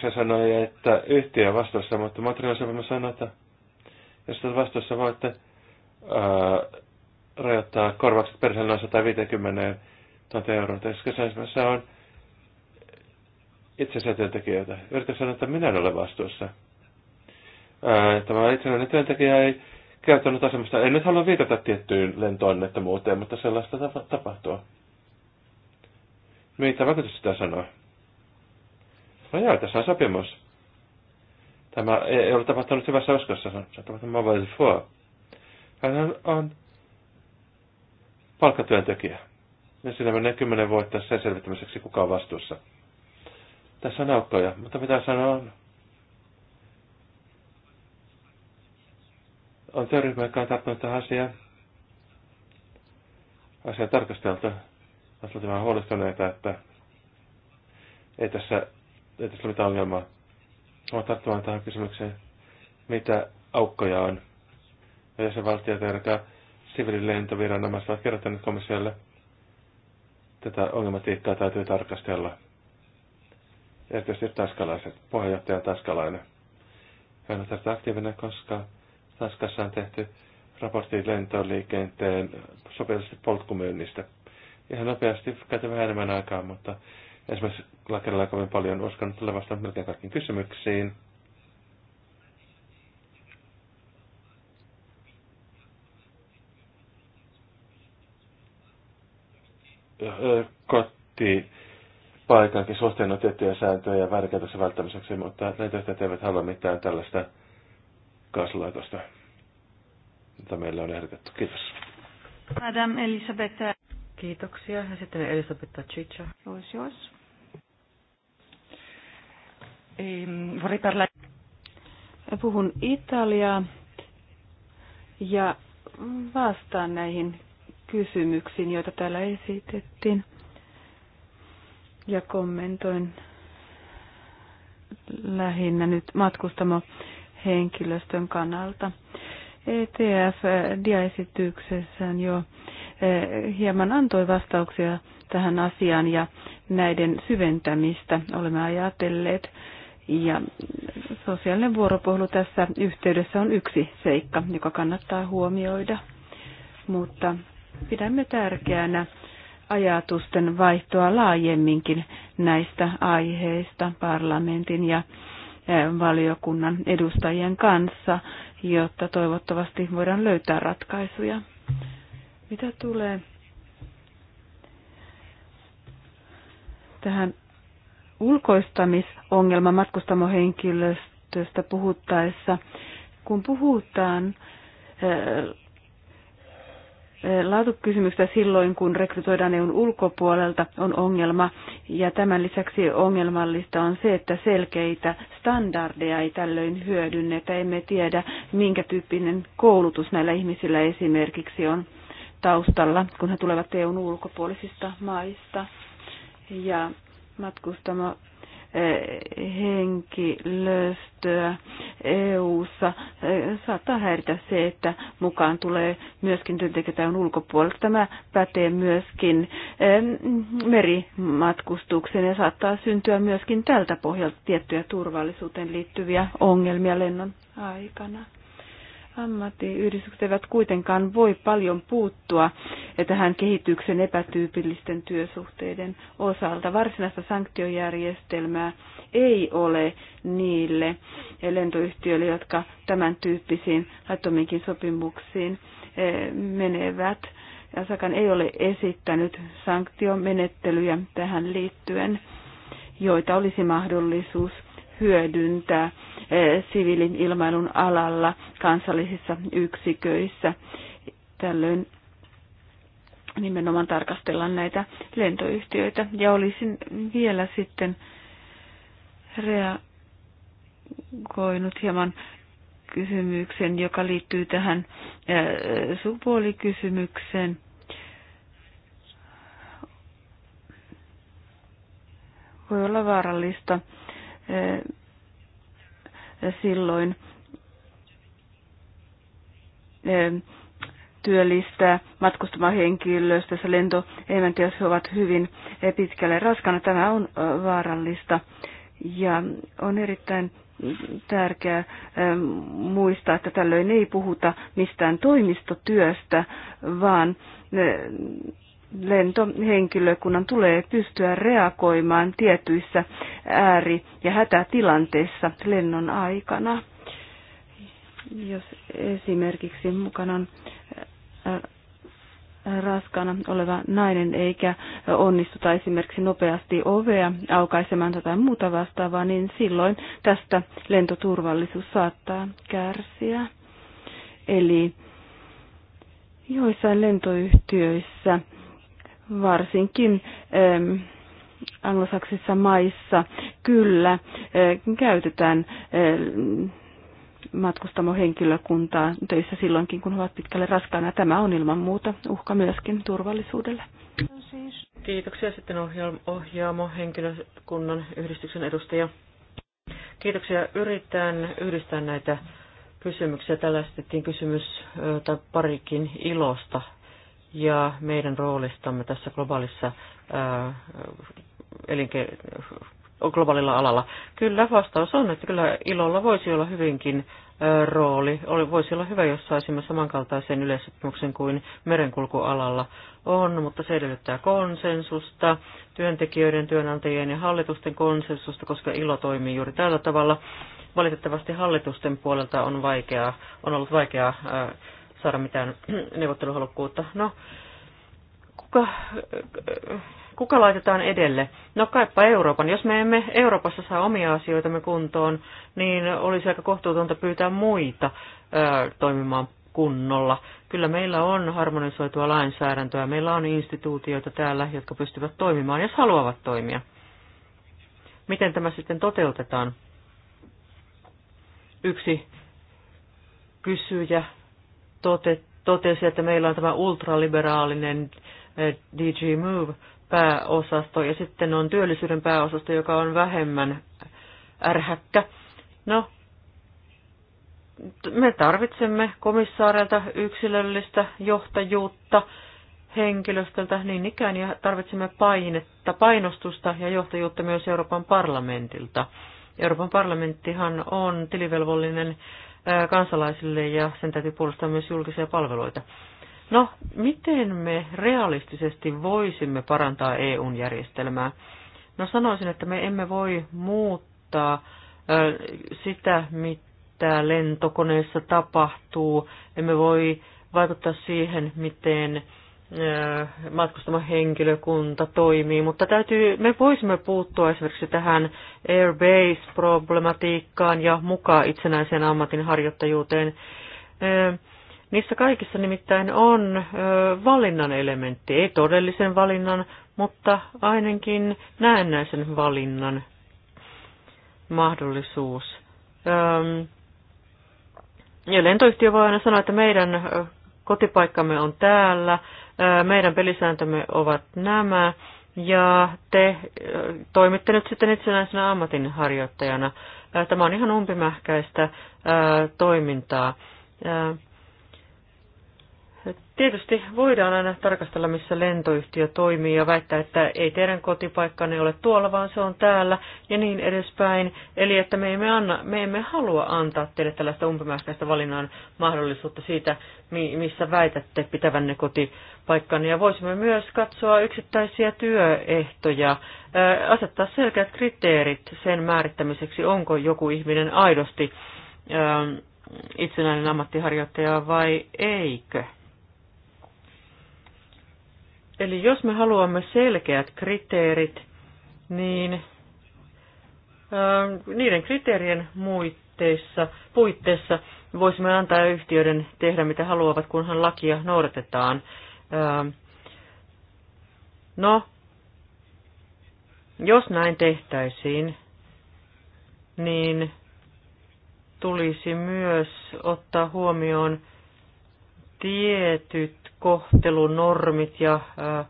Speaker 3: se sanoi, että yhtiö on vastuussa, mutta montreal sanoi, että jos olet vastuussa, voitte ää, rajoittaa korvaukset perheelle noin 150 000 euroa. Tässä on itsensä työntekijöitä. Yritän sanoa, että minä en ole vastuussa. Ää, tämä itsenäinen työntekijä ei kertonut asemasta. En nyt halua viitata tiettyyn lentoonnettomuuteen, mutta sellaista tapahtuu. Mitä vakuutus sitä sanoo? No joo, tässä on sopimus. Tämä ei ole tapahtunut hyvässä uskossa, se on tapahtunut mobile for. Hän on, on palkkatyöntekijä. Ja sillä menee kymmenen vuotta sen selvittämiseksi, kuka on vastuussa. Tässä on aukkoja, mutta mitä sanoa on? On työryhmä, joka on tarttunut tähän asiaan. Asian tarkasteltu. Tässä oltiin vähän huolestuneita, että ei tässä, ei tässä ole mitään ongelmaa. Olen tarttumaan tähän kysymykseen, mitä aukkoja on. Ja jäsenvaltiot, jotka siviililentoviranomaiset ovat kerrottaneet komissiolle, tätä ongelmatiikkaa täytyy tarkastella. Erityisesti taskalaiset, puheenjohtaja on taskalainen. Hän on tästä aktiivinen, koska Tanskassa on tehty raportti lentoliikenteen sopivasti polkumyynnistä ihan nopeasti käytä enemmän aikaa, mutta esimerkiksi lakerilla kovin paljon uskon vastaan melkein kaikkiin kysymyksiin. Kotti paikankin suhteen on tiettyjä sääntöjä ja väärinkäytöksen välttämiseksi, mutta näitä yhtiöt eivät halua mitään tällaista kaasulaitosta, mitä meillä on ehdotettu. Kiitos.
Speaker 1: Madame Elisabetta. Kiitoksia.
Speaker 4: Ja sitten Elisabetta Chicha. Oisios. Puhun italiaa ja vastaan näihin kysymyksiin, joita täällä esitettiin. Ja kommentoin lähinnä nyt matkustamo henkilöstön kannalta. ETF-diaesityksessään äh, jo Eh, hieman antoi vastauksia tähän asiaan ja näiden syventämistä olemme ajatelleet. Ja sosiaalinen vuoropuhelu tässä yhteydessä on yksi seikka, joka kannattaa huomioida. Mutta pidämme tärkeänä ajatusten vaihtoa laajemminkin näistä aiheista parlamentin ja eh, valiokunnan edustajien kanssa, jotta toivottavasti voidaan löytää ratkaisuja. Mitä tulee tähän ulkoistamisongelman matkustamohenkilöstöstä puhuttaessa, kun puhutaan laatukysymystä silloin, kun rekrytoidaan EUn ulkopuolelta, on ongelma. Ja tämän lisäksi ongelmallista on se, että selkeitä standardeja ei tällöin hyödynnetä. Emme tiedä, minkä tyyppinen koulutus näillä ihmisillä esimerkiksi on taustalla, kun he tulevat EUn ulkopuolisista maista. Ja matkustama eh, henkilöstöä EU-ssa eh, saattaa häiritä se, että mukaan tulee myöskin työntekijöitä on ulkopuolelta. Tämä pätee myöskin eh, merimatkustukseen ja saattaa syntyä myöskin tältä pohjalta tiettyjä turvallisuuteen liittyviä ongelmia lennon aikana ammattiyhdistykset eivät kuitenkaan voi paljon puuttua tähän kehityksen epätyypillisten työsuhteiden osalta. Varsinaista sanktiojärjestelmää ei ole niille lentoyhtiöille, jotka tämän tyyppisiin laittomiinkin sopimuksiin eh, menevät. Asakan ei ole esittänyt sanktiomenettelyjä tähän liittyen, joita olisi mahdollisuus hyödyntää eh, siviilin ilmailun alalla kansallisissa yksiköissä. Tällöin nimenomaan tarkastellaan näitä lentoyhtiöitä. Ja olisin vielä sitten reagoinut hieman kysymyksen, joka liittyy tähän eh, sukupuolikysymykseen. Voi olla vaarallista silloin työllistää matkustamaan henkilöstössä lentoemäntiä, jos he ovat hyvin pitkälle raskana. Tämä on vaarallista ja on erittäin tärkeää muistaa, että tällöin ei puhuta mistään toimistotyöstä, vaan lentohenkilökunnan tulee pystyä reagoimaan tietyissä ääri- ja hätätilanteissa lennon aikana. Jos esimerkiksi mukana on äh, äh, raskaana oleva nainen eikä onnistuta esimerkiksi nopeasti ovea aukaisemaan tai muuta vastaavaa, niin silloin tästä lentoturvallisuus saattaa kärsiä. Eli joissain lentoyhtiöissä varsinkin anglosaksissa maissa kyllä käytetään matkustamohenkilökuntaa töissä silloinkin, kun ovat pitkälle raskaana. Tämä on ilman muuta uhka myöskin turvallisuudelle.
Speaker 2: Kiitoksia sitten ohjaamo henkilökunnan yhdistyksen edustaja. Kiitoksia. Yritän yhdistää näitä kysymyksiä. Tällä kysymys tai parikin ilosta ja meidän roolistamme tässä globaalissa ää, elinke- globaalilla alalla. Kyllä, vastaus on, että kyllä ilolla voisi olla hyvinkin rooli. Oli, voisi olla hyvä, jos saisimme samankaltaisen yleissopimuksen kuin merenkulkualalla on, mutta se edellyttää konsensusta, työntekijöiden, työnantajien ja hallitusten konsensusta, koska ilo toimii juuri tällä tavalla. Valitettavasti hallitusten puolelta on, vaikea, on ollut vaikeaa saada mitään neuvotteluhalukkuutta. No, kuka, kuka laitetaan edelle? No kaipa Euroopan. Jos me emme Euroopassa saa omia asioitamme kuntoon, niin olisi aika kohtuutonta pyytää muita ää, toimimaan kunnolla. Kyllä meillä on harmonisoitua lainsäädäntöä, meillä on instituutioita täällä, jotka pystyvät toimimaan, jos haluavat toimia. Miten tämä sitten toteutetaan? Yksi kysyjä tote, totesi, että meillä on tämä ultraliberaalinen eh, DG Move pääosasto ja sitten on työllisyyden pääosasto, joka on vähemmän ärhäkkä. No, me tarvitsemme komissaareilta yksilöllistä johtajuutta henkilöstöltä niin ikään ja tarvitsemme painetta, painostusta ja johtajuutta myös Euroopan parlamentilta. Euroopan parlamenttihan on tilivelvollinen kansalaisille ja sen täytyy puolustaa myös julkisia palveluita. No, miten me realistisesti voisimme parantaa EUn järjestelmää? No sanoisin, että me emme voi muuttaa sitä, mitä lentokoneessa tapahtuu. Emme voi vaikuttaa siihen, miten matkustama henkilökunta toimii, mutta täytyy, me voisimme puuttua esimerkiksi tähän airbase-problematiikkaan ja mukaan itsenäiseen ammatinharjoittajuuteen. Niissä kaikissa nimittäin on valinnan elementti, ei todellisen valinnan, mutta ainakin näennäisen valinnan mahdollisuus. Ja lentoyhtiö voi aina sanoa, että meidän kotipaikkamme on täällä, meidän pelisääntömme ovat nämä, ja te toimitte nyt sitten itsenäisenä ammatinharjoittajana. Tämä on ihan umpimähkäistä toimintaa. Tietysti voidaan aina tarkastella, missä lentoyhtiö toimii ja väittää, että ei teidän kotipaikkanne ole tuolla, vaan se on täällä ja niin edespäin. Eli että me emme, anna, me emme halua antaa teille tällaista umpimääräistä valinnan mahdollisuutta siitä, missä väitätte pitävänne kotipaikkanne. Ja voisimme myös katsoa yksittäisiä työehtoja, asettaa selkeät kriteerit sen määrittämiseksi, onko joku ihminen aidosti itsenäinen ammattiharjoittaja vai eikö. Eli jos me haluamme selkeät kriteerit, niin äh, niiden kriteerien muitteissa, puitteissa voisimme antaa yhtiöiden tehdä mitä haluavat, kunhan lakia noudatetaan. Äh, no, jos näin tehtäisiin, niin tulisi myös ottaa huomioon tietyt kohtelunormit ja ää,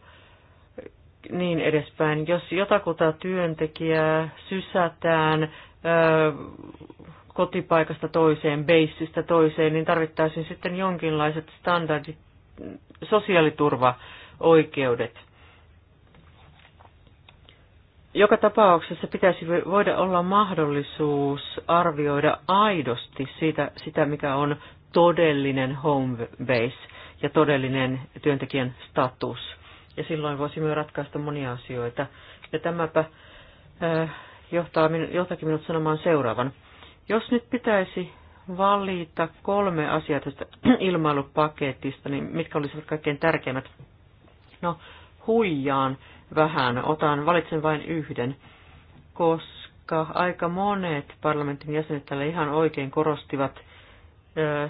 Speaker 2: niin edespäin. Jos jotakuta työntekijää sysätään ää, kotipaikasta toiseen, beissistä toiseen, niin tarvittaisiin sitten jonkinlaiset standardit, sosiaaliturvaoikeudet. Joka tapauksessa pitäisi voida olla mahdollisuus arvioida aidosti sitä, sitä mikä on todellinen home base ja todellinen työntekijän status. Ja silloin voisimme ratkaista monia asioita. Ja tämäpä äh, johtaa minu, johtakin minut sanomaan seuraavan. Jos nyt pitäisi valita kolme asiaa tästä ilmailupaketista, niin mitkä olisivat kaikkein tärkeimmät? No, huijaan vähän, otan, valitsen vain yhden, koska aika monet parlamentin jäsenet tällä ihan oikein korostivat –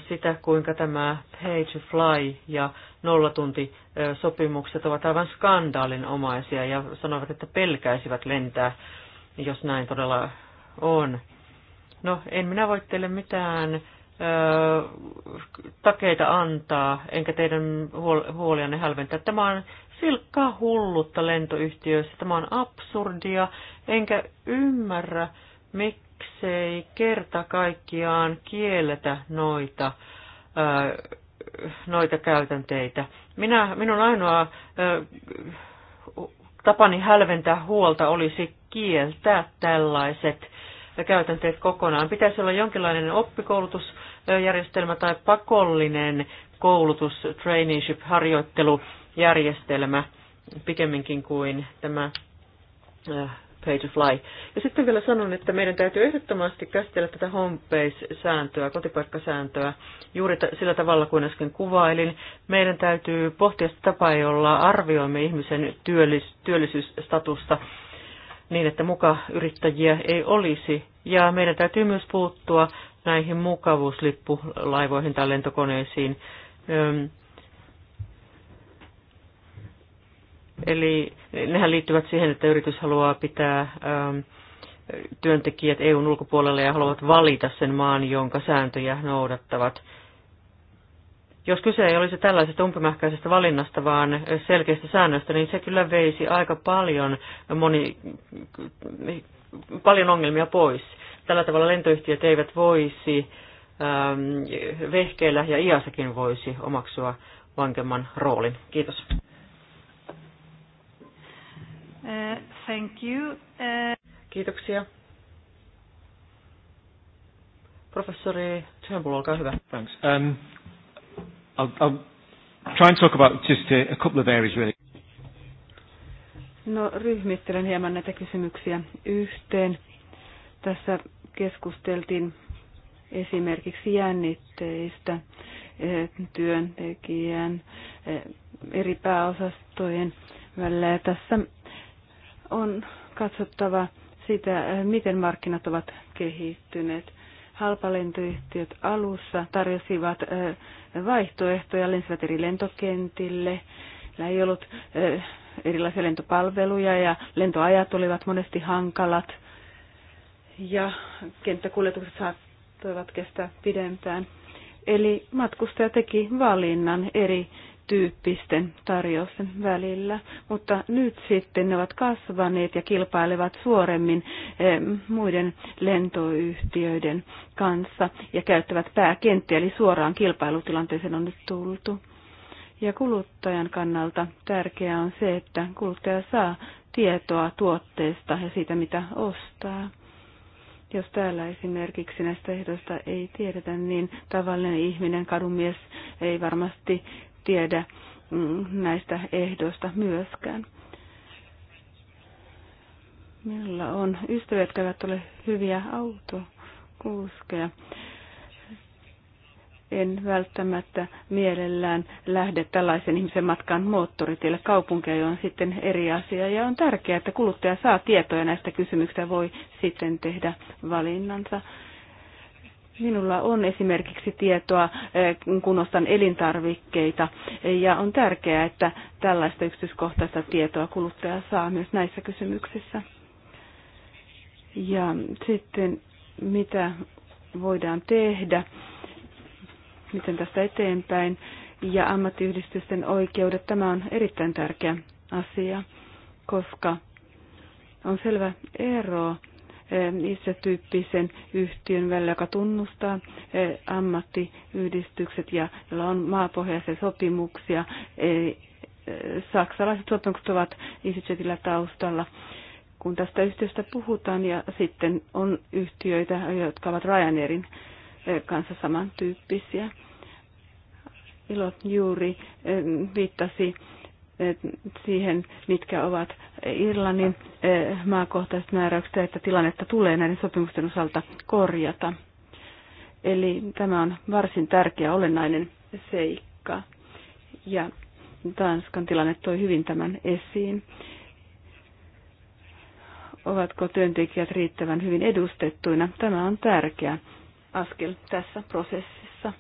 Speaker 2: sitä, kuinka tämä Page fly ja nollatuntisopimukset ovat aivan skandaalinomaisia ja sanovat, että pelkäisivät lentää, jos näin todella on. No, en minä voi teille mitään takeita antaa, enkä teidän huolianne hälventää. Tämä on silkkaa hullutta lentoyhtiöissä. Tämä on absurdia, enkä ymmärrä, miksi miksei kerta kaikkiaan kielletä noita, noita käytänteitä. Minä, minun ainoa tapani hälventää huolta olisi kieltää tällaiset käytänteet kokonaan. Pitäisi olla jonkinlainen oppikoulutusjärjestelmä tai pakollinen koulutus, traineeship, harjoittelujärjestelmä pikemminkin kuin tämä pay to fly. Ja sitten vielä sanon, että meidän täytyy ehdottomasti käsitellä tätä homepage-sääntöä, kotipaikkasääntöä, juuri t- sillä tavalla kuin äsken kuvailin. Meidän täytyy pohtia sitä tapaa, jolla arvioimme ihmisen työllis- työllisyysstatusta niin, että muka yrittäjiä ei olisi. Ja meidän täytyy myös puuttua näihin mukavuuslippulaivoihin tai lentokoneisiin. Eli nehän liittyvät siihen, että yritys haluaa pitää ähm, työntekijät EUn ulkopuolelle ja haluavat valita sen maan, jonka sääntöjä noudattavat. Jos kyse ei olisi tällaisesta umpimähkäisestä valinnasta, vaan selkeistä säännöstä, niin se kyllä veisi aika paljon, moni, paljon ongelmia pois. Tällä tavalla lentoyhtiöt eivät voisi ähm, vehkeillä ja IASakin voisi omaksua vankemman roolin. Kiitos.
Speaker 1: Uh, thank you. Uh, Kiitoksia.
Speaker 2: Professori Turnbull, olkaa hyvä. Thanks. Um,
Speaker 3: I'll, I'll try and talk about just a, a couple of areas really.
Speaker 4: No ryhmittelen hieman näitä kysymyksiä yhteen. Tässä keskusteltiin esimerkiksi jännitteistä eh, työntekijän eh, eri pääosastojen välillä. tässä on katsottava sitä, miten markkinat ovat kehittyneet. Halpalentoyhtiöt alussa tarjosivat vaihtoehtoja, lensivät eri lentokentille. Meillä ei ollut erilaisia lentopalveluja ja lentoajat olivat monesti hankalat ja kenttäkuljetukset saattoivat kestää pidempään. Eli matkustaja teki valinnan eri tyyppisten tarjousten välillä, mutta nyt sitten ne ovat kasvaneet ja kilpailevat suoremmin eh, muiden lentoyhtiöiden kanssa ja käyttävät pääkenttiä, eli suoraan kilpailutilanteeseen on nyt tultu. Ja kuluttajan kannalta tärkeää on se, että kuluttaja saa tietoa tuotteesta ja siitä, mitä ostaa. Jos täällä esimerkiksi näistä ehdoista ei tiedetä, niin tavallinen ihminen, kadumies, ei varmasti tiedä mm, näistä ehdoista myöskään. Minulla on ystäviä, jotka eivät ole hyviä autokuskeja. En välttämättä mielellään lähde tällaisen ihmisen matkaan moottoritielle kaupunkia, on sitten eri asia. Ja on tärkeää, että kuluttaja saa tietoja näistä kysymyksistä voi sitten tehdä valinnansa. Minulla on esimerkiksi tietoa, eh, kun ostan elintarvikkeita, ja on tärkeää, että tällaista yksityiskohtaista tietoa kuluttaja saa myös näissä kysymyksissä. Ja sitten mitä voidaan tehdä, miten tästä eteenpäin, ja ammattiyhdistysten oikeudet, tämä on erittäin tärkeä asia, koska on selvä ero niissä tyyppisen yhtiön välillä, joka tunnustaa ammattiyhdistykset ja jolla on maapohjaisia sopimuksia. Saksalaiset sopimukset ovat EasyJetillä taustalla kun tästä yhtiöstä puhutaan, ja sitten on yhtiöitä, jotka ovat Ryanairin kanssa samantyyppisiä. Ilot juuri viittasi siihen, mitkä ovat Irlannin eh, maakohtaiset määräykset, että tilannetta tulee näiden sopimusten osalta korjata. Eli tämä on varsin tärkeä olennainen seikka. Ja Tanskan tilanne toi hyvin tämän esiin. Ovatko työntekijät riittävän hyvin edustettuina? Tämä on tärkeä askel tässä prosessissa.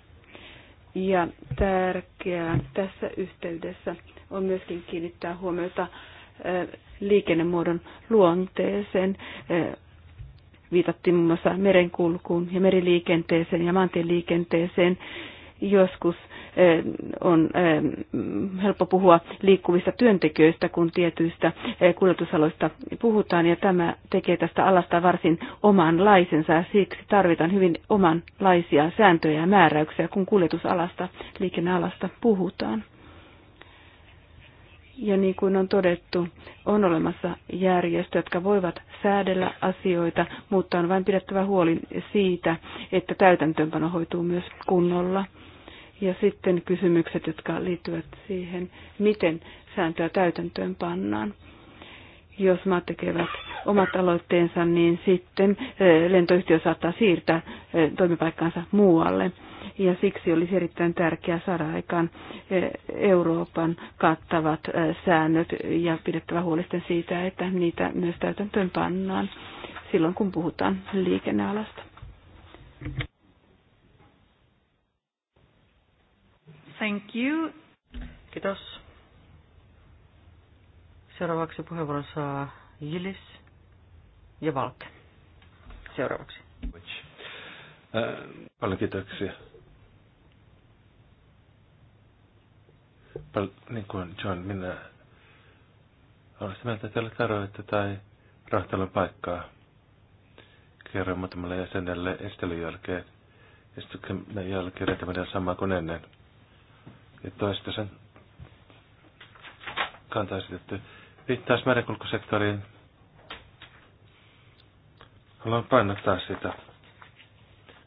Speaker 4: Ja tärkeää tässä yhteydessä on myöskin kiinnittää huomiota liikennemuodon luonteeseen. Viitattiin muun muassa merenkulkuun ja meriliikenteeseen ja maantieliikenteeseen. Joskus on helppo puhua liikkuvista työntekijöistä, kun tietyistä kuljetusaloista puhutaan, ja tämä tekee tästä alasta varsin omanlaisensa, ja siksi tarvitaan hyvin omanlaisia sääntöjä ja määräyksiä, kun kuljetusalasta, liikennealasta puhutaan. Ja niin kuin on todettu, on olemassa järjestöjä, jotka voivat säädellä asioita, mutta on vain pidettävä huoli siitä, että täytäntöönpano hoituu myös kunnolla. Ja sitten kysymykset, jotka liittyvät siihen, miten sääntöä täytäntöön pannaan. Jos maat tekevät omat aloitteensa, niin sitten eh, lentoyhtiö saattaa siirtää eh, toimipaikkaansa muualle ja siksi olisi erittäin tärkeää saada aikaan e, Euroopan kattavat e, säännöt ja pidettävä huolisten siitä, että niitä myös täytäntöön pannaan silloin, kun puhutaan liikennealasta.
Speaker 2: Thank you. Kiitos. Seuraavaksi puheenvuoron saa Jilis ja Valke. Seuraavaksi.
Speaker 3: Paljon kiitoksia. niin kuin John, minä olen sitä mieltä, että teillä tarvitsee tai rahtelun paikkaa. Kerroin muutamalle jäsenelle estelyn jälkeen. Ja sitten me jälkeen sama kuin ennen. Ja toista sen kantaa esitetty. Viittaisi niin, merenkulkusektoriin. Haluan painottaa sitä.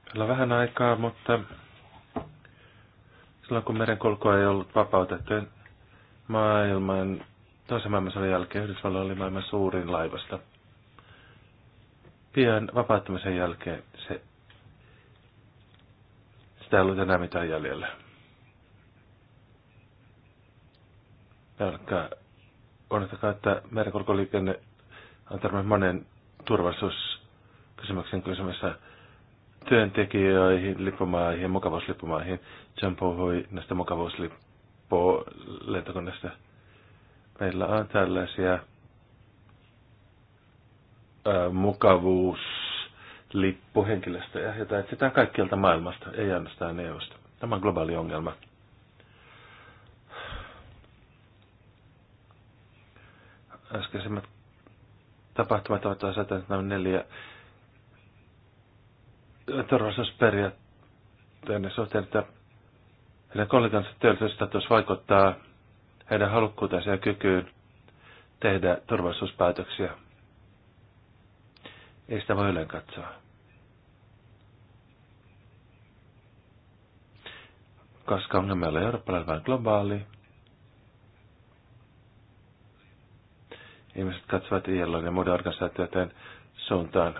Speaker 3: Meillä on vähän aikaa, mutta Silloin kun merenkulkua ei ollut vapautettu maailman, toisen maailmansodan jälkeen Yhdysvalloilla oli maailman suurin laivasta. Pian vapauttamisen jälkeen se, sitä ei ollut enää mitään jäljellä. Älkää onnettakaa, että merenkulkuliikenne on tämmöinen monen turvallisuuskysymyksen kysymyksessä työntekijöihin, lippumaihin, mukavuuslippumaihin. John puhui näistä mukavuuslippulentokoneista. Meillä on tällaisia mukavuuslippuhenkilöstöjä, joita etsitään kaikkialta maailmasta, ei ainoastaan EUsta. Tämä on globaali ongelma. Äskeisemmät tapahtumat ovat asettaneet nämä neljä turvallisuusperiaatteiden suhteen, että heidän kollegansa teollisuusstatus vaikuttaa heidän halukkuuteensa ja kykyyn tehdä turvallisuuspäätöksiä. Ei sitä voi yleen katsoa. Koska ongelma ei ole eurooppalainen, vaan globaali. Ihmiset katsovat ILO ja muiden organisaatioiden suuntaan.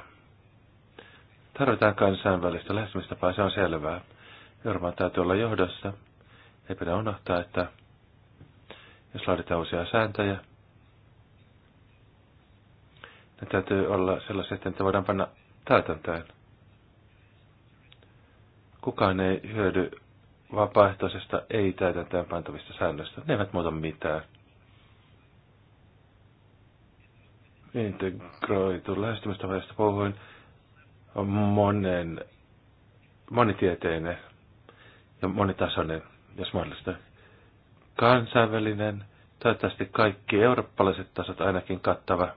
Speaker 3: Tarvitaan kansainvälistä lähestymistapaa, se on selvää. Euroopan täytyy olla johdossa. Ei pidä unohtaa, että jos laaditaan uusia sääntöjä, ne täytyy olla sellaisia, että voidaan panna täytäntöön. Kukaan ei hyödy vapaaehtoisesta ei täytäntöön pantavista säännöistä. Ne eivät muuta mitään. Integroitu lähestymistapa, josta puhuin, monen, monitieteinen ja monitasoinen, jos mahdollista. Kansainvälinen, toivottavasti kaikki eurooppalaiset tasot ainakin kattava.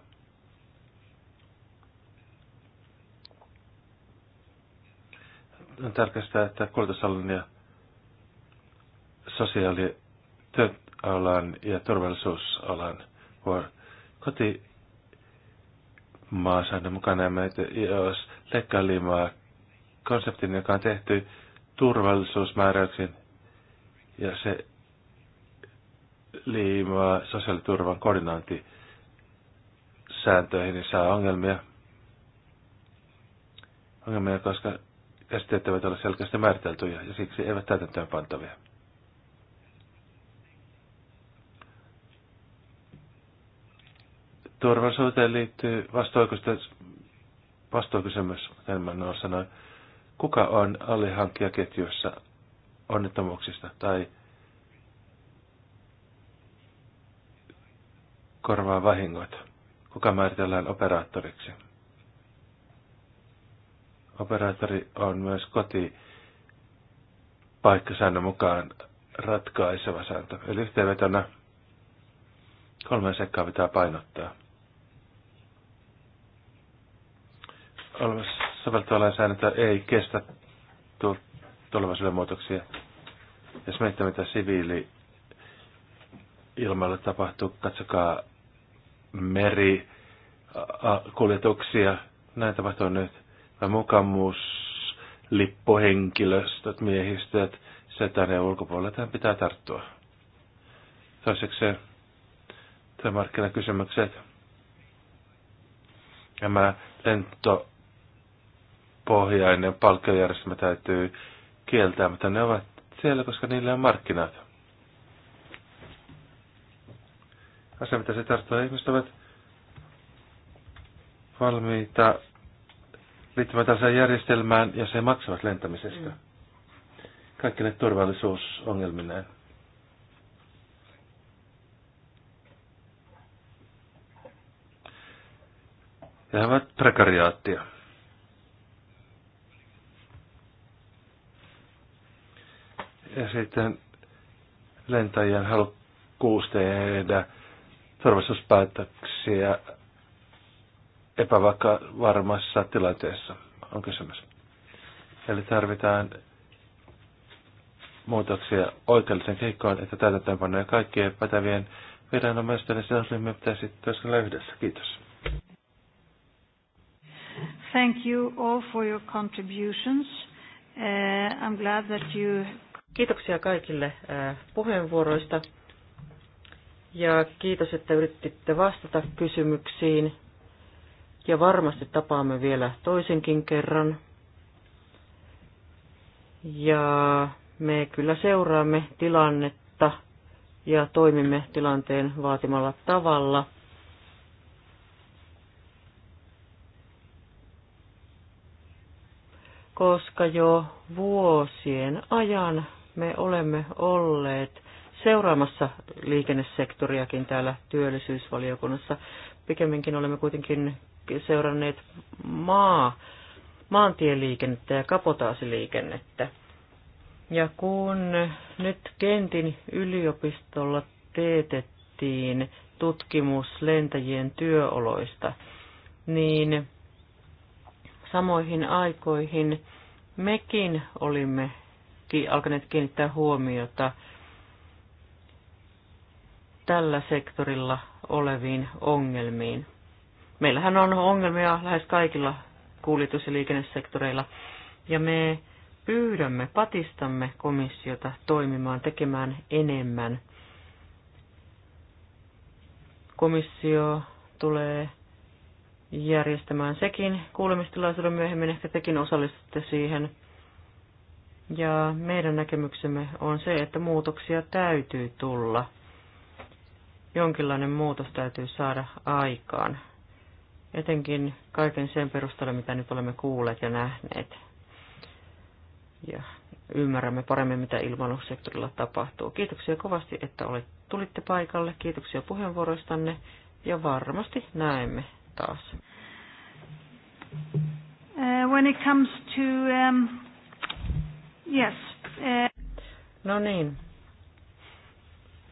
Speaker 3: On tärkeää, että koulutusalan ja sosiaali- työalan ja turvallisuusalan koti maa saada mukana. Ja jos lekkalimaa konseptin, joka on tehty turvallisuusmääräyksen ja se liimaa sosiaaliturvan koordinointisääntöihin, niin saa ongelmia. Ongelmia, koska käsitteet eivät ole selkeästi määriteltyjä ja siksi eivät täytäntöön pantavia. Turvallisuuteen liittyy vastoikusten vastuukysymys, enemmän on sanoi, kuka on alihankkijaketjussa onnettomuuksista tai korvaa vahingot? Kuka määritellään operaattoriksi? Operaattori on myös koti paikkasäännön mukaan ratkaiseva sääntö. Eli yhteenvetona kolme sekkaa pitää painottaa. soveltava lainsäädäntö ei kestä tulevaisuuden muutoksia. Jos miettii, mitä siviili ilmailu tapahtuu, katsokaa meri, kuljetuksia, näin tapahtuu nyt. Vai mukamus, lippuhenkilöstöt, miehistöt, tänne ulkopuolella, tähän pitää tarttua. Toiseksi työmarkkinakysymykset. Nämä lento pohjainen palkkajärjestelmä täytyy kieltää, mutta ne ovat siellä, koska niillä on markkinat. Asia, mitä se tarkoittaa, ihmiset ovat valmiita liittymään tällaiseen järjestelmään, jos he maksavat lentämisestä. Kaikki ne turvallisuusongelmineen. Ja he ovat prekariaattia. ja sitten lentäjien halukkuus tehdä turvallisuuspäätöksiä epävarmassa tilanteessa on kysymys. Eli tarvitaan muutoksia oikeudelliseen kehikkoon, että täytäntöönpanoja kaikkien pätevien viranomaisten ja sidosryhmien pitäisi työskennellä yhdessä. Kiitos.
Speaker 1: Thank you all for your contributions. Uh, I'm glad that you
Speaker 2: Kiitoksia kaikille puheenvuoroista ja kiitos, että yrititte vastata kysymyksiin. Ja varmasti tapaamme vielä toisenkin kerran. Ja me kyllä seuraamme tilannetta ja toimimme tilanteen vaatimalla tavalla. Koska jo vuosien ajan me olemme olleet seuraamassa liikennesektoriakin täällä työllisyysvaliokunnassa. Pikemminkin olemme kuitenkin seuranneet maa, maantieliikennettä ja kapotaasiliikennettä. Ja kun nyt Kentin yliopistolla teetettiin tutkimus lentäjien työoloista, niin samoihin aikoihin mekin olimme alkaneet kiinnittää huomiota tällä sektorilla oleviin ongelmiin. Meillähän on ongelmia lähes kaikilla kuljetus- ja liikennesektoreilla, ja me pyydämme, patistamme komissiota toimimaan, tekemään enemmän. Komissio tulee järjestämään sekin kuulemistilaisuuden myöhemmin, ehkä tekin osallistutte siihen. Ja meidän näkemyksemme on se, että muutoksia täytyy tulla. Jonkinlainen muutos täytyy saada aikaan. Etenkin kaiken sen perusteella, mitä nyt olemme kuulleet ja nähneet. Ja ymmärrämme paremmin, mitä ilmailusektorilla tapahtuu. Kiitoksia kovasti, että olette tulitte paikalle. Kiitoksia puheenvuoroistanne ja varmasti näemme taas. Uh, when it comes to um,
Speaker 1: Yes. Eh.
Speaker 2: No niin.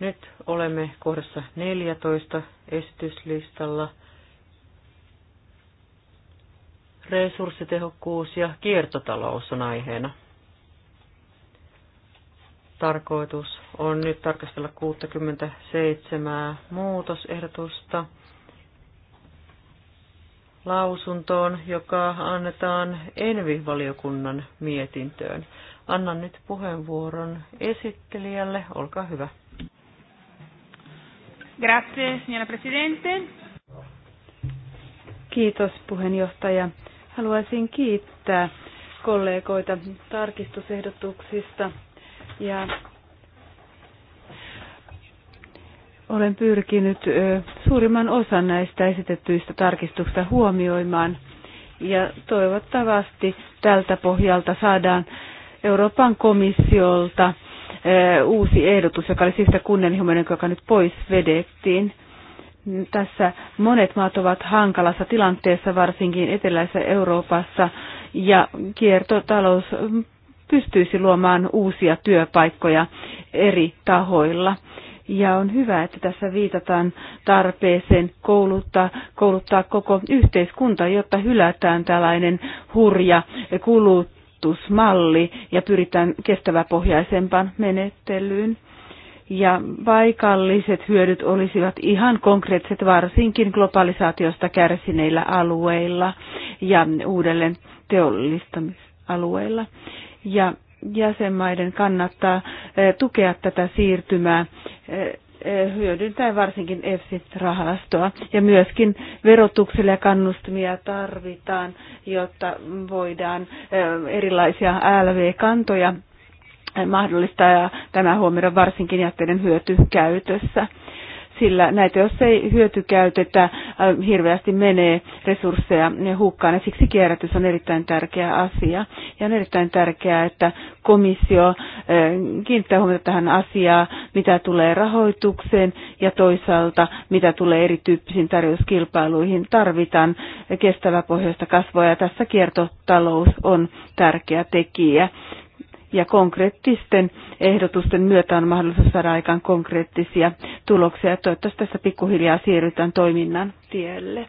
Speaker 2: Nyt olemme kohdassa 14 esityslistalla. Resurssitehokkuus ja kiertotalous on aiheena. Tarkoitus on nyt tarkastella 67 muutosehdotusta lausuntoon, joka annetaan Envi-valiokunnan mietintöön. Annan nyt puheenvuoron esittelijälle.
Speaker 4: Olkaa hyvä. Grazie, signora Presidente. Kiitos puheenjohtaja. Haluaisin kiittää kollegoita tarkistusehdotuksista ja olen pyrkinyt suurimman osan näistä esitettyistä tarkistuksista huomioimaan ja toivottavasti tältä pohjalta saadaan Euroopan komissiolta eh, uusi ehdotus, joka oli siitä kunnianhimoinen, joka nyt pois vedettiin. Tässä monet maat ovat hankalassa tilanteessa, varsinkin eteläisessä Euroopassa, ja kiertotalous pystyisi luomaan uusia työpaikkoja eri tahoilla. Ja on hyvä, että tässä viitataan tarpeeseen kouluttaa, kouluttaa koko yhteiskunta, jotta hylätään tällainen hurja kulut rahoitusmalli ja pyritään kestäväpohjaisempaan menettelyyn. Ja paikalliset hyödyt olisivat ihan konkreettiset varsinkin globalisaatiosta kärsineillä alueilla ja uudelleen teollistamisalueilla. Ja jäsenmaiden kannattaa eh, tukea tätä siirtymää eh, Eh, hyödyntää varsinkin EFSI-rahastoa. Ja myöskin verotukselle ja kannustimia tarvitaan, jotta voidaan eh, erilaisia LV-kantoja eh, mahdollistaa ja tämä huomioida varsinkin jätteiden hyötykäytössä sillä näitä, jos ei hyötykäytetä, äh, hirveästi menee resursseja hukkaan ja siksi kierrätys on erittäin tärkeä asia. Ja on erittäin tärkeää, että komissio äh, kiinnittää huomiota tähän asiaan, mitä tulee rahoitukseen ja toisaalta mitä tulee erityyppisiin tarjouskilpailuihin. Tarvitaan kestävä pohjoista kasvua ja tässä kiertotalous on tärkeä tekijä ja konkreettisten ehdotusten myötä on mahdollisuus saada aikaan konkreettisia tuloksia ja toivottavasti tässä pikkuhiljaa siirrytään toiminnan tielle.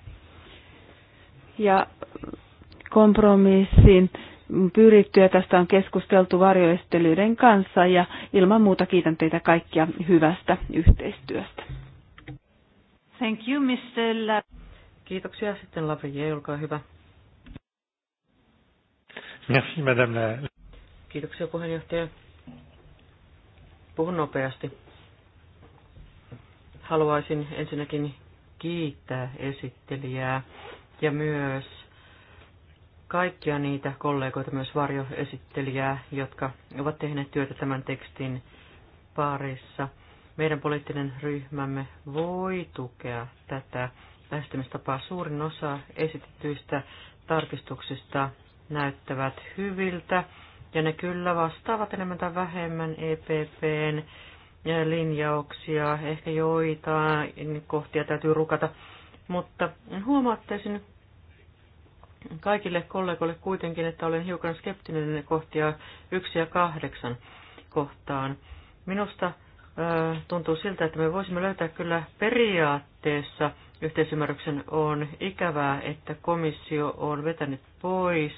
Speaker 4: Ja kompromissiin pyrittyä tästä on keskusteltu varjoestelyiden kanssa ja ilman muuta kiitän teitä kaikkia hyvästä yhteistyöstä.
Speaker 2: Thank you, Mr. La- Kiitoksia. Sitten Lavrie, olkaa hyvä.
Speaker 3: Merci, Madame la...
Speaker 2: Kiitoksia puheenjohtaja. Puhun nopeasti. Haluaisin ensinnäkin kiittää esittelijää ja myös kaikkia niitä kollegoita, myös varjoesittelijää, jotka ovat tehneet työtä tämän tekstin parissa. Meidän poliittinen ryhmämme voi tukea tätä lähestymistapaa. Suurin osa esitetyistä tarkistuksista näyttävät hyviltä ja ne kyllä vastaavat enemmän tai vähemmän EPPn eh, linjauksia, ehkä joitain kohtia täytyy rukata, mutta huomaattaisin kaikille kollegoille kuitenkin, että olen hiukan skeptinen kohtia 1 ja 8 kohtaan. Minusta eh, tuntuu siltä, että me voisimme löytää kyllä periaatteessa yhteisymmärryksen on ikävää, että komissio on vetänyt pois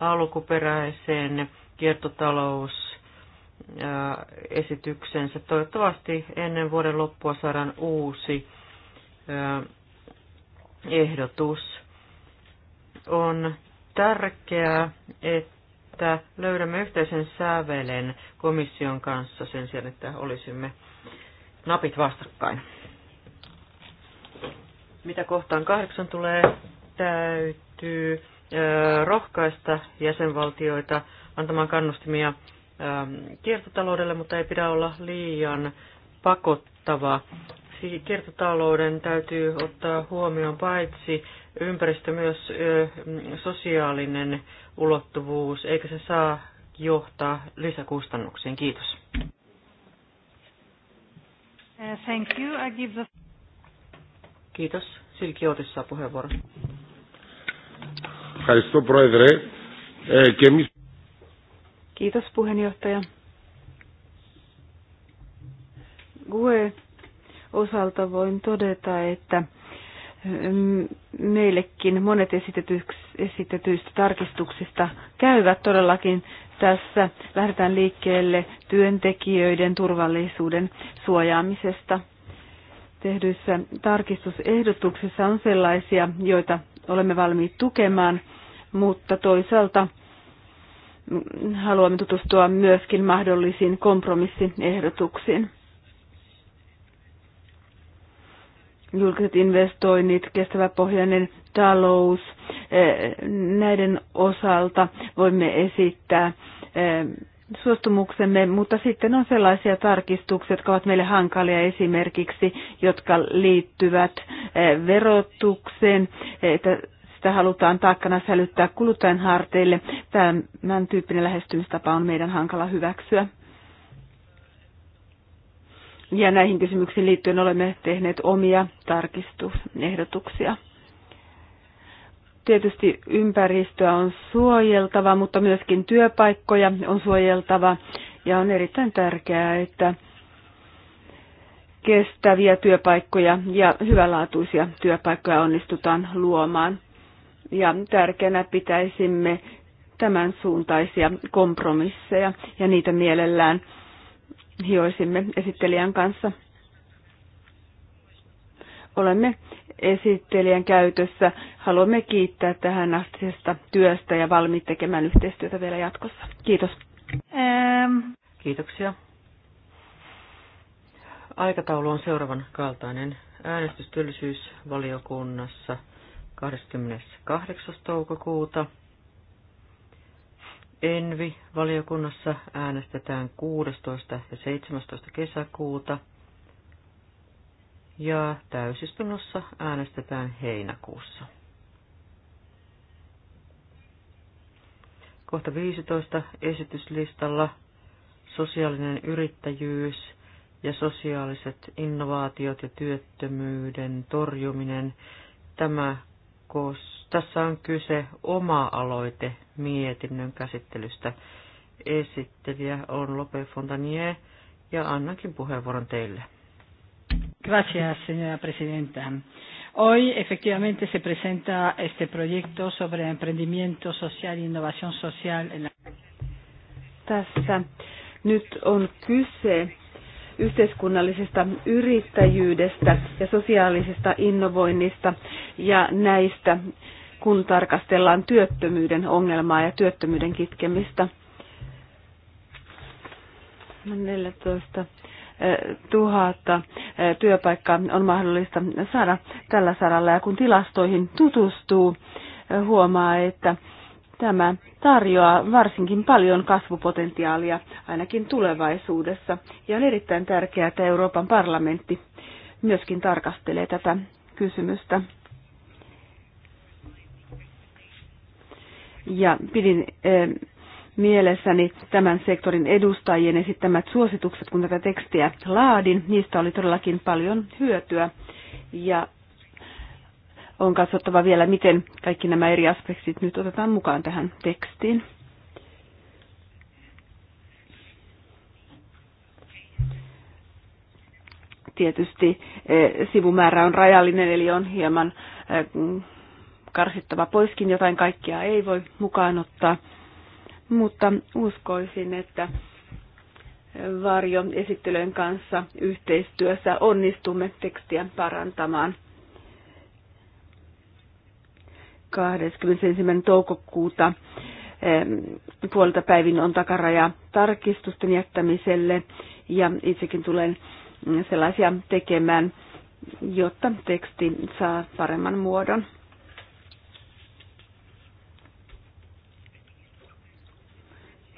Speaker 2: alkuperäisen kiertotalous esityksensä. Toivottavasti ennen vuoden loppua saadaan uusi ehdotus. On tärkeää, että löydämme yhteisen sävelen komission kanssa sen sijaan, että olisimme napit vastakkain. Mitä kohtaan kahdeksan tulee, täytyy rohkaista jäsenvaltioita antamaan kannustimia ähm, kiertotaloudelle, mutta ei pidä olla liian pakottava. Kiertotalouden täytyy ottaa huomioon paitsi ympäristö myös äh, sosiaalinen ulottuvuus, eikä se saa johtaa lisäkustannuksiin. Kiitos.
Speaker 1: Uh, thank you. I give the...
Speaker 2: Kiitos. Silki
Speaker 4: Otis saa puheenvuoron. Ευχαριστώ Kiitos puheenjohtaja. GUE osalta voin todeta, että mm, meillekin monet esitetyistä tarkistuksista käyvät todellakin tässä. Lähdetään liikkeelle työntekijöiden turvallisuuden suojaamisesta. Tehdyissä tarkistusehdotuksissa on sellaisia, joita olemme valmiit tukemaan, mutta toisaalta haluamme tutustua myöskin mahdollisiin kompromissiehdotuksiin. Julkiset investoinnit, kestäväpohjainen talous, eh, näiden osalta voimme esittää eh, suostumuksemme, mutta sitten on sellaisia tarkistuksia, jotka ovat meille hankalia esimerkiksi, jotka liittyvät eh, verotukseen, että sitä halutaan taakkana sälyttää kuluttajan harteille. Tämän tyyppinen lähestymistapa on meidän hankala hyväksyä. Ja näihin kysymyksiin liittyen olemme tehneet omia tarkistusehdotuksia. Tietysti ympäristöä on suojeltava, mutta myöskin työpaikkoja on suojeltava. Ja on erittäin tärkeää, että kestäviä työpaikkoja ja hyvälaatuisia työpaikkoja onnistutaan luomaan ja tärkeänä pitäisimme tämän suuntaisia kompromisseja ja niitä mielellään hioisimme esittelijän kanssa. Olemme esittelijän käytössä. Haluamme kiittää tähän astisesta työstä ja valmiit tekemään yhteistyötä vielä jatkossa. Kiitos. Ähm. Kiitoksia.
Speaker 2: Aikataulu on seuraavan kaltainen. Äänestystyöllisyysvaliokunnassa. 28. toukokuuta. Envi-valiokunnassa äänestetään 16. ja 17. kesäkuuta. Ja täysistunnossa äänestetään heinäkuussa. Kohta 15 esityslistalla sosiaalinen yrittäjyys ja sosiaaliset innovaatiot ja työttömyyden torjuminen. Tämä kokous. tässä on kyse oma-aloite mietinnön käsittelystä. Esittelijä on Lope Fontanier ja annankin puheenvuoron teille.
Speaker 1: Gracias, señora presidenta. Hoy efectivamente se presenta este proyecto sobre emprendimiento social e innovación social.
Speaker 4: En la... Tässä nyt on kyse yhteiskunnallisesta yrittäjyydestä ja sosiaalisesta innovoinnista ja näistä, kun tarkastellaan työttömyyden ongelmaa ja työttömyyden kitkemistä. 14 eh, tuhatta eh, työpaikkaa on mahdollista saada tällä saralla. Ja kun tilastoihin tutustuu, eh, huomaa, että Tämä tarjoaa varsinkin paljon kasvupotentiaalia ainakin tulevaisuudessa ja on erittäin tärkeää, että Euroopan parlamentti myöskin tarkastelee tätä kysymystä. Ja pidin äh, mielessäni tämän sektorin edustajien esittämät suositukset, kun tätä tekstiä laadin. Niistä oli todellakin paljon hyötyä ja on katsottava vielä, miten kaikki nämä eri aspektit nyt otetaan mukaan tähän tekstiin. Tietysti eh, sivumäärä on rajallinen, eli on hieman eh, karsittava poiskin, jotain kaikkia ei voi mukaan ottaa. Mutta uskoisin, että varjoesittelyjen kanssa yhteistyössä onnistumme tekstiä parantamaan 21. toukokuuta puolta päivin on takaraja tarkistusten jättämiselle ja itsekin tulen mm, sellaisia tekemään, jotta teksti saa paremman muodon.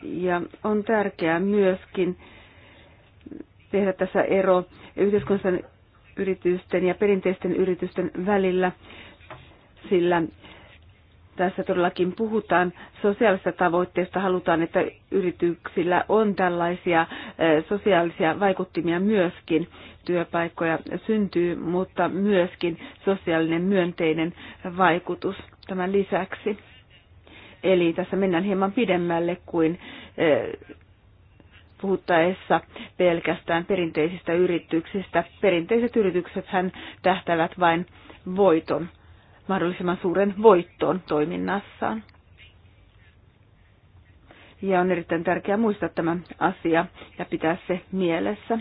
Speaker 4: Ja on tärkeää myöskin tehdä tässä ero yhteiskunnan yritysten ja perinteisten yritysten välillä, sillä tässä todellakin puhutaan sosiaalista tavoitteesta. Halutaan, että yrityksillä on tällaisia sosiaalisia vaikuttimia myöskin. Työpaikkoja syntyy, mutta myöskin sosiaalinen myönteinen vaikutus tämän lisäksi. Eli tässä mennään hieman pidemmälle kuin puhuttaessa pelkästään perinteisistä yrityksistä. Perinteiset yrityksethän tähtävät vain voiton mahdollisimman suuren voittoon toiminnassaan. Ja on erittäin tärkeää muistaa tämä asia ja pitää se mielessä.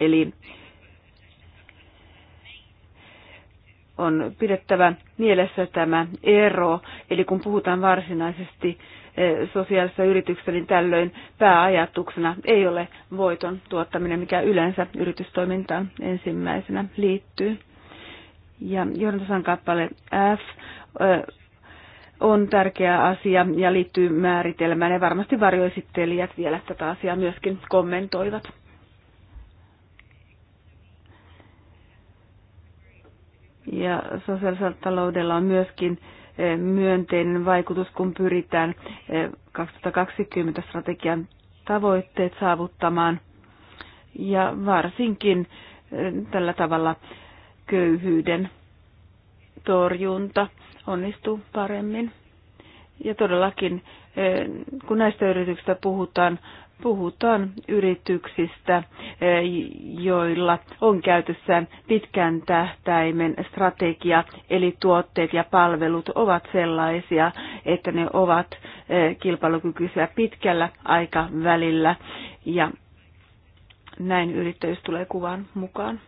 Speaker 4: Eli on pidettävä mielessä tämä ero, eli kun puhutaan varsinaisesti E, sosiaalisessa yrityksessä, niin tällöin pääajatuksena ei ole voiton tuottaminen, mikä yleensä yritystoimintaan ensimmäisenä liittyy. Ja johdantosan kappale F e, on tärkeä asia ja liittyy määritelmään ja varmasti varjoesittelijät vielä tätä asiaa myöskin kommentoivat. Ja sosiaalisella taloudella on myöskin äh, myönteinen vaikutus, kun pyritään 2020 eh, strategian tavoitteet saavuttamaan. Ja varsinkin eh, tällä tavalla köyhyyden torjunta onnistuu paremmin. Ja todellakin, eh, kun näistä yrityksistä puhutaan, puhutaan yrityksistä, eh, joilla on käytössä pitkän tähtäimen strategia, eli tuotteet ja palvelut ovat sellaisia, että ne ovat eh, kilpailukykyisiä pitkällä aikavälillä ja näin yrittäjyys tulee kuvan mukaan.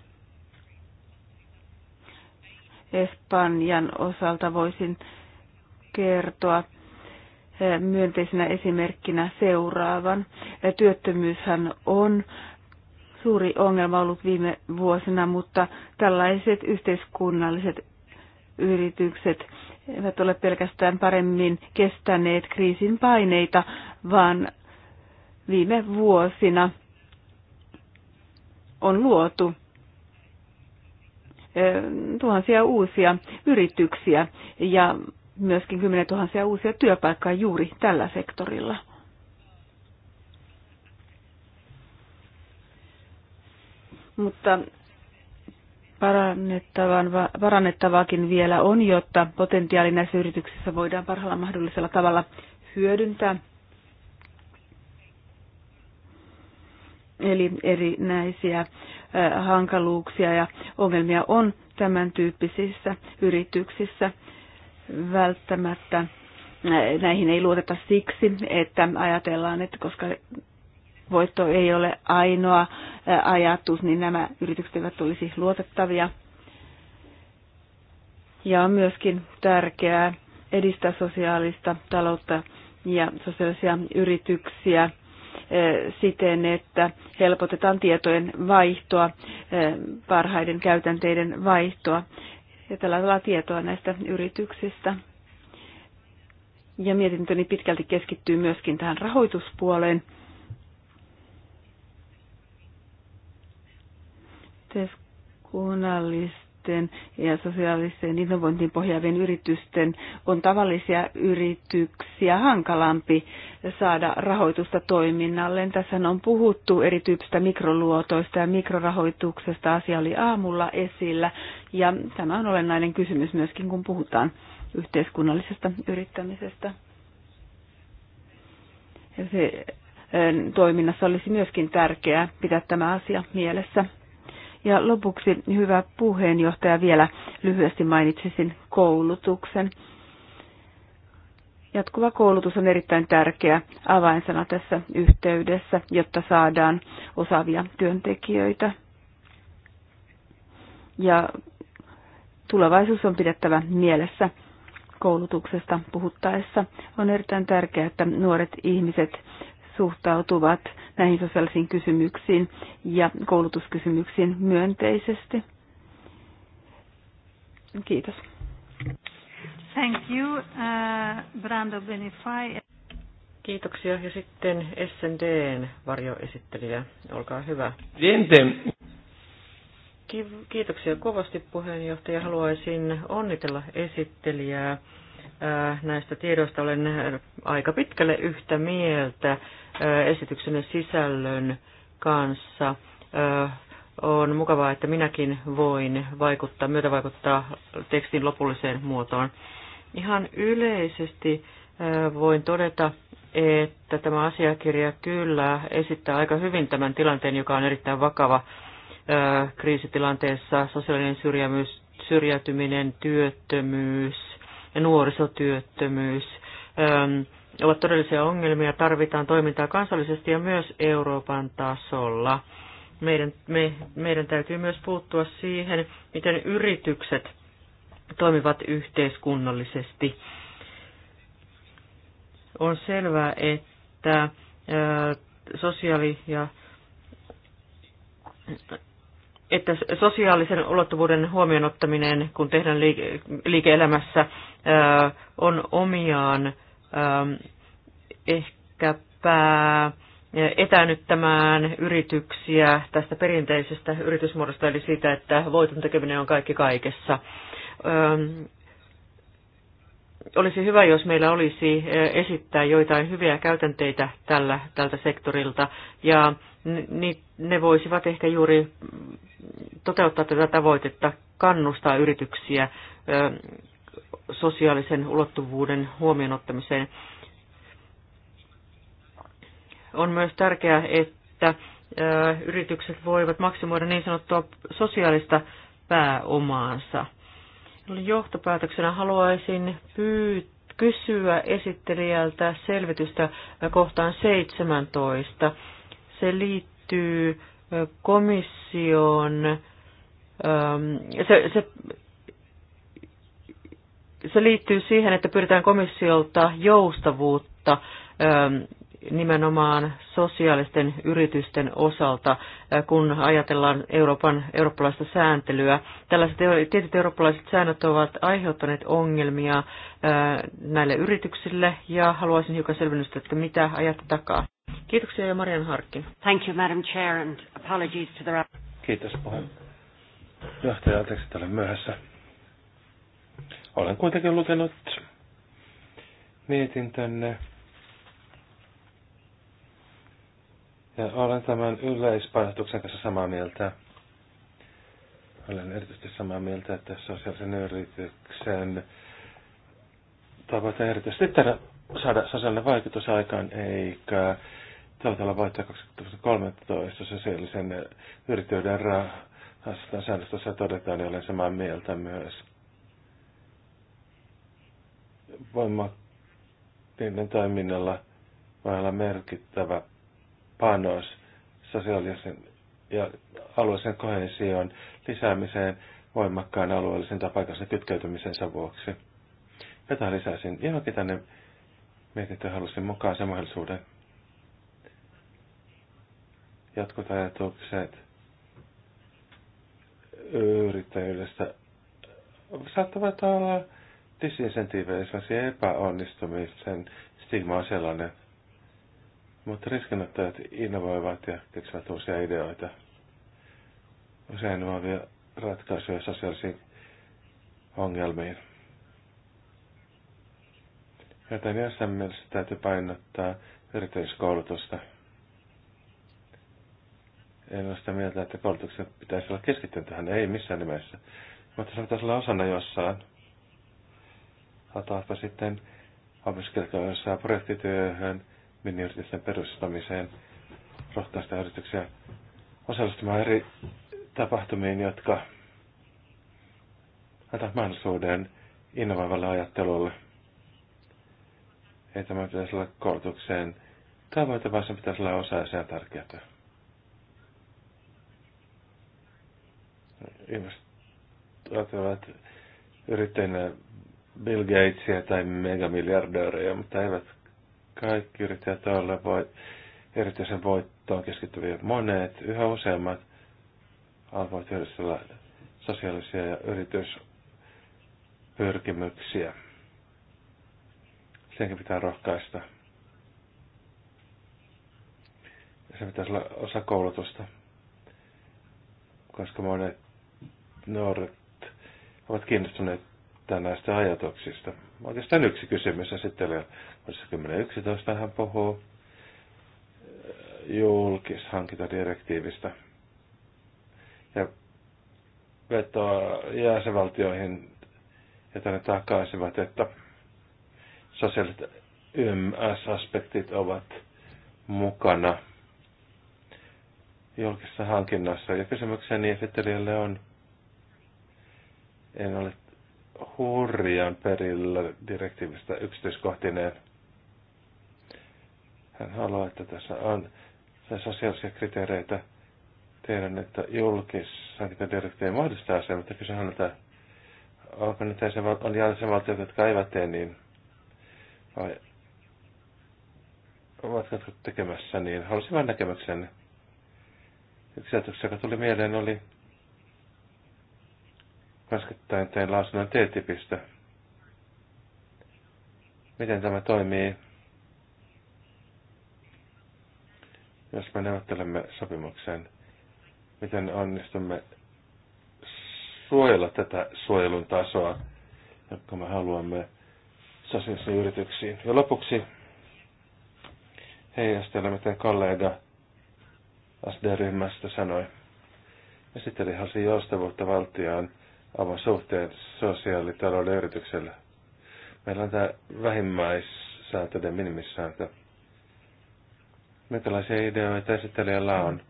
Speaker 4: Espanjan osalta voisin kertoa myönteisenä esimerkkinä seuraavan. Työttömyyshän on suuri ongelma ollut viime vuosina, mutta tällaiset yhteiskunnalliset yritykset eivät ole pelkästään paremmin kestäneet kriisin paineita, vaan viime vuosina on luotu eh, tuhansia uusia yrityksiä ja myöskin 10 000 uusia työpaikkaa juuri tällä sektorilla. Mutta parannettavaakin vielä on, jotta potentiaali näissä yrityksissä voidaan parhaalla mahdollisella tavalla hyödyntää. Eli erinäisiä hankaluuksia ja ongelmia on tämän tyyppisissä yrityksissä välttämättä näihin ei luoteta siksi, että ajatellaan, että koska voitto ei ole ainoa ajatus, niin nämä yritykset eivät olisi luotettavia. Ja on myöskin tärkeää edistää sosiaalista taloutta ja sosiaalisia yrityksiä eh, siten, että helpotetaan tietojen vaihtoa, eh, parhaiden käytänteiden vaihtoa ja tällä tavalla tietoa näistä yrityksistä. Ja mietintöni pitkälti keskittyy myöskin tähän rahoituspuoleen. Yhteiskunnallis yritysten ja sosiaaliseen innovointiin pohjaavien yritysten on tavallisia yrityksiä hankalampi saada rahoitusta toiminnalle, Tässä on puhuttu erityyppistä mikroluotoista ja mikrorahoituksesta. Asia oli aamulla esillä ja tämä on olennainen kysymys myöskin, kun puhutaan yhteiskunnallisesta yrittämisestä. Ja se toiminnassa olisi myöskin tärkeää pitää tämä asia mielessä. Ja lopuksi hyvä puheenjohtaja vielä lyhyesti mainitsisin koulutuksen. Jatkuva koulutus on erittäin tärkeä avainsana tässä yhteydessä, jotta saadaan osaavia työntekijöitä. Ja tulevaisuus on pidettävä mielessä koulutuksesta puhuttaessa. On erittäin tärkeää, että nuoret ihmiset suhtautuvat näihin sosiaalisiin kysymyksiin ja koulutuskysymyksiin myönteisesti. Kiitos.
Speaker 1: Thank you, uh, Brando
Speaker 2: Benify. Kiitoksia. Ja sitten SNDn varjoesittelijä, olkaa hyvä. Viente. Kiitoksia kovasti puheenjohtaja. Haluaisin onnitella esittelijää Äh, näistä tiedoista olen aika pitkälle yhtä mieltä äh, esityksen sisällön kanssa. Äh, on mukavaa, että minäkin voin vaikuttaa, vaikuttaa tekstin lopulliseen muotoon. Ihan yleisesti voin todeta, että tämä asiakirja kyllä esittää aika hyvin tämän tilanteen, joka on erittäin vakava kriisitilanteessa, sosiaalinen syrjäytyminen, työttömyys, nuorisotyöttömyys ovat todellisia ongelmia. Tarvitaan toimintaa kansallisesti ja myös Euroopan tasolla. Meidän, me, meidän täytyy myös puuttua siihen, miten yritykset toimivat yhteiskunnallisesti. On selvää, että sosiaali- ja että sosiaalisen ulottuvuuden huomioon ottaminen, kun tehdään liike-elämässä, on omiaan ehkäpä etänyttämään yrityksiä tästä perinteisestä yritysmuodosta, eli siitä, että voiton tekeminen on kaikki kaikessa. Olisi hyvä, jos meillä olisi esittää joitain hyviä käytänteitä tällä, tältä sektorilta, ja niin ne voisivat ehkä juuri toteuttaa tätä tavoitetta, kannustaa yrityksiä sosiaalisen ulottuvuuden huomioon ottamiseen. On myös tärkeää, että yritykset voivat maksimoida niin sanottua sosiaalista pääomaansa. Johtopäätöksenä haluaisin pyytää kysyä esittelijältä selvitystä kohtaan 17. Se liittyy komission, se, se, se liittyy siihen, että pyritään komissiolta joustavuutta nimenomaan sosiaalisten yritysten osalta, kun ajatellaan Euroopan eurooppalaista sääntelyä. Tällaiset tietyt eurooppalaiset säännöt ovat aiheuttaneet ongelmia näille yrityksille ja haluaisin hiukan selvennystä, että mitä ajatte takaa. Kiitoksia ja Marian Harkki. Thank you, Madam
Speaker 3: Chair, and apologies to the... Kiitos puheenjohtaja. Anteeksi, että olen myöhässä. Olen kuitenkin lukenut mietintönne. Ja olen tämän yleispainotuksen kanssa samaa mieltä. Olen erityisesti samaa mieltä, että sosiaalisen yrityksen tavoite erityisesti tehdä, saada sosiaalinen vaikutus aikaan, eikä tavoitella voittaa 2013 sosiaalisen yrityöiden rahaston säännöstössä todetaan, niin olen samaa mieltä myös. Voimakkaiden toiminnalla voi olla merkittävä panos sosiaalisen ja alueellisen kohesion lisäämiseen voimakkaan alueellisen tai paikallisen kytkeytymisensä vuoksi. Tätä lisäisin johonkin tänne mietintöön halusin mukaan sen mahdollisuuden. Jotkut ajatukset yrittäjyydestä saattavat olla disinsentiivejä, esimerkiksi epäonnistumisen stigma on sellainen, mutta riskinottajat innovoivat ja keksivät uusia ideoita. Usein innovoivia ratkaisuja sosiaalisiin ongelmiin. Joten jossain mielessä täytyy painottaa yrittäjyyskoulutusta. En ole sitä mieltä, että koulutuksen pitäisi olla keskittynyt tähän, ei missään nimessä. Mutta se pitäisi olla osana jossain. Otaapa sitten opiskelijoissa projektityöhön – miniyritysten perustamiseen, rohkaista yrityksiä osallistumaan eri tapahtumiin, jotka antavat mahdollisuuden innovoivalle ajattelulle. Ei tämä pitäisi olla koulutukseen tavoite, vaan sen pitäisi olla osa ja sen on tärkeää. Investoivat yrittäjinä Bill Gatesia tai megamiljardöörejä, mutta eivät kaikki yrittäjät ole voi, erityisen voittoon keskittyviä monet, yhä useammat alkoivat yhdistellä sosiaalisia ja yrityspyrkimyksiä. Senkin pitää rohkaista. Ja se pitäisi olla osa koulutusta, koska monet nuoret ovat kiinnostuneet näistä ajatuksista. Oikeastaan yksi kysymys ja sitten Vuodessa 1011 hän puhuu eh, julkishankintadirektiivistä ja vetoa jäsenvaltioihin, että ne takaisivat, että sosiaaliset YMS-aspektit ovat mukana julkisessa hankinnassa. Ja kysymykseni esittelijälle on, en ole hurjan perillä direktiivistä yksityiskohtineen. Hän haluaa, että tässä on sosiaalisia kriteereitä. teidän, että julkishankintadirektiivi mahdollistaa sen, mutta kyse että onko nyt on jäsenvaltioita, jotka eivät tee niin, vai ovatko tekemässä, niin halusin vain näkemyksen. Yksi ajatus, joka tuli mieleen, oli äskettäin tein lausunnon T-tipistä. Miten tämä toimii jos me neuvottelemme sopimuksen, miten onnistumme suojella tätä suojelun tasoa, jonka me haluamme sosiaalisiin yrityksiin. Ja lopuksi heijastella, miten kollega SD-ryhmästä sanoi. Esitteli hasi joustavuutta valtiaan avun suhteen sosiaalitalouden yritykselle. Meillä on tämä vähimmäissääntöiden minimissääntö minkälaisia ideoita esittelijällä on.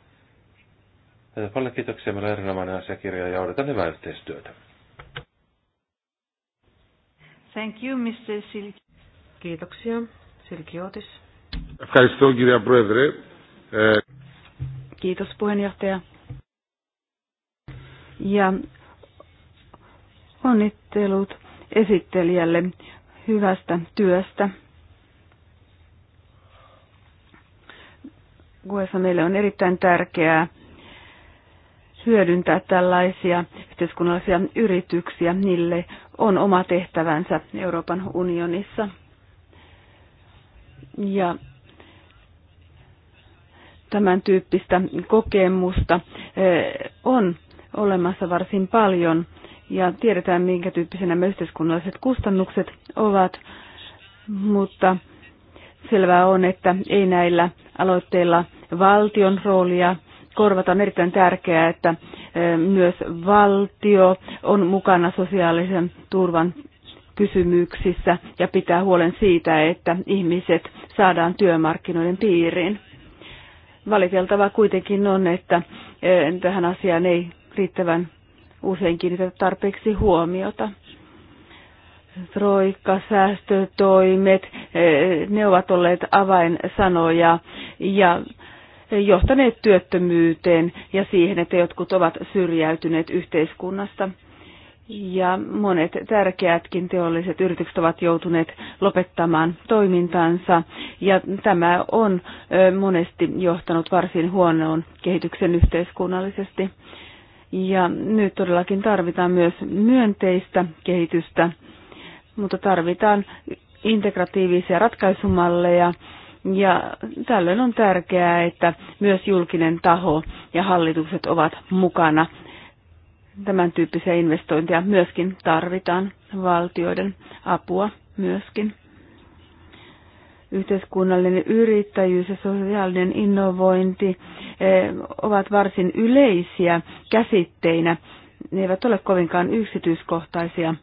Speaker 3: Ja paljon kiitoksia, meillä on erinomainen asiakirja ja odotan hyvää yhteistyötä.
Speaker 1: Thank you, Mr. Silk. Kiitoksia.
Speaker 4: Silkiotis. Ευχαριστώ, Kiitos, puheenjohtaja. Ja onnittelut esittelijälle hyvästä työstä. Guessa meille on erittäin tärkeää hyödyntää tällaisia yhteiskunnallisia yrityksiä. Niille on oma tehtävänsä Euroopan unionissa. Ja tämän tyyppistä kokemusta eh, on olemassa varsin paljon ja tiedetään, minkä tyyppisenä nämä yhteiskunnalliset kustannukset ovat, mutta Selvää on, että ei näillä aloitteilla valtion roolia korvata. On erittäin tärkeää, että myös valtio on mukana sosiaalisen turvan kysymyksissä ja pitää huolen siitä, että ihmiset saadaan työmarkkinoiden piiriin. Valiteltavaa kuitenkin on, että tähän asiaan ei riittävän usein kiinnitetä tarpeeksi huomiota. Troikka, säästötoimet, eh, ne ovat olleet avainsanoja ja johtaneet työttömyyteen ja siihen, että jotkut ovat syrjäytyneet yhteiskunnasta. Ja monet tärkeätkin teolliset yritykset ovat joutuneet lopettamaan toimintansa ja tämä on eh, monesti johtanut varsin huonoon kehityksen yhteiskunnallisesti. Ja nyt todellakin tarvitaan myös myönteistä kehitystä mutta tarvitaan integratiivisia ratkaisumalleja. Ja tällöin on tärkeää, että myös julkinen taho ja hallitukset ovat mukana. Tämän tyyppisiä investointeja myöskin tarvitaan, valtioiden apua myöskin. Yhteiskunnallinen yrittäjyys ja sosiaalinen innovointi eh, ovat varsin yleisiä käsitteinä. Ne eivät ole kovinkaan yksityiskohtaisia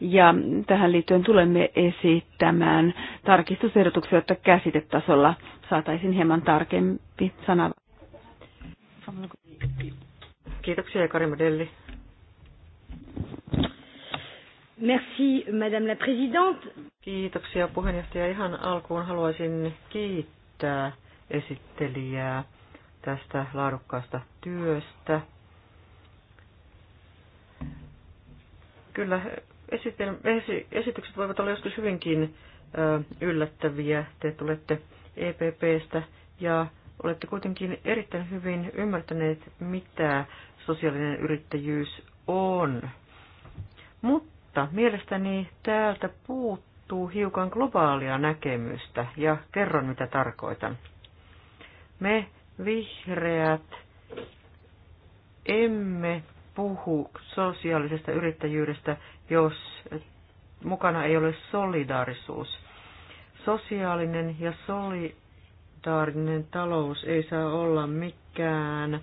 Speaker 4: ja tähän liittyen tulemme esittämään tarkistusehdotuksia, jotta käsitetasolla saataisiin hieman tarkempi sana.
Speaker 2: Kiitoksia, Kari Modelli. Merci, Madame la Présidente. Kiitoksia puheenjohtaja. Ihan alkuun haluaisin kiittää esittelijää tästä laadukkaasta työstä. Kyllä esitykset voivat olla joskus hyvinkin yllättäviä. Te tulette EPPstä ja olette kuitenkin erittäin hyvin ymmärtäneet, mitä sosiaalinen yrittäjyys on. Mutta mielestäni täältä puuttuu hiukan globaalia näkemystä ja kerron, mitä tarkoitan. Me vihreät emme puhu sosiaalisesta yrittäjyydestä jos mukana ei ole solidaarisuus. Sosiaalinen ja solidaarinen talous ei saa olla mikään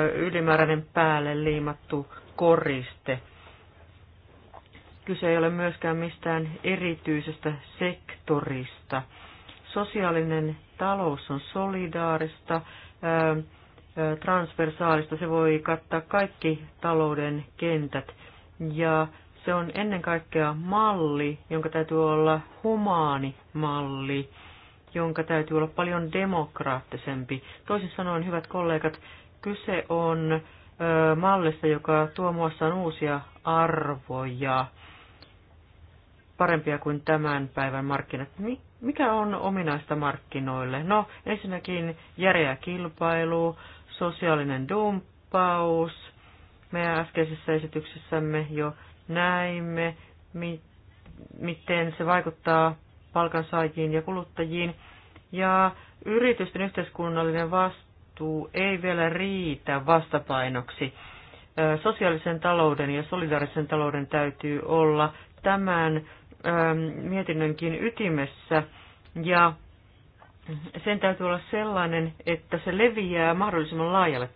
Speaker 2: ö, ylimääräinen päälle liimattu koriste. Kyse ei ole myöskään mistään erityisestä sektorista. Sosiaalinen talous on solidaarista, ö, transversaalista, se voi kattaa kaikki talouden kentät – ja se on ennen kaikkea malli, jonka täytyy olla humaani malli, jonka täytyy olla paljon demokraattisempi. Toisin sanoen, hyvät kollegat, kyse on ö, mallista, joka tuo muassaan uusia arvoja, parempia kuin tämän päivän markkinat. Mikä on ominaista markkinoille? No, ensinnäkin järeä kilpailu, sosiaalinen dumppaus, me äskeisessä esityksessämme jo näimme, mi- miten se vaikuttaa palkansaajiin ja kuluttajiin. Ja yritysten yhteiskunnallinen vastuu ei vielä riitä vastapainoksi. Sosiaalisen talouden ja solidaarisen talouden täytyy olla tämän mietinnönkin ytimessä. Ja sen täytyy olla sellainen, että se leviää mahdollisimman laajalle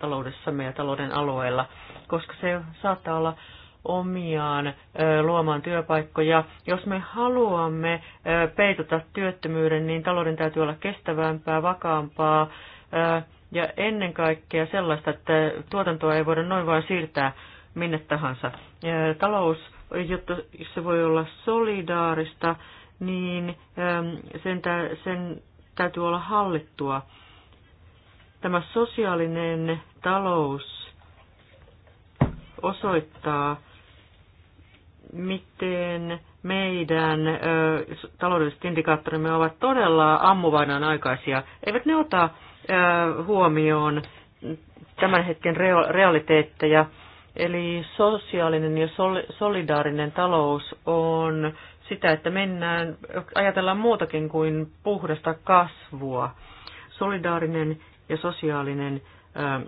Speaker 2: taloudessamme ja talouden alueella, koska se saattaa olla omiaan luomaan työpaikkoja. Jos me haluamme peitota työttömyyden, niin talouden täytyy olla kestävämpää, vakaampaa ja ennen kaikkea sellaista, että tuotantoa ei voida noin vain siirtää minne tahansa. Talous, jotta se voi olla solidaarista, niin sen, sen täytyy olla hallittua. Tämä sosiaalinen talous osoittaa, miten meidän ö, taloudelliset indikaattorimme ovat todella ammuvainan aikaisia. Eivät ne ota ö, huomioon tämän hetken reo- realiteetteja. Eli sosiaalinen ja sol- solidaarinen talous on sitä, että mennään, ajatellaan muutakin kuin puhdasta kasvua. Solidaarinen ja sosiaalinen ö,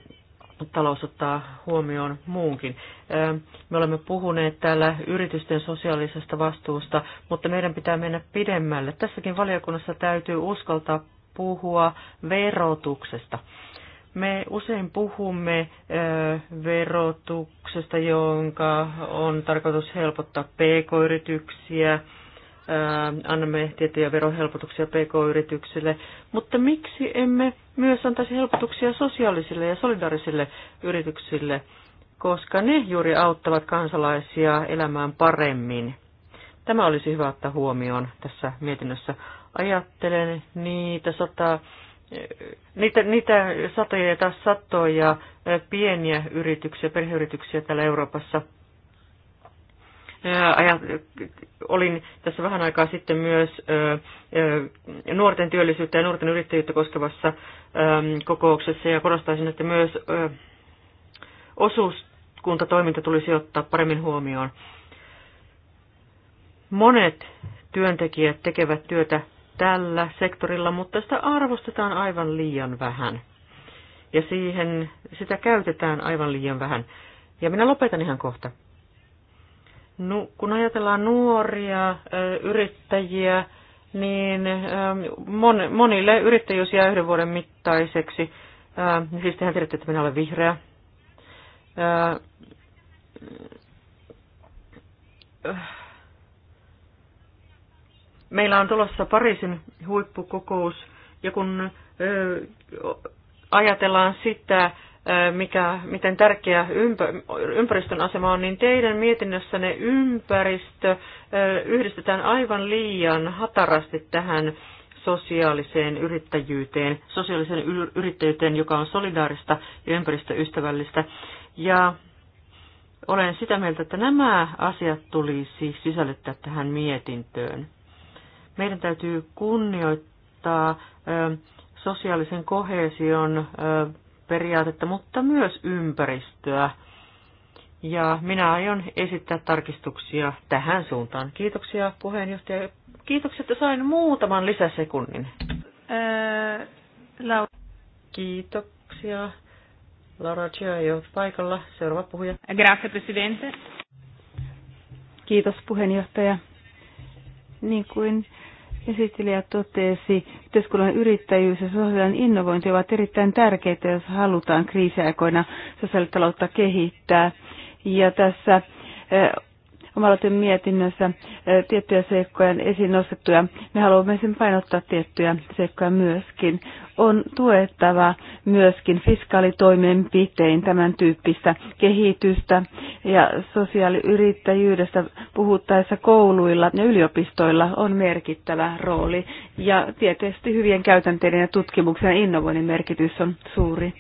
Speaker 2: talous ottaa huomioon muunkin. Ö, me olemme puhuneet täällä yritysten sosiaalisesta vastuusta, mutta meidän pitää mennä pidemmälle. Tässäkin valiokunnassa täytyy uskaltaa puhua verotuksesta. Me usein puhumme verotuksesta, jonka on tarkoitus helpottaa pk-yrityksiä. Annamme tiettyjä verohelpotuksia pk-yrityksille, mutta miksi emme myös antaisi helpotuksia sosiaalisille ja solidaarisille yrityksille, koska ne juuri auttavat kansalaisia elämään paremmin? Tämä olisi hyvä ottaa huomioon tässä mietinnössä. Ajattelen niitä sataa niitä, niitä satoja ja taas satoja pieniä yrityksiä, perheyrityksiä täällä Euroopassa. Ajat, olin tässä vähän aikaa sitten myös nuorten työllisyyttä ja nuorten yrittäjyyttä koskevassa kokouksessa ja korostaisin, että myös osuuskuntatoiminta tulisi ottaa paremmin huomioon. Monet työntekijät tekevät työtä tällä sektorilla, mutta sitä arvostetaan aivan liian vähän. Ja siihen sitä käytetään aivan liian vähän. Ja minä lopetan ihan kohta. No, kun ajatellaan nuoria ö, yrittäjiä, niin ö, mon, monille yrittäjyys jää yhden vuoden mittaiseksi. Ö, siis tehän tiedätte, että minä olen vihreä. Ö, ö, Meillä on tulossa Pariisin huippukokous, ja kun ö, ajatellaan sitä, mikä, miten tärkeä ympäristön asema on, niin teidän mietinnössänne ympäristö yhdistetään aivan liian hatarasti tähän sosiaaliseen yrittäjyyteen, sosiaaliseen yrittäjyyteen, joka on solidaarista ja ympäristöystävällistä. Ja olen sitä mieltä, että nämä asiat tulisi sisällyttää tähän mietintöön. Meidän täytyy kunnioittaa sosiaalisen kohesion periaatetta, mutta myös ympäristöä. Ja minä aion esittää tarkistuksia tähän suuntaan. Kiitoksia puheenjohtaja. Kiitoksia, että sain muutaman lisäsekunnin. Ää, äh, Laura. Kiitoksia. Laura Chia ei ole paikalla. Seuraava puhuja. Grazie, presidente.
Speaker 4: Kiitos puheenjohtaja. Niin kuin Esittelijä totesi, yhteiskunnan yrittäjyys ja sosiaalinen innovointi ovat erittäin tärkeitä, jos halutaan kriisiaikoina sosiaalitaloutta kehittää. Ja tässä eh, omaloiten mietinnössä tiettyjä seikkoja esiin nostettuja. Me haluamme sen painottaa tiettyjä seikkoja myöskin. On tuettava myöskin fiskaalitoimenpitein tämän tyyppistä kehitystä ja sosiaaliyrittäjyydestä puhuttaessa kouluilla ja yliopistoilla on merkittävä rooli. Ja tietysti hyvien käytänteiden ja tutkimuksen ja innovoinnin merkitys on suuri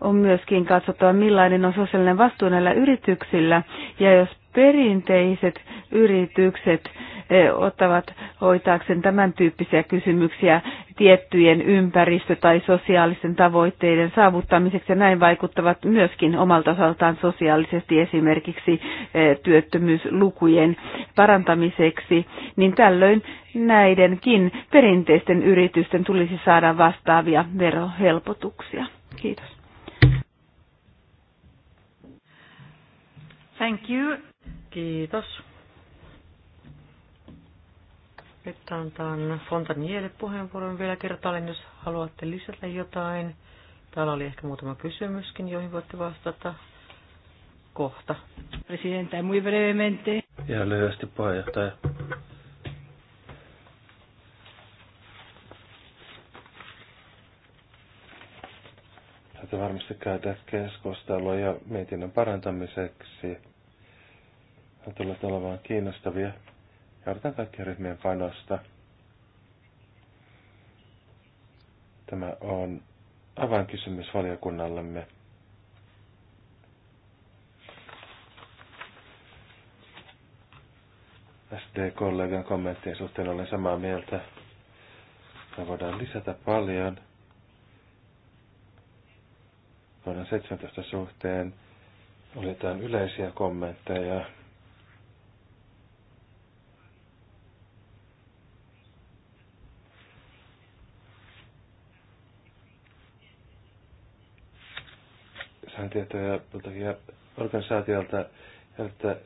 Speaker 4: on myöskin katsottava, millainen on sosiaalinen vastuu näillä yrityksillä. Ja jos perinteiset yritykset eh, ottavat hoitaakseen tämän tyyppisiä kysymyksiä tiettyjen ympäristö- tai sosiaalisten tavoitteiden saavuttamiseksi ja näin vaikuttavat myöskin omalta osaltaan sosiaalisesti esimerkiksi eh, työttömyyslukujen parantamiseksi, niin tällöin näidenkin perinteisten yritysten tulisi saada vastaavia verohelpotuksia. Kiitos.
Speaker 2: Thank you. Kiitos. Nyt antaan Fontanielle puheenvuoron vielä kertaalleen, jos haluatte lisätä jotain. Täällä oli ehkä muutama kysymyskin, joihin voitte vastata kohta. Presidenta, muy brevemente.
Speaker 3: Ja lyhyesti puheenjohtaja. Tätä varmasti käydään keskustelua ja mietinnön parantamiseksi. Ne tulevat olemaan kiinnostavia. Ja kaikkien ryhmien panosta. Tämä on avainkysymys valiokunnallemme. SD-kollegan kommenttien suhteen olen samaa mieltä. Me voidaan lisätä paljon. Vuoden 17 suhteen oli jotain yleisiä kommentteja. sain tietoja organisaatiolta, että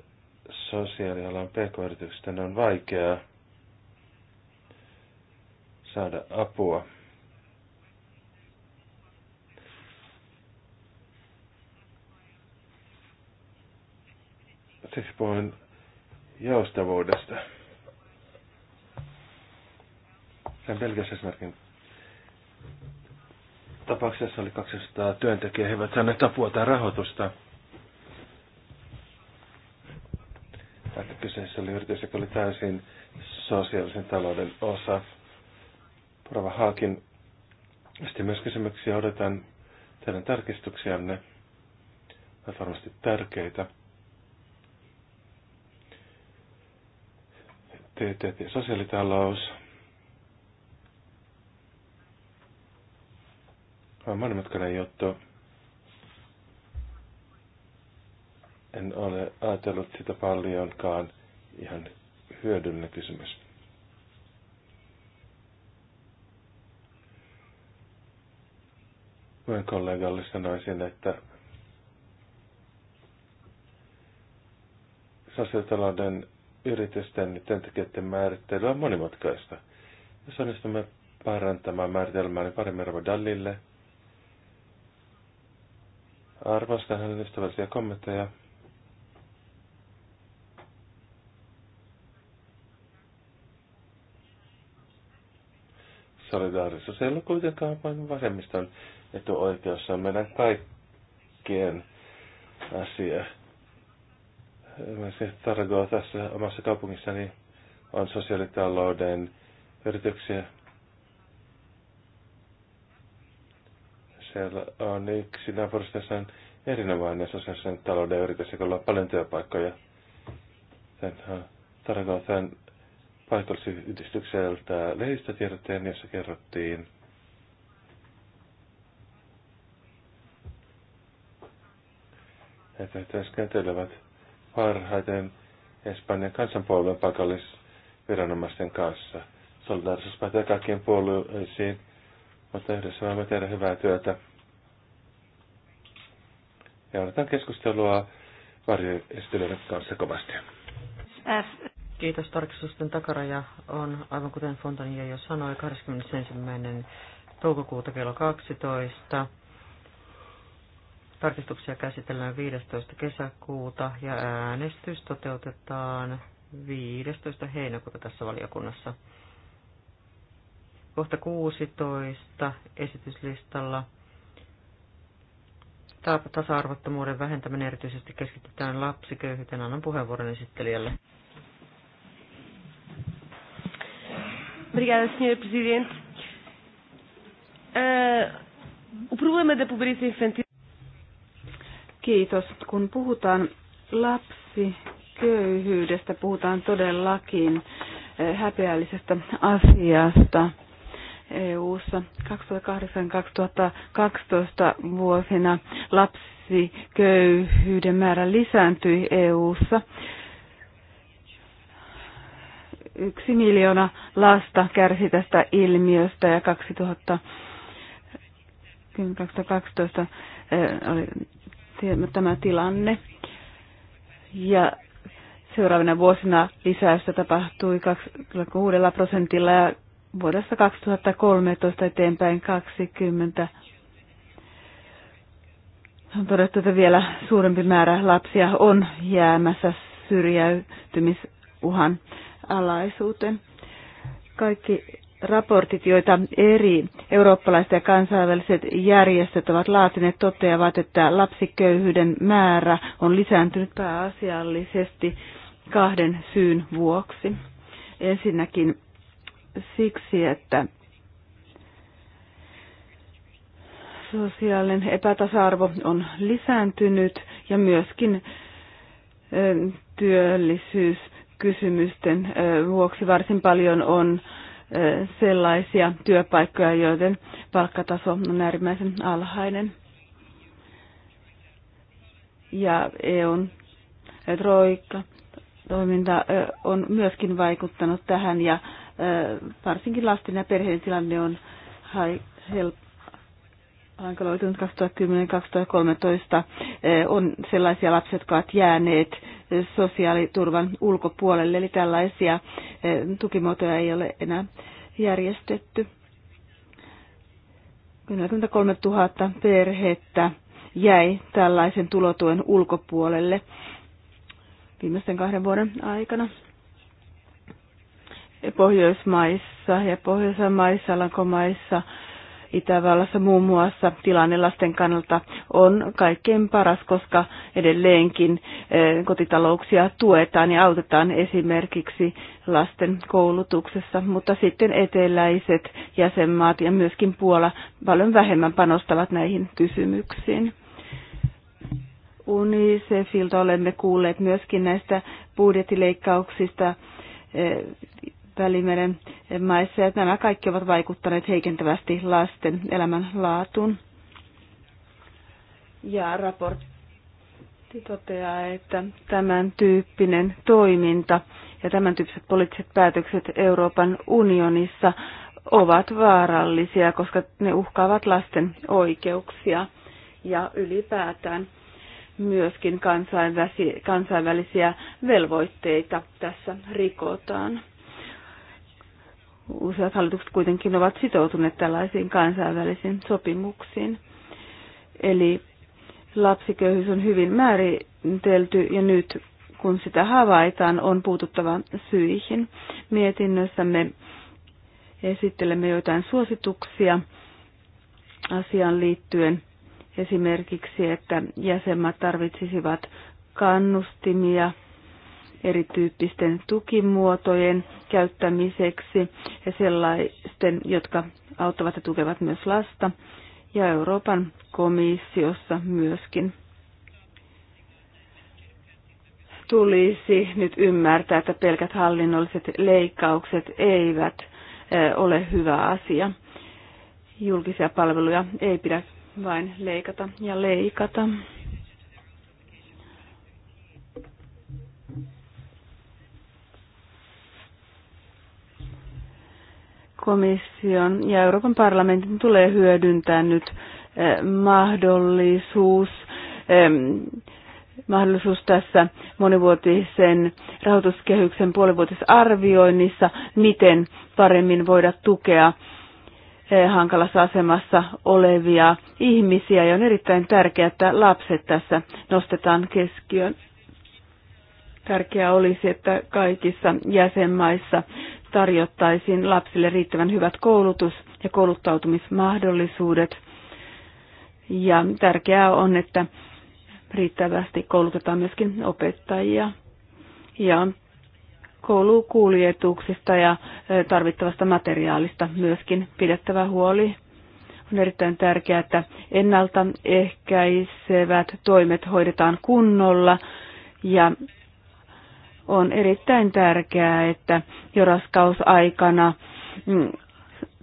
Speaker 3: sosiaalialan pk yrityksistä on vaikeaa saada apua. Siksi puhuin joustavuudesta. Tämän pelkäs esimerkin tapauksessa oli 200 työntekijää, he eivät saaneet apua tai rahoitusta. Vaikka kyseessä oli yritys, joka oli täysin sosiaalisen talouden osa. Prova Haakin, sitten myös kysymyksiä odotan teidän tarkistuksianne. Ovat varmasti tärkeitä. TTT sosiaalitalous. Olen monimutkainen juttu. En ole ajatellut sitä paljonkaan. Ihan hyödyllinen kysymys. Minun kollegalle sanoisin, että sosiaalitalouden yritysten ja työntekijöiden määrittely on monimutkaista. Jos onnistumme parantamaan määritelmää, niin paremmin Dallille – Arvostan hänen ystävällisiä kommentteja. Solidaarisuus ei ole kuitenkaan vain vasemmiston etuoikeus, se on meidän kaikkien asia. Esimerkiksi Targo tässä omassa kaupungissani on sosiaalitalouden yrityksiä, Siellä on yksi naapurista, jossa on erinomainen sosiaalisen talouden yritys, joka on paljon työpaikkoja. Sen äh, Taragotan paikallisyhdistykseltä lehdistötiedotteen, jossa kerrottiin että tässä työskentelevät parhaiten Espanjan kansanpuolueen paikallisviranomaisten kanssa. Solidaarisuus pätee kaikkien puolueisiin mutta yhdessä voimme tehdä hyvää työtä. Ja odotan keskustelua varjoesittelijöiden kanssa kovasti.
Speaker 2: Kiitos. Tarkistusten takaraja on, aivan kuten Fontania jo sanoi, 21. toukokuuta kello 12. Tarkistuksia käsitellään 15. kesäkuuta ja äänestys toteutetaan 15. heinäkuuta tässä valiokunnassa kohta 16 esityslistalla tasa-arvottomuuden vähentäminen erityisesti keskitytään lapsiköyhyyteen. Annan puheenvuoron esittelijälle.
Speaker 4: Obrigada, Sr. Presidente. Uh, o problema da pobreza infantil... Kiitos. Kun puhutaan lapsiköyhyydestä, puhutaan todellakin eh, häpeällisestä asiasta EU-ssa 2008-2012 vuosina lapsiköyhyyden määrä lisääntyi EU-ssa. Yksi miljoona lasta kärsi tästä ilmiöstä ja 2012 e, oli tämä tilanne. Ja seuraavina vuosina lisäystä tapahtui 26 prosentilla ja vuodesta 2013 eteenpäin 20 on todettu, että vielä suurempi määrä lapsia on jäämässä syrjäytymisuhan alaisuuteen. Kaikki raportit, joita eri eurooppalaiset ja kansainväliset järjestöt ovat laatineet, toteavat, että lapsiköyhyyden määrä on lisääntynyt pääasiallisesti kahden syyn vuoksi. Ensinnäkin siksi, että sosiaalinen epätasa-arvo on lisääntynyt ja myöskin työllisyyskysymysten vuoksi varsin paljon on sellaisia työpaikkoja, joiden palkkataso on äärimmäisen alhainen. Ja EUn troikka toiminta on myöskin vaikuttanut tähän ja varsinkin lasten ja perheiden tilanne on hankaloitunut 2010-2013. Eh, on sellaisia lapsia, jotka ovat jääneet eh, sosiaaliturvan ulkopuolelle, eli tällaisia eh, tukimuotoja ei ole enää järjestetty. 43 000 perhettä jäi tällaisen tulotuen ulkopuolelle viimeisten kahden vuoden aikana. Pohjoismaissa ja Pohjoisen maissa, Alankomaissa, Itävallassa muun muassa tilanne lasten kannalta on kaikkein paras, koska edelleenkin eh, kotitalouksia tuetaan ja autetaan esimerkiksi lasten koulutuksessa, mutta sitten eteläiset jäsenmaat ja myöskin Puola paljon vähemmän panostavat näihin kysymyksiin. UNICEFilta olemme kuulleet myöskin näistä budjettileikkauksista eh, Välimeren maissa, ja nämä kaikki ovat vaikuttaneet heikentävästi lasten laatuun. Ja raportti toteaa, että tämän tyyppinen toiminta ja tämän tyyppiset poliittiset päätökset Euroopan unionissa ovat vaarallisia, koska ne uhkaavat lasten oikeuksia ja ylipäätään myöskin kansainvälisiä velvoitteita tässä rikotaan useat hallitukset kuitenkin ovat sitoutuneet tällaisiin kansainvälisiin sopimuksiin. Eli lapsiköyhyys on hyvin määritelty ja nyt kun sitä havaitaan, on puututtava syihin. Mietinnössämme esittelemme joitain suosituksia asiaan liittyen. Esimerkiksi, että jäsenmaat tarvitsisivat kannustimia erityyppisten tukimuotojen käyttämiseksi ja sellaisten, jotka auttavat ja tukevat myös lasta ja Euroopan komissiossa myöskin tulisi nyt ymmärtää, että pelkät hallinnolliset leikkaukset eivät ole hyvä asia. Julkisia palveluja ei pidä vain leikata ja leikata. komission ja Euroopan parlamentin tulee hyödyntää nyt eh, mahdollisuus, mahdollisuus tässä monivuotisen rahoituskehyksen puolivuotisarvioinnissa, miten paremmin voida tukea eh, hankalassa asemassa olevia ihmisiä ja on erittäin tärkeää, että lapset tässä nostetaan keskiöön. Tärkeää olisi, että kaikissa jäsenmaissa tarjottaisiin lapsille riittävän hyvät koulutus- ja kouluttautumismahdollisuudet. Ja tärkeää on, että riittävästi koulutetaan myöskin opettajia. Ja koulukuljetuksista ja tarvittavasta materiaalista myöskin pidettävä huoli. On erittäin tärkeää, että ennaltaehkäisevät toimet hoidetaan kunnolla ja on erittäin tärkeää, että jo raskausaikana mm,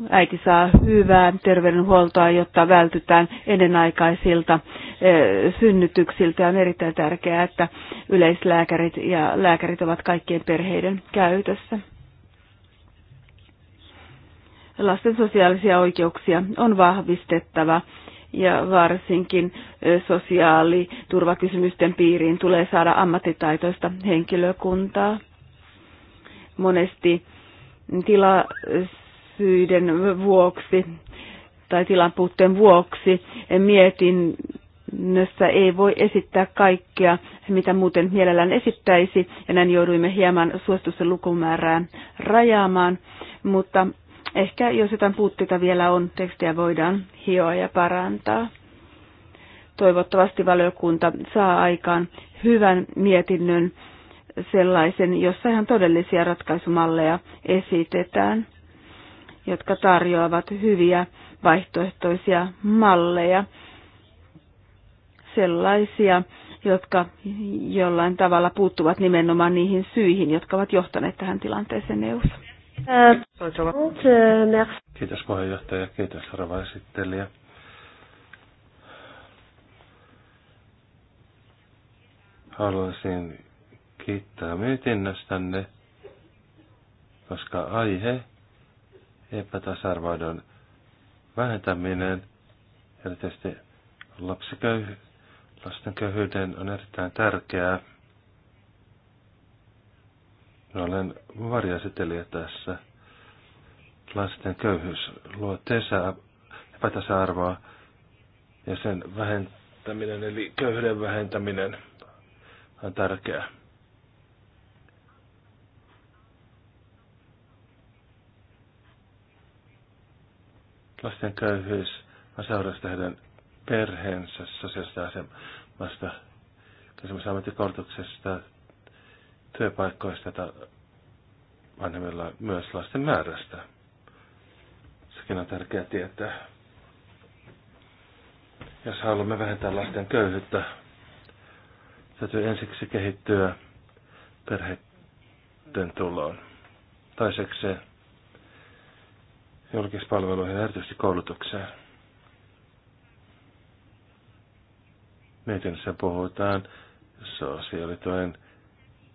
Speaker 4: äiti saa hyvää terveydenhuoltoa, jotta vältytään ennenaikaisilta eh, synnytyksiltä. On erittäin tärkeää, että yleislääkärit ja lääkärit ovat kaikkien perheiden käytössä. Lasten sosiaalisia oikeuksia on vahvistettava ja varsinkin sosiaaliturvakysymysten piiriin tulee saada ammattitaitoista henkilökuntaa. Monesti tilasyiden vuoksi tai tilan puutteen vuoksi mietin mietinnössä ei voi esittää kaikkea, mitä muuten mielellään esittäisi, ja näin jouduimme hieman suositusten lukumäärää rajaamaan, mutta Ehkä jos jotain puutteita vielä on, tekstiä voidaan hioa ja parantaa. Toivottavasti valiokunta saa aikaan hyvän mietinnön sellaisen, jossa ihan todellisia ratkaisumalleja esitetään, jotka tarjoavat hyviä vaihtoehtoisia malleja, sellaisia, jotka jollain tavalla puuttuvat nimenomaan niihin syihin, jotka ovat johtaneet tähän tilanteeseen EU:ssa.
Speaker 3: Kiitos puheenjohtaja, kiitos rouva esittelijä. Haluaisin kiittää mietinnöstänne, koska aihe epätasarvoidon vähentäminen, erityisesti lapsiköy- lasten köyhyyden on erittäin tärkeää. Minä olen seteliä tässä. Lasten köyhyys luo tesää epätasa-arvoa ja sen vähentäminen, eli köyhyyden vähentäminen on tärkeää. Lasten köyhyys on seurausta heidän perheensä sosiaalista asemasta, kysymys ammattikoulutuksesta, työpaikkoista tai vanhemmilla myös lasten määrästä. Sekin on tärkeää tietää. Jos haluamme vähentää lasten köyhyyttä, täytyy ensiksi kehittyä perheiden tuloon. Toiseksi julkispalveluihin ja erityisesti koulutukseen. Mietinnössä puhutaan sosiaalituen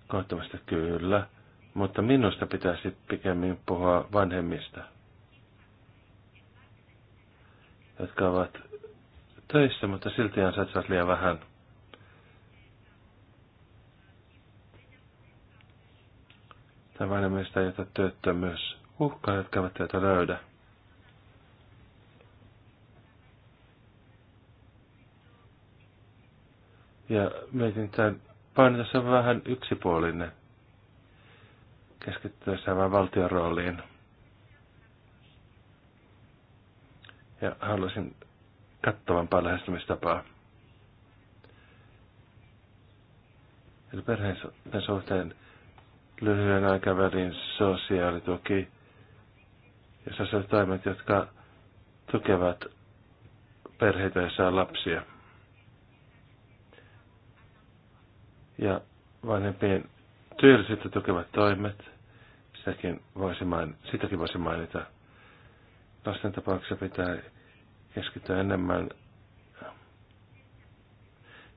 Speaker 3: Kohtavasti kyllä, mutta minusta pitäisi pikemmin puhua vanhemmista, jotka ovat töissä, mutta silti ansaitsevat liian vähän. Tämä vanhemmista, jota työttömyys uhkaa, jotka eivät työtä löydä. Ja mietin tämän tässä on vähän yksipuolinen keskittyessä vain valtion rooliin. Ja haluaisin kattavampaa lähestymistapaa. Eli perheen suhteen lyhyen aikavälin sosiaalituki ja sosiaalitoimet, jotka tukevat perheitä, joissa on lapsia. ja vanhempien työllisyyttä tukevat toimet. Sitäkin voisi mainita, sitäkin voisi mainita. Lasten tapauksessa pitää keskittyä enemmän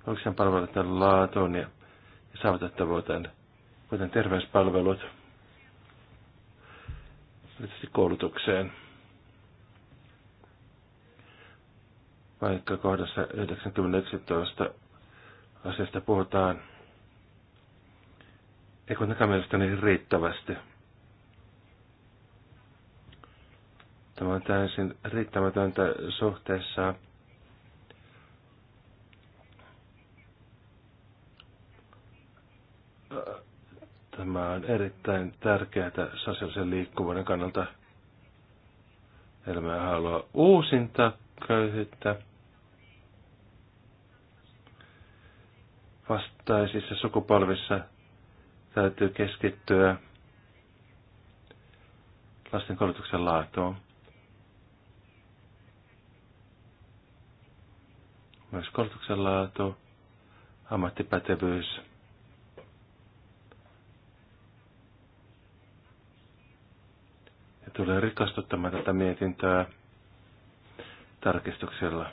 Speaker 3: julkisen palveluiden laatuun ja saavutettavuuteen, kuten terveyspalvelut, tietysti koulutukseen. Vaikka kohdassa 911 asiasta puhutaan, Eikö näkään mielestäni riittävästi. Tämä on täysin riittämätöntä suhteessa Tämä on erittäin tärkeää sosiaalisen liikkuvuuden kannalta. Elämä haluaa uusinta köyhyyttä. Vastaisissa sukupolvissa täytyy keskittyä lasten koulutuksen laatuun. Myös koulutuksen laatu, ammattipätevyys, ja tulee rikastuttamaan tätä mietintöä tarkistuksella.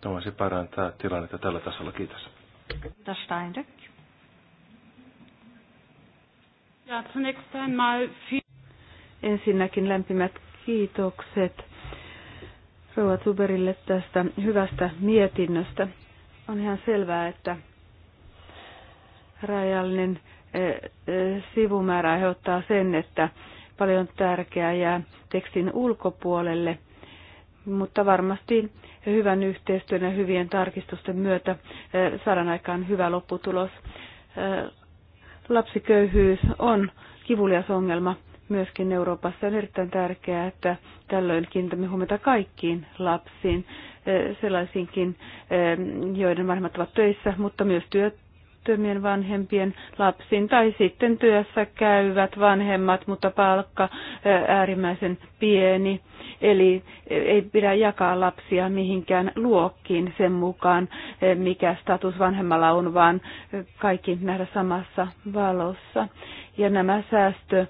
Speaker 3: Tämä voisi parantaa tilannetta tällä tasolla. Kiitos. Steinrück.
Speaker 1: Ja, zunächst einmal
Speaker 4: Ensinnäkin lämpimät kiitokset Rouva Tuberille tästä hyvästä mietinnöstä. On ihan selvää, että rajallinen eh, eh, sivumäärä aiheuttaa sen, että paljon tärkeää jää tekstin ulkopuolelle – mutta varmasti hyvän yhteistyön ja hyvien tarkistusten myötä eh, saadaan aikaan hyvä lopputulos. Eh, lapsiköyhyys on kivulias ongelma myöskin Euroopassa. On erittäin tärkeää, että tällöin kiinnitämme huomiota kaikkiin lapsiin, eh, sellaisiinkin, joiden vanhemmat ovat töissä, mutta myös työt työttömien vanhempien lapsiin tai sitten työssä käyvät vanhemmat, mutta palkka äärimmäisen pieni. Eli ei pidä jakaa lapsia mihinkään luokkiin sen mukaan, mikä status vanhemmalla on, vaan kaikki nähdä samassa valossa. Ja nämä säästö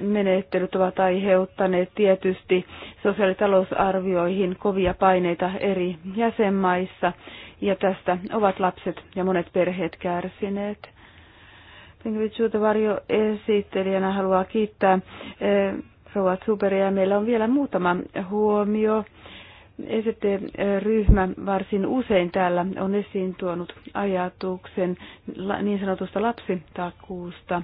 Speaker 4: menettelyt ovat aiheuttaneet tietysti sosiaalitalousarvioihin kovia paineita eri jäsenmaissa ja tästä ovat lapset ja monet perheet kärsineet. Pinkvitsuuta varjo esittelijänä haluaa kiittää Rouva Zuberia. Meillä on vielä muutama huomio. ST-ryhmä e varsin usein täällä on esiin tuonut ajatuksen niin sanotusta lapsitakuusta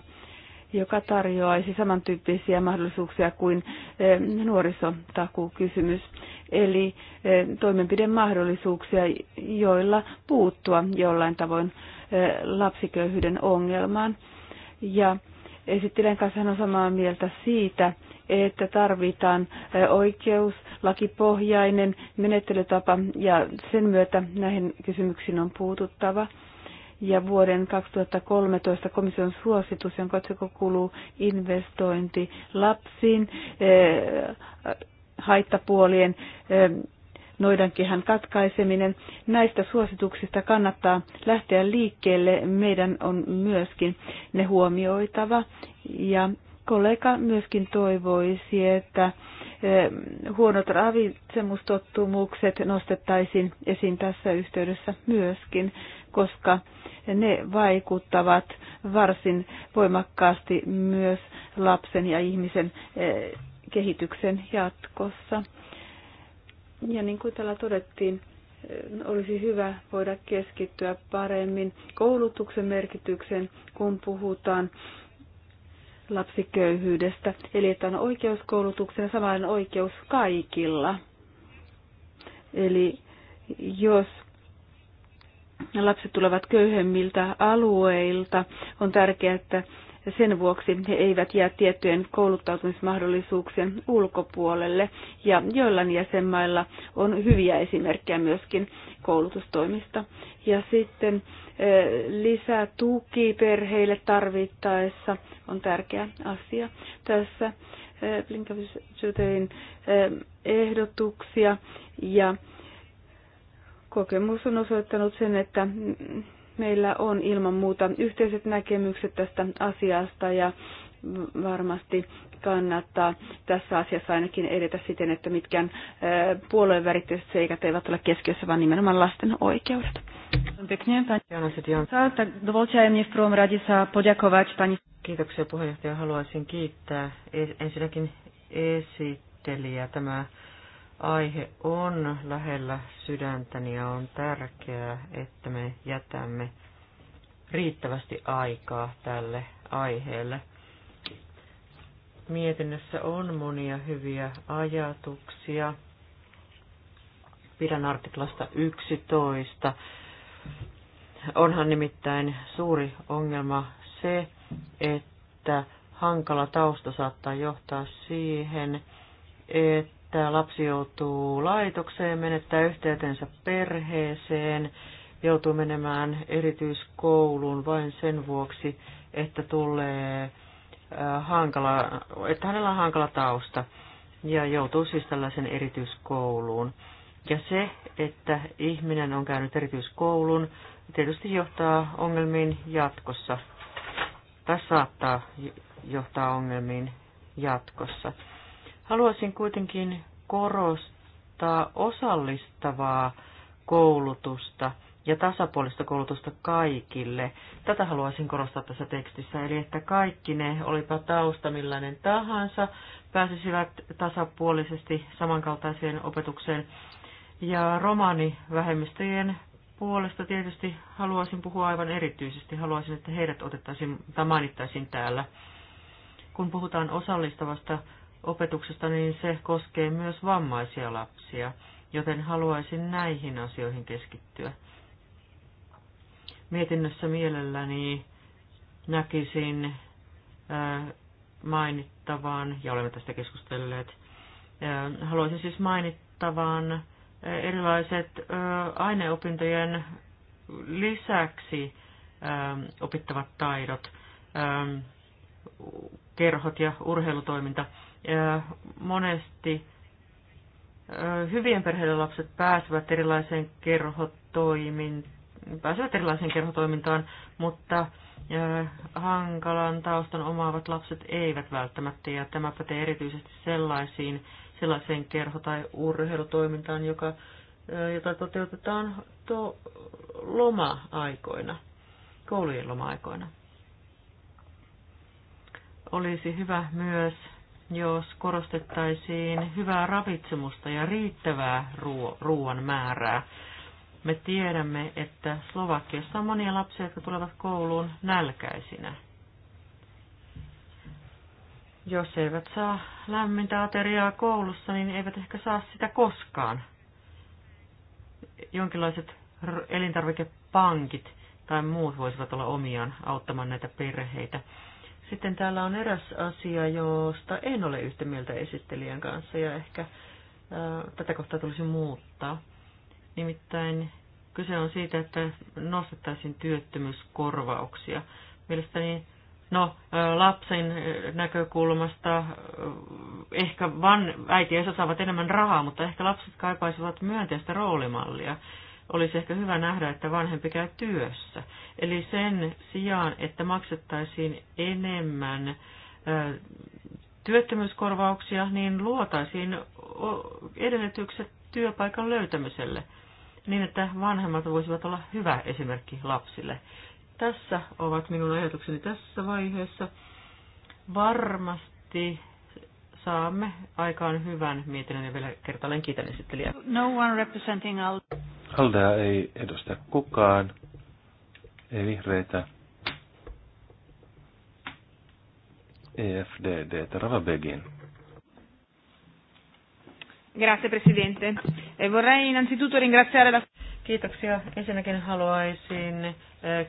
Speaker 4: joka tarjoaisi samantyyppisiä mahdollisuuksia kuin eh, nuorisotakukysymys. Eli eh, toimenpidemahdollisuuksia, joilla puuttua jollain tavoin eh, lapsiköyhyyden ongelmaan. Ja esittelen kanssa on samaa mieltä siitä, että tarvitaan oikeus, lakipohjainen menettelytapa ja sen myötä näihin kysymyksiin on puututtava ja vuoden 2013 komission suositus, jonka otsikko kuuluu investointi lapsiin, eh, haittapuolien eh, noidankehän katkaiseminen. Näistä suosituksista kannattaa lähteä liikkeelle. Meidän on myöskin ne huomioitava ja kollega myöskin toivoisi, että eh, huonot ravitsemustottumukset nostettaisiin esiin tässä yhteydessä myöskin, koska ne vaikuttavat varsin voimakkaasti myös lapsen ja ihmisen eh, kehityksen jatkossa. Ja niin kuin täällä todettiin, eh, olisi hyvä voida keskittyä paremmin koulutuksen merkityksen, kun puhutaan lapsiköyhyydestä. Eli että on oikeus koulutukseen ja samanlainen oikeus kaikilla. Eli jos lapset tulevat köyhemmiltä alueilta, on tärkeää, että ja sen vuoksi he eivät jää tiettyjen kouluttautumismahdollisuuksien ulkopuolelle. Ja joillain jäsenmailla on hyviä esimerkkejä myöskin koulutustoimista. Ja sitten lisää tuki perheille tarvittaessa on tärkeä asia. Tässä Blinkavichutein ehdotuksia ja kokemus on osoittanut sen, että Meillä on ilman muuta yhteiset näkemykset tästä asiasta ja varmasti kannattaa tässä asiassa ainakin edetä siten, että mitkään puolueen väritteiset seikat eivät ole keskiössä, vaan nimenomaan lasten oikeudet. Kiitoksia
Speaker 2: puheenjohtaja. Haluaisin kiittää ensinnäkin esittelijä Tämä aihe on lähellä sydäntäni ja on tärkeää, että me jätämme riittävästi aikaa tälle aiheelle. Mietinnössä on monia hyviä ajatuksia. Pidän artiklasta 11. Onhan nimittäin suuri ongelma se, että hankala tausta saattaa johtaa siihen, että tämä lapsi joutuu laitokseen, menettää yhteytensä perheeseen, joutuu menemään erityiskouluun vain sen vuoksi, että tulee hankala, että hänellä on hankala tausta ja joutuu siis tällaisen erityiskouluun. Ja se, että ihminen on käynyt erityiskoulun, tietysti johtaa ongelmiin jatkossa. Tai saattaa johtaa ongelmiin jatkossa. Haluaisin kuitenkin korostaa osallistavaa koulutusta ja tasapuolista koulutusta kaikille. Tätä haluaisin korostaa tässä tekstissä, eli että kaikki ne, olipa tausta millainen tahansa, pääsisivät tasapuolisesti samankaltaiseen opetukseen. Ja romaanivähemmistöjen puolesta tietysti haluaisin puhua aivan erityisesti. Haluaisin, että heidät otettaisiin tai mainittaisiin täällä. Kun puhutaan osallistavasta opetuksesta, niin se koskee myös vammaisia lapsia, joten haluaisin näihin asioihin keskittyä. Mietinnössä mielelläni näkisin mainittavan, ja olemme tästä keskustelleet, haluaisin siis mainittavan erilaiset aineopintojen lisäksi opittavat taidot, kerhot ja urheilutoiminta – monesti hyvien perheiden lapset pääsevät erilaiseen kerhotoimintaan, pääsevät erilaiseen kerhotoimintaan, mutta hankalan taustan omaavat lapset eivät välttämättä, ja tämä pätee erityisesti sellaisiin, sellaiseen kerho- tai urheilutoimintaan, joka, jota toteutetaan to- loma-aikoina, koulujen loma-aikoina. Olisi hyvä myös jos korostettaisiin hyvää ravitsemusta ja riittävää ruoan määrää. Me tiedämme, että Slovakiassa on monia lapsia, jotka tulevat kouluun nälkäisinä. Jos eivät saa lämmintä ateriaa koulussa, niin eivät ehkä saa sitä koskaan. Jonkinlaiset elintarvikepankit tai muut voisivat olla omiaan auttamaan näitä perheitä. Sitten täällä on eräs asia, josta en ole yhtä mieltä esittelijän kanssa ja ehkä ää, äh, tätä kohtaa tulisi muuttaa. Nimittäin kyse on siitä, että nostettaisiin työttömyyskorvauksia. Mielestäni No, äh, lapsen äh, näkökulmasta ehkä van, äiti ja isä saavat enemmän rahaa, mutta ehkä lapset kaipaisivat myönteistä roolimallia olisi ehkä hyvä nähdä, että vanhempi käy työssä. Eli sen sijaan, että maksettaisiin enemmän työttömyyskorvauksia, niin luotaisiin edellytykset työpaikan löytämiselle niin, että vanhemmat voisivat olla hyvä esimerkki lapsille. Tässä ovat minun ajatukseni tässä vaiheessa. Varmasti saamme aikaan hyvän mietinnön ja vielä kertaalleen kiitän esittelijää. No one representing
Speaker 1: all.
Speaker 3: Aldea ei edusta kukaan, ei vihreitä. EFDD, Tarava Begin.
Speaker 4: Grazie Presidente. E vorrei innanzitutto ringraziare la... Kiitoksia. Ensinnäkin
Speaker 2: haluaisin eh,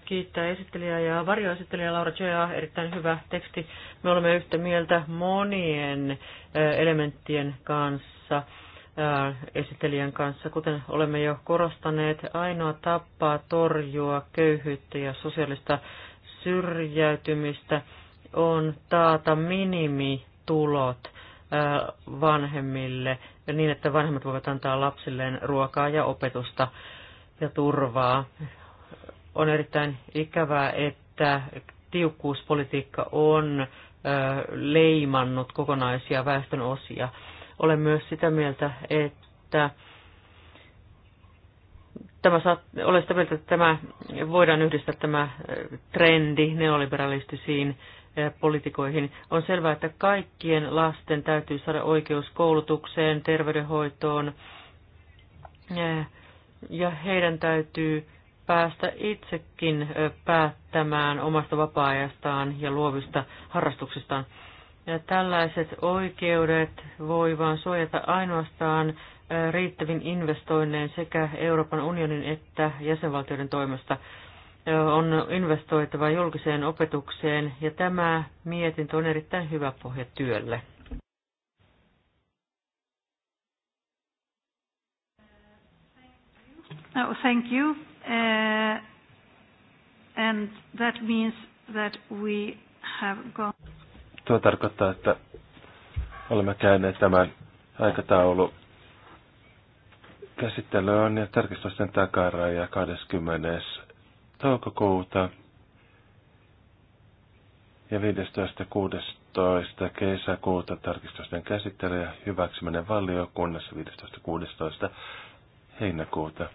Speaker 2: kiittää esittelijää ja varjoesittelijä Laura Joya. Erittäin hyvä teksti. Me olemme yhtä mieltä monien eh, elementtien kanssa esittelijän kanssa. Kuten olemme jo korostaneet, ainoa tapa torjua köyhyyttä ja sosiaalista syrjäytymistä on taata minimitulot vanhemmille niin, että vanhemmat voivat antaa lapsilleen ruokaa ja opetusta ja turvaa. On erittäin ikävää, että tiukkuuspolitiikka on leimannut kokonaisia väestön osia olen myös sitä mieltä, että tämä saat, olen sitä mieltä, että tämä, voidaan yhdistää tämä äh, trendi neoliberalistisiin äh, politikoihin. On selvää, että kaikkien lasten täytyy saada oikeus koulutukseen, terveydenhoitoon äh, ja heidän täytyy päästä itsekin päättämään omasta vapaa-ajastaan ja luovista harrastuksistaan. Ja tällaiset oikeudet voi vain suojata ainoastaan riittävin investoinnein sekä Euroopan unionin että jäsenvaltioiden toimesta on investoitava julkiseen opetukseen ja tämä mietintö on erittäin hyvä pohja työlle.
Speaker 1: No, thank you. Uh, and that means that we have gone.
Speaker 3: Tuo tarkoittaa, että olemme käyneet tämän aikataulu käsittelyyn on ja tarkistusten takaraja 20. toukokuuta ja 15.16. kesäkuuta tarkistusten käsittely ja hyväksyminen valiokunnassa 15.16. heinäkuuta.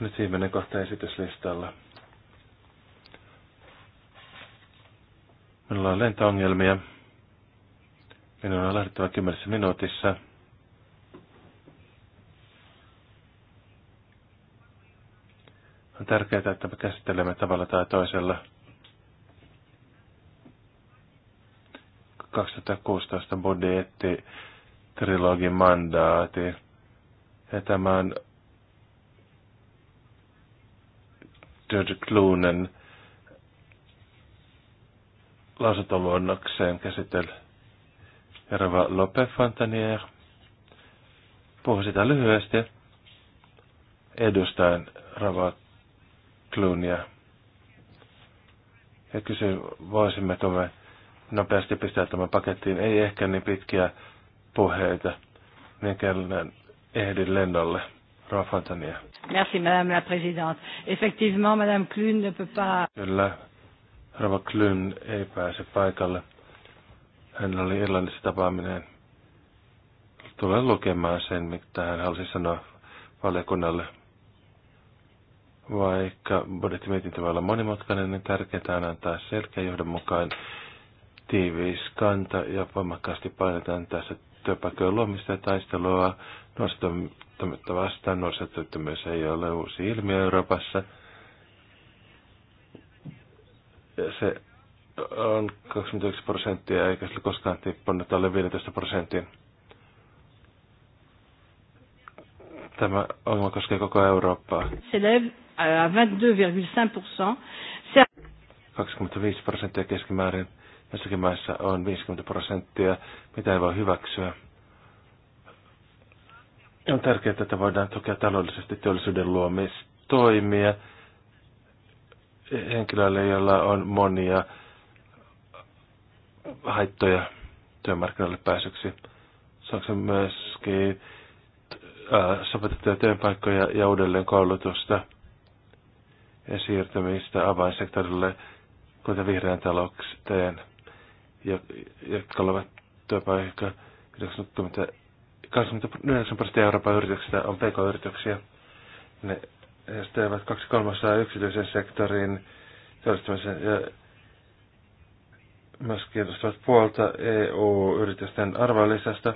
Speaker 3: Nyt viimeinen kohta esityslistalla. Minulla on lentoongelmia. Minun on lähdettävä kymmenessä minuutissa. On tärkeää, että me käsittelemme tavalla tai toisella 2016 budjetti trilogin mandaati. Ja tämä on George Cloonen lausuntoluonnokseen käsitellä. Herra Lope Fontanier puhui sitä lyhyesti edustaen Rava Klunia. Ja kysyi, voisimmeko me nopeasti pistää tämän pakettiin. Ei ehkä niin pitkiä puheita, niinkään ehdi lennolle. Rava Fontanier.
Speaker 1: Merci, madame la présidente. Effectivement, madame Klun ne peut pas...
Speaker 3: Kyllä, Rava Klyn ei pääse paikalle. Hän oli illallisessa tapaaminen. Tulen lukemaan sen, mitä hän halusi sanoa valiokunnalle. Vaikka budjettimietintö voi olla monimutkainen, niin tärkeintä on antaa selkeä johdonmukainen tiiviis kanta ja voimakkaasti painetaan tässä työpaikkojen luomista ja taistelua nuorisotyöttömyyttä vastaan. Nuorisotyöttömyys ei ole uusi ilmiö Euroopassa – se on 21 prosenttia, eikä sillä koskaan tippunut alle 15 prosentin. Tämä ongelma koskee koko Eurooppaa. 22,5 25 prosenttia keskimäärin. Jossakin maissa on 50 prosenttia, mitä ei voi hyväksyä. On tärkeää, että voidaan tukea taloudellisesti teollisuuden luomistoimia henkilölle, jolla on monia haittoja työmarkkinoille pääsyksi. Saako se myöskin äh, sopetettuja työpaikkoja ja uudelleen koulutusta ja siirtymistä avainsektorille, kuten vihreän talouksien, jotka ovat työpaikka 90, 89 prosenttia Euroopan yrityksistä on pk-yrityksiä. Ne estävät kaksi kolmasosaa yksityisen sektorin työllistämisen ja myöskin kiinnostavat puolta EU-yritysten arvonlisästä,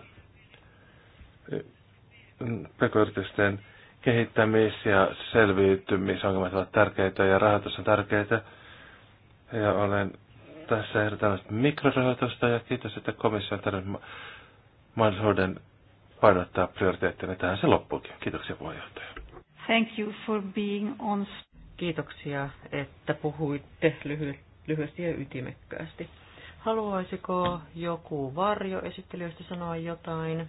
Speaker 3: pk-yritysten kehittämis- ja selviytymisongelmat ovat tärkeitä ja rahoitus on tärkeitä. Ja olen tässä ehdotanut mikrorahoitusta ja kiitos, että komissio on tarjonnut mahdollisuuden painottaa prioriteettina. Tähän se loppuukin. Kiitoksia puheenjohtaja.
Speaker 2: Thank you for being on. Kiitoksia, että puhuitte lyhy- lyhyesti ja ytimekkäästi. Haluaisiko joku varjo esittelijöistä sanoa jotain?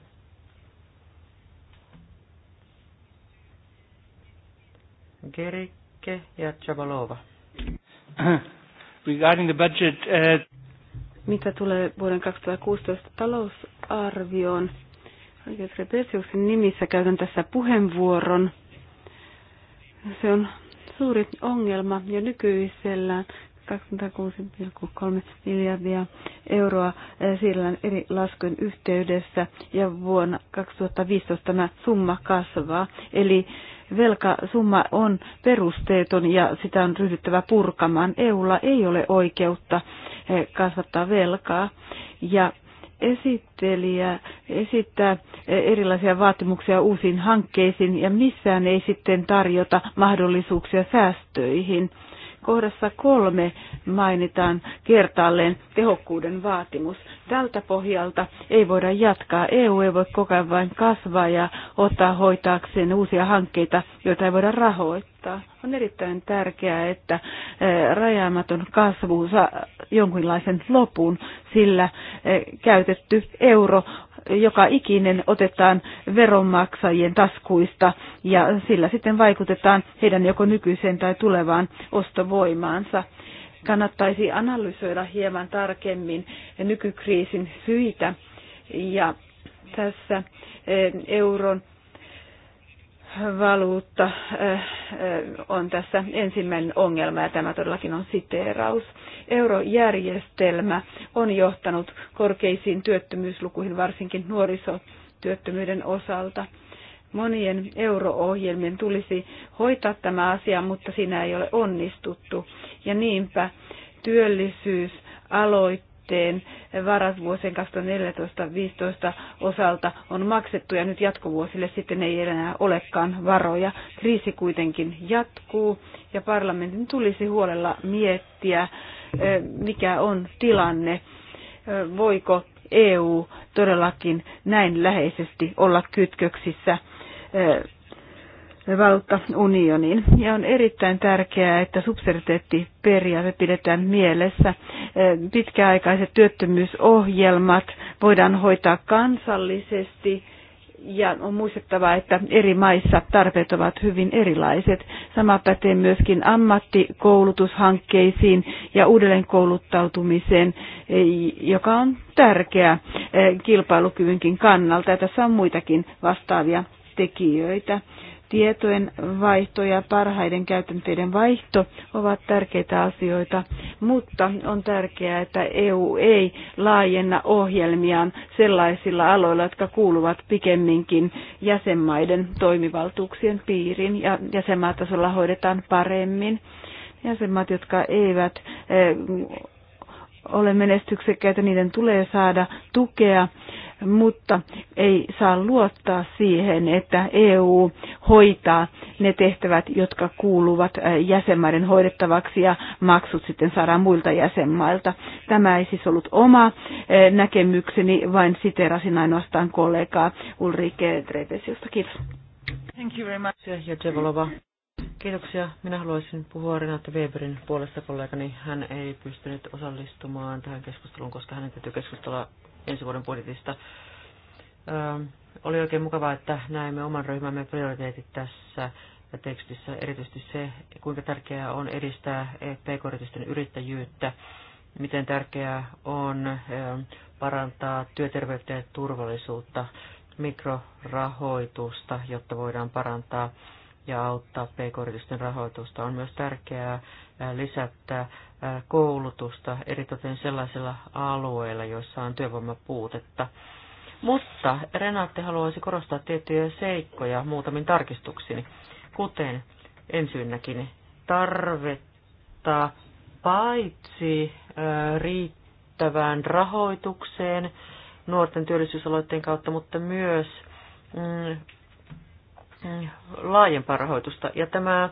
Speaker 2: Gerikke
Speaker 4: ja Chabalova.
Speaker 2: Regarding the budget, uh...
Speaker 4: Mitä tulee vuoden 2016 talousarvioon, Oikeus Repesiuksen nimissä käytän tässä puheenvuoron. Se on suuri ongelma jo nykyisellään. 26,3 miljardia euroa eh, siellä eri laskujen yhteydessä ja vuonna 2015 tämä summa kasvaa. Eli velkasumma on perusteeton ja sitä on ryhdyttävä purkamaan. EUlla ei ole oikeutta eh, kasvattaa velkaa ja esittelijä esittää erilaisia vaatimuksia uusiin hankkeisiin ja missään ei sitten tarjota mahdollisuuksia säästöihin. Kohdassa kolme mainitaan kertaalleen tehokkuuden vaatimus. Tältä pohjalta ei voida jatkaa. EU ei voi koko ajan vain kasvaa ja ottaa hoitaakseen uusia hankkeita, joita ei voida rahoittaa. On erittäin tärkeää, että eh, rajaamaton kasvu saa jonkinlaisen lopun, sillä eh, käytetty euro joka ikinen otetaan veronmaksajien taskuista ja sillä sitten vaikutetaan heidän joko nykyiseen tai tulevaan ostovoimaansa. Kannattaisi analysoida hieman tarkemmin nykykriisin syitä ja tässä eh, euron valuutta äh, äh, on tässä ensimmäinen ongelma ja tämä todellakin on siteeraus. Eurojärjestelmä on johtanut korkeisiin työttömyyslukuihin varsinkin nuorisotyöttömyyden osalta. Monien euroohjelmien tulisi hoitaa tämä asia, mutta siinä ei ole onnistuttu. Ja niinpä työllisyys aloittaa yhteen varasvuosien 2014-2015 osalta on maksettu ja nyt jatkovuosille sitten ei enää olekaan varoja. Kriisi kuitenkin jatkuu ja parlamentin tulisi huolella miettiä, eh, mikä on tilanne. Eh, voiko EU todellakin näin läheisesti olla kytköksissä eh, valuuttaunioniin. Ja on erittäin tärkeää, että subsidiariteettiperiaate pidetään mielessä. Pitkäaikaiset työttömyysohjelmat voidaan hoitaa kansallisesti ja on muistettava, että eri maissa tarpeet ovat hyvin erilaiset. Sama pätee myöskin ammattikoulutushankkeisiin ja uudelleenkouluttautumiseen, e, joka on tärkeä e, kilpailukyvynkin kannalta. Ja tässä on muitakin vastaavia tekijöitä. Tietojen vaihto ja parhaiden käytänteiden vaihto ovat tärkeitä asioita, mutta on tärkeää, että EU ei laajenna ohjelmiaan sellaisilla aloilla, jotka kuuluvat pikemminkin jäsenmaiden toimivaltuuksien piiriin ja jäsenmaatasolla hoidetaan paremmin. Jäsenmaat, jotka eivät eh, ole menestyksekkäitä, niiden tulee saada tukea mutta ei saa luottaa siihen, että EU hoitaa ne tehtävät, jotka kuuluvat jäsenmaiden hoidettavaksi ja maksut sitten saadaan muilta jäsenmailta. Tämä ei siis ollut oma näkemykseni, vain siterasin ainoastaan kollegaa Ulrike Trepesiusta. Kiitos.
Speaker 2: Thank you very much. Ja Jevolova. Kiitoksia. Minä haluaisin puhua Renata Weberin puolesta kollegani. Hän ei pystynyt osallistumaan tähän keskusteluun, koska hänen täytyy keskustella ensi vuoden budjetista. Oli oikein mukavaa, että näemme oman ryhmämme prioriteetit tässä tekstissä, erityisesti se, kuinka tärkeää on edistää pk-yritysten yrittäjyyttä, miten tärkeää on parantaa työterveyttä ja turvallisuutta, mikrorahoitusta, jotta voidaan parantaa ja auttaa pk-yritysten rahoitusta. On myös tärkeää lisätä koulutusta, eritoten sellaisilla alueilla, joissa on työvoimapuutetta. Mutta Renate haluaisi korostaa tiettyjä seikkoja muutamin tarkistuksini, kuten ensinnäkin tarvetta paitsi riittävään rahoitukseen nuorten työllisyysaloitteen kautta, mutta myös mm, mm, laajempaa rahoitusta. Ja tämä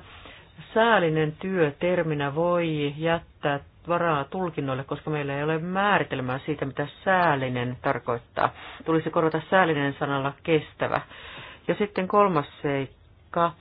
Speaker 2: säällinen työ terminä voi jättää varaa tulkinnoille, koska meillä ei ole määritelmää siitä, mitä säällinen tarkoittaa. Tulisi korvata säällinen sanalla kestävä. Ja sitten kolmas seikka,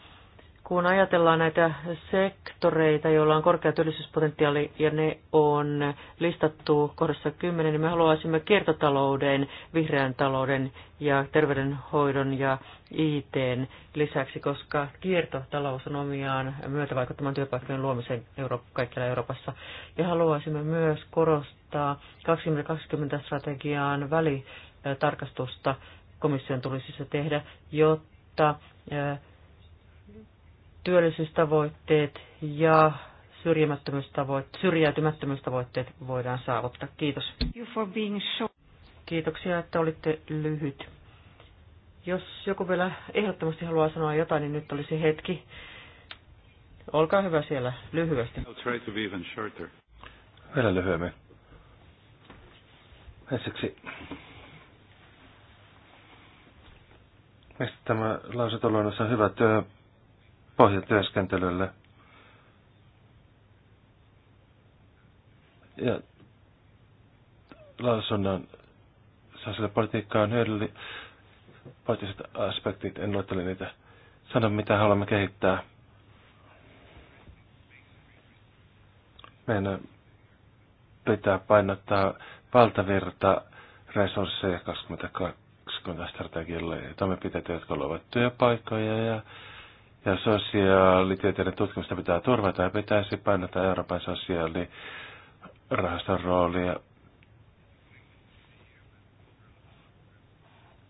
Speaker 2: kun ajatellaan näitä sektoreita, joilla on korkea työllisyyspotentiaali ja ne on listattu kohdassa 10, niin me haluaisimme kiertotalouden, vihreän talouden ja terveydenhoidon ja ITn lisäksi, koska kiertotalous on omiaan myötävaikuttamaan työpaikkojen luomiseen Euroop- kaikkialla Euroopassa. Ja haluaisimme myös korostaa 2020-strategiaan välitarkastusta komission tulisi se tehdä, jotta eh, työllisyystavoitteet ja syrjimättömyystavoitteet, syrjäytymättömyystavoitteet voidaan saavuttaa. Kiitos. Kiitoksia, että olitte lyhyt. Jos joku vielä ehdottomasti haluaa sanoa jotain, niin nyt olisi hetki. Olkaa hyvä siellä
Speaker 1: lyhyesti.
Speaker 3: Vielä lyhyemmin. Ensiksi. Mistä tämä lausetoluonnos on hyvä työ? pohjatyöskentelylle. Ja lausunnon sosiaalipolitiikka on hyödyllinen. Poliittiset aspektit, en luettele niitä. Sano, mitä haluamme kehittää. Meidän pitää painottaa valtavirta resursseja 2020 strategialle ja toimenpiteitä, jotka luovat työpaikkoja ja ja sosiaalitieteiden tutkimusta pitää turvata ja pitäisi painata Euroopan sosiaalirahaston roolia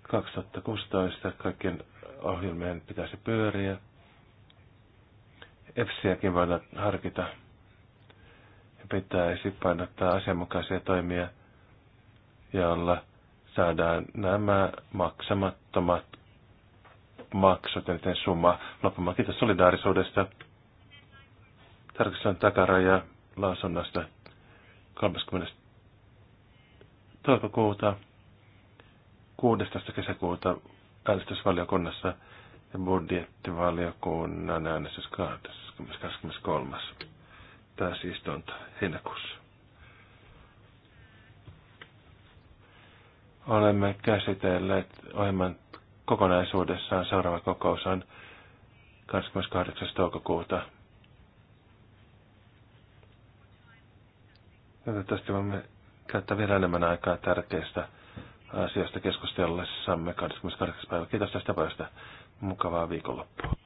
Speaker 3: 2016 kaikkien ohjelmien pitäisi pyöriä. EFSiäkin voidaan harkita. Pitäisi painottaa asianmukaisia toimia, joilla saadaan nämä maksamattomat maksut ja niiden summa. Loppumaan kiitos solidaarisuudesta. Tarkistan takaraja lausunnasta 30. toukokuuta 16. kesäkuuta äänestysvaliokunnassa ja budjettivaliokunnan äänestys 23. täysistunto heinäkuussa. Olemme käsitelleet ohjelman kokonaisuudessaan seuraava kokous on 28. toukokuuta. Toivottavasti voimme käyttää vielä enemmän aikaa tärkeistä asiasta keskustellessamme 28. päivä. Kiitos tästä päivästä. Mukavaa viikonloppua.